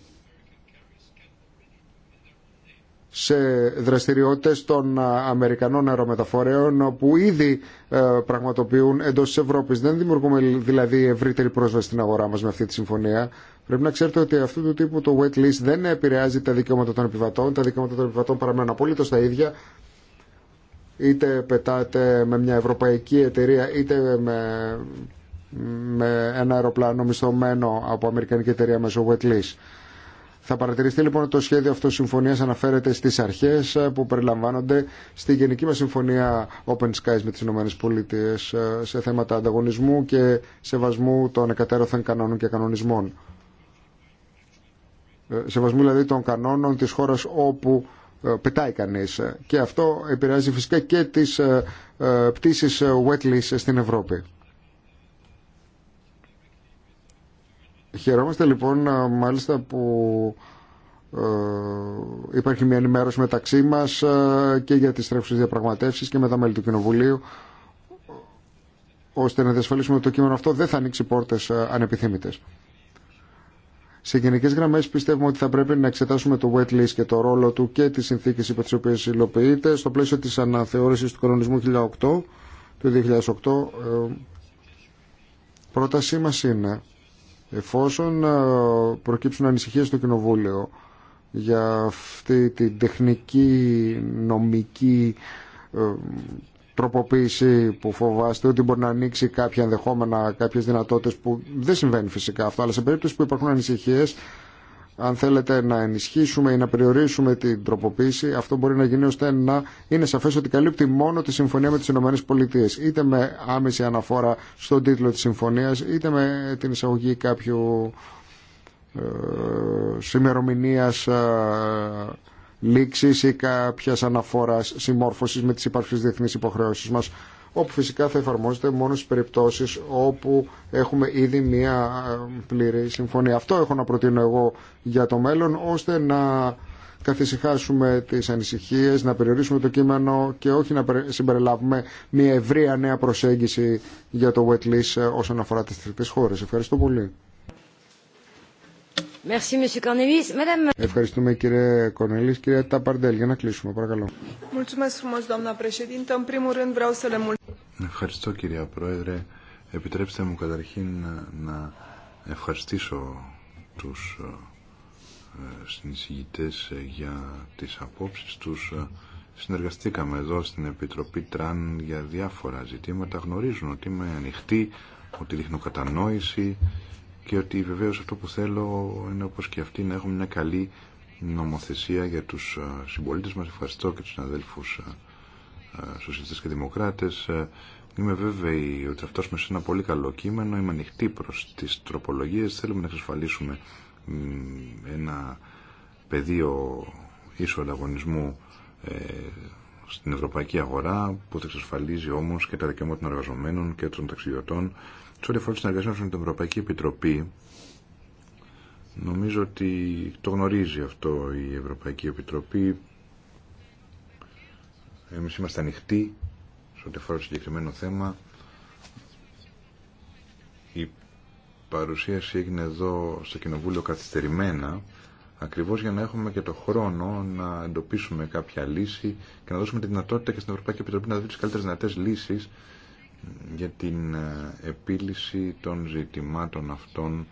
σε δραστηριότητες των Αμερικανών αερομεταφορέων που ήδη ε, πραγματοποιούν εντός της Ευρώπης. Δεν δημιουργούμε δηλαδή ευρύτερη πρόσβαση στην αγορά μας με αυτή τη συμφωνία. Πρέπει να ξέρετε ότι αυτού του τύπου το wet list δεν επηρεάζει τα δικαιώματα των επιβατών. Τα δικαιώματα των επιβατών παραμένουν απολύτω τα ίδια. Είτε πετάτε με μια ευρωπαϊκή εταιρεία, είτε με, με ένα αεροπλάνο μισθωμένο από αμερικανική εταιρεία μέσω wet list. Θα παρατηρηστεί λοιπόν ότι το σχέδιο αυτό συμφωνία αναφέρεται στι αρχέ που περιλαμβάνονται στη γενική μα συμφωνία Open Skies με τι ΗΠΑ ε, σε θέματα ανταγωνισμού και σεβασμού των εκατέρωθεν κανόνων και κανονισμών. Ε, σεβασμού δηλαδή των κανόνων της χώρας όπου ε, πετάει κανείς. Ε, και αυτό επηρεάζει φυσικά και τις πτήσεις wet στην Ευρώπη. Χαιρόμαστε λοιπόν μάλιστα που υπάρχει μια ενημέρωση μεταξύ μας και για τις τρέχουσες διαπραγματεύσεις και με τα μέλη του Κοινοβουλίου ώστε να διασφαλίσουμε ότι το κείμενο αυτό δεν θα ανοίξει πόρτες ανεπιθύμητες. Σε γενικέ γραμμέ πιστεύουμε ότι θα πρέπει να εξετάσουμε το wet list και το ρόλο του και τι συνθήκε υπό τι οποίε υλοποιείται στο πλαίσιο τη αναθεώρηση του κανονισμού 2008, του 2008. Ε, πρότασή μα είναι, εφόσον ε, προκύψουν ανησυχίε στο Κοινοβούλιο για αυτή την τεχνική, νομική ε, τροποποίηση που φοβάστε ότι μπορεί να ανοίξει κάποια ενδεχόμενα, κάποιε δυνατότητε που δεν συμβαίνει φυσικά αυτό, αλλά σε περίπτωση που υπάρχουν ανησυχίε, αν θέλετε να ενισχύσουμε ή να περιορίσουμε την τροποποίηση, αυτό μπορεί να γίνει ώστε να είναι σαφέ ότι καλύπτει μόνο τη συμφωνία με τι ΗΠΑ. Είτε με άμεση αναφορά στον τίτλο τη συμφωνία, είτε με την εισαγωγή κάποιου σημερομηνία. Ε, ε, λήξη ή κάποια αναφορά συμμόρφωση με τις υπάρχουσες διεθνεί υποχρεώσεις μας όπου φυσικά θα εφαρμόζεται μόνο στι περιπτώσεις όπου έχουμε ήδη μία ε, πλήρη συμφωνία. Αυτό έχω να προτείνω εγώ για το μέλλον, ώστε να καθησυχάσουμε τις ανησυχίες, να περιορίσουμε το κείμενο και όχι να συμπεριλάβουμε μία ευρεία νέα προσέγγιση για το wet lease ε, όσον αφορά τις τρίτες χώρες. Ευχαριστώ πολύ. Ευχαριστούμε κύριε Κορνελής. Κύριε Ταπαρντέλ, για να κλείσουμε, παρακαλώ. Ευχαριστώ κύριε Πρόεδρε. Επιτρέψτε μου καταρχήν να ευχαριστήσω τους ε, συνεισηγητές ε, για τις απόψεις τους. Ε, συνεργαστήκαμε εδώ στην Επιτροπή Τραν για διάφορα ζητήματα. Γνωρίζουν ότι είμαι ανοιχτή, ότι δείχνω κατανόηση και ότι βεβαίως αυτό που θέλω είναι όπως και αυτή να έχουμε μια καλή νομοθεσία για τους ε, συμπολίτες μας. Ευχαριστώ και τους συναδέλφους ε, ε, σοσιαλιστές και δημοκράτες. Είμαι βέβαιη ότι θα φτάσουμε σε ένα πολύ καλό κείμενο. Είμαι ανοιχτή προς τις τροπολογίες. Θέλουμε να εξασφαλίσουμε ένα πεδίο ίσου ανταγωνισμού στην ευρωπαϊκή αγορά που θα εξασφαλίζει όμως και τα δικαιώματα των εργαζομένων και των ταξιδιωτών σε ό,τι αφορά τη συνεργασία με την Ευρωπαϊκή Επιτροπή, νομίζω ότι το γνωρίζει αυτό η Ευρωπαϊκή Επιτροπή. Εμείς είμαστε ανοιχτοί σε ό,τι αφορά το συγκεκριμένο θέμα. Η παρουσίαση έγινε εδώ στο Κοινοβούλιο καθυστερημένα, ακριβώς για να έχουμε και το χρόνο να εντοπίσουμε κάποια λύση και να δώσουμε τη δυνατότητα και στην Ευρωπαϊκή Επιτροπή να δει τι καλύτερες δυνατές λύσεις για την ε, επίλυση των ζητημάτων αυτών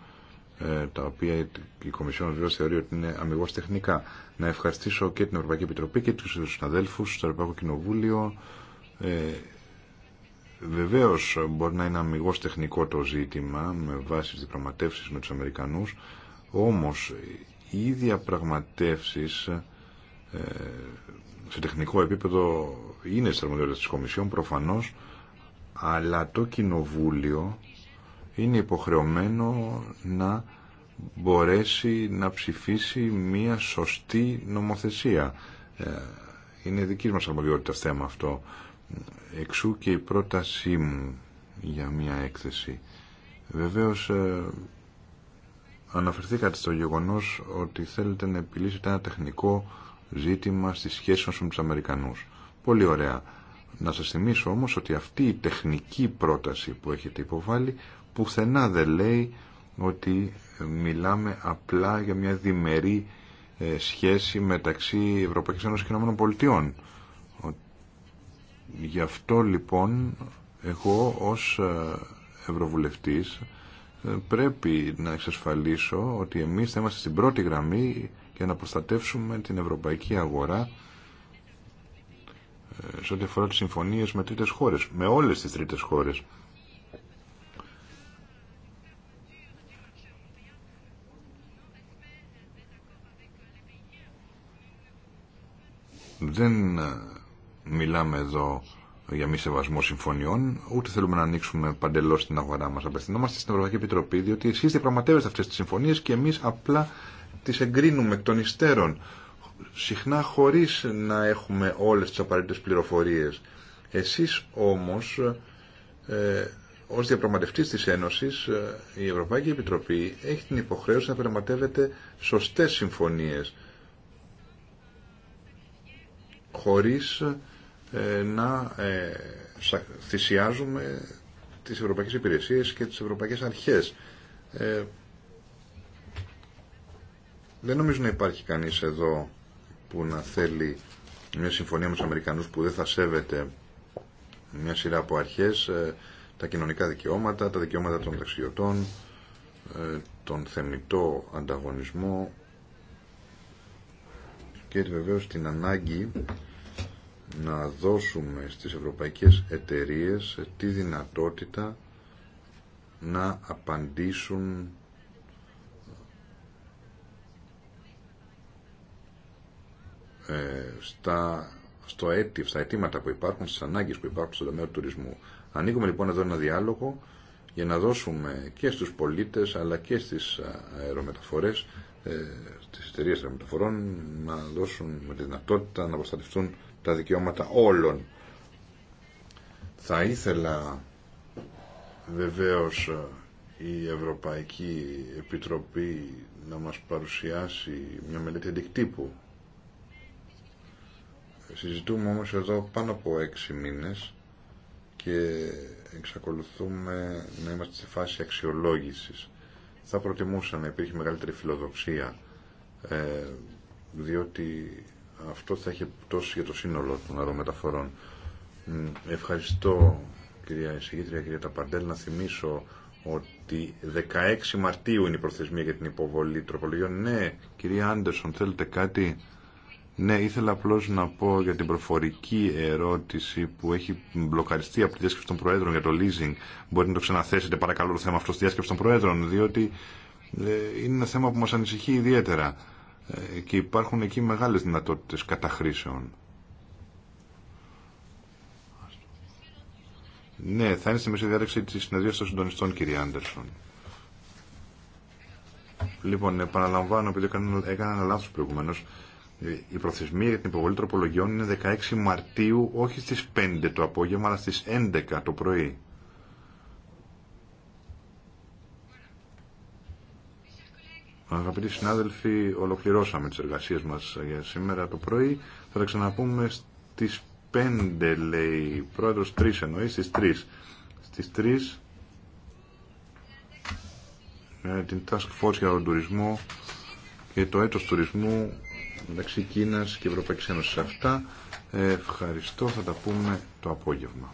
ε, τα οποία η Κομισιόν θεωρεί ότι είναι αμυγό τεχνικά. Να ευχαριστήσω και την Ευρωπαϊκή Επιτροπή και του συναδέλφου στο Ευρωπαϊκό Κοινοβούλιο. Ε, Βεβαίω μπορεί να είναι αμυγό τεχνικό το ζήτημα με βάση τις διαπραγματεύσει με τους Αμερικανούς όμως οι διαπραγματεύσει ε, σε τεχνικό επίπεδο είναι στι αρμοδιότητε τη Κομισιόν προφανώς αλλά το Κοινοβούλιο είναι υποχρεωμένο να μπορέσει να ψηφίσει μια σωστή νομοθεσία. Ε, είναι δική μας αρμοδιότητα θέμα αυτό. Εξού και η πρότασή μου για μια έκθεση. Βεβαίως ε, αναφερθήκατε στο γεγονός ότι θέλετε να επιλύσετε ένα τεχνικό ζήτημα στις σχέσεις μας με τους Αμερικανούς. Πολύ ωραία. Να σας θυμίσω όμως ότι αυτή η τεχνική πρόταση που έχετε υποβάλει πουθενά δεν λέει ότι μιλάμε απλά για μια διμερή ε, σχέση μεταξύ Ευρωπαϊκής Ένωσης και Πολιτειών. Γι' αυτό λοιπόν εγώ ως ε, Ευρωβουλευτής ε, πρέπει να εξασφαλίσω ότι εμείς θα είμαστε στην πρώτη γραμμή για να προστατεύσουμε την ευρωπαϊκή αγορά σε ό,τι αφορά τις συμφωνίες με τρίτες χώρες, με όλες τις τρίτες χώρες. Δεν ε, μιλάμε εδώ για μη σεβασμό συμφωνιών, ούτε θέλουμε να ανοίξουμε παντελώ την αγορά μα. Απευθυνόμαστε στην Ευρωπαϊκή Επιτροπή, διότι εσεί διαπραγματεύεστε αυτέ τι συμφωνίε και εμεί απλά τι εγκρίνουμε εκ των υστέρων συχνά χωρίς να έχουμε όλες τις απαραίτητες πληροφορίες. Εσείς όμως, ε, ως διαπραγματευτής της Ένωσης, ε, η Ευρωπαϊκή Επιτροπή έχει την υποχρέωση να πραγματεύεται σωστές συμφωνίες, χωρίς ε, να ε, θυσιάζουμε τις ευρωπαϊκές υπηρεσίες και τις ευρωπαϊκές αρχές. Ε, δεν νομίζω να υπάρχει κανείς εδώ που να θέλει μια συμφωνία με τους Αμερικανούς που δεν θα σέβεται μια σειρά από αρχές, ε, τα κοινωνικά δικαιώματα, τα δικαιώματα των ταξιδιωτών, ε, τον θεμητό ανταγωνισμό και βεβαίω την ανάγκη να δώσουμε στις ευρωπαϊκές εταιρείες τη δυνατότητα να απαντήσουν Ε, στα, στο αιτή, στα αιτήματα που υπάρχουν, στις ανάγκες που υπάρχουν στο τομέα του τουρισμού. Ανοίγουμε λοιπόν εδώ ένα διάλογο για να δώσουμε και στους πολίτες αλλά και στις αερομεταφορές, ε, στις εταιρείες αερομεταφορών να δώσουν με τη δυνατότητα να προστατευτούν τα δικαιώματα όλων. Θα ήθελα βεβαίως ε, η Ευρωπαϊκή Επιτροπή να μας παρουσιάσει μια μελέτη αντικτύπου Συζητούμε όμως εδώ πάνω από έξι μήνες και εξακολουθούμε να είμαστε στη φάση αξιολόγησης. Θα προτιμούσα να υπήρχε μεγαλύτερη φιλοδοξία, ε, διότι αυτό θα έχει πτώσει για το σύνολο των αερομεταφορών. Ευχαριστώ κυρία Εισηγήτρια, κυρία Ταπαντέλ, να θυμίσω ότι 16 Μαρτίου είναι η προθεσμία για την υποβολή τροπολογιών. Ναι, κυρία Άντερσον, θέλετε κάτι. Ναι, ήθελα απλώ να πω για την προφορική ερώτηση που έχει μπλοκαριστεί από τη διάσκεψη των Προέδρων για το leasing. Μπορείτε να το ξαναθέσετε παρακαλώ το θέμα αυτό στη διάσκεψη των Προέδρων, διότι ε, είναι ένα θέμα που μα ανησυχεί ιδιαίτερα ε, και υπάρχουν εκεί μεγάλε δυνατότητε καταχρήσεων. Ναι, θα είναι στη μεσή διάταξη τη συνεδρία των συντονιστών, κύριε Άντερσον. Λοιπόν, επαναλαμβάνω, επειδή έκανα ένα λάθο προηγουμένω. Η προθεσμία για την υποβολή τροπολογιών είναι 16 Μαρτίου, όχι στις 5 το απόγευμα, αλλά στις 11 το πρωί. Αγαπητοί συνάδελφοι, ολοκληρώσαμε τις εργασίες μας για σήμερα το πρωί. Θα τα ξαναπούμε στις 5, λέει, πρόεδρος 3 εννοεί, στις 3. Στις 3 ε, την Task Force για τον τουρισμό και το έτος τουρισμού μεταξύ Κίνας και Ευρωπαϊκής Ένωσης. Αυτά ε, ευχαριστώ, θα τα πούμε το απόγευμα.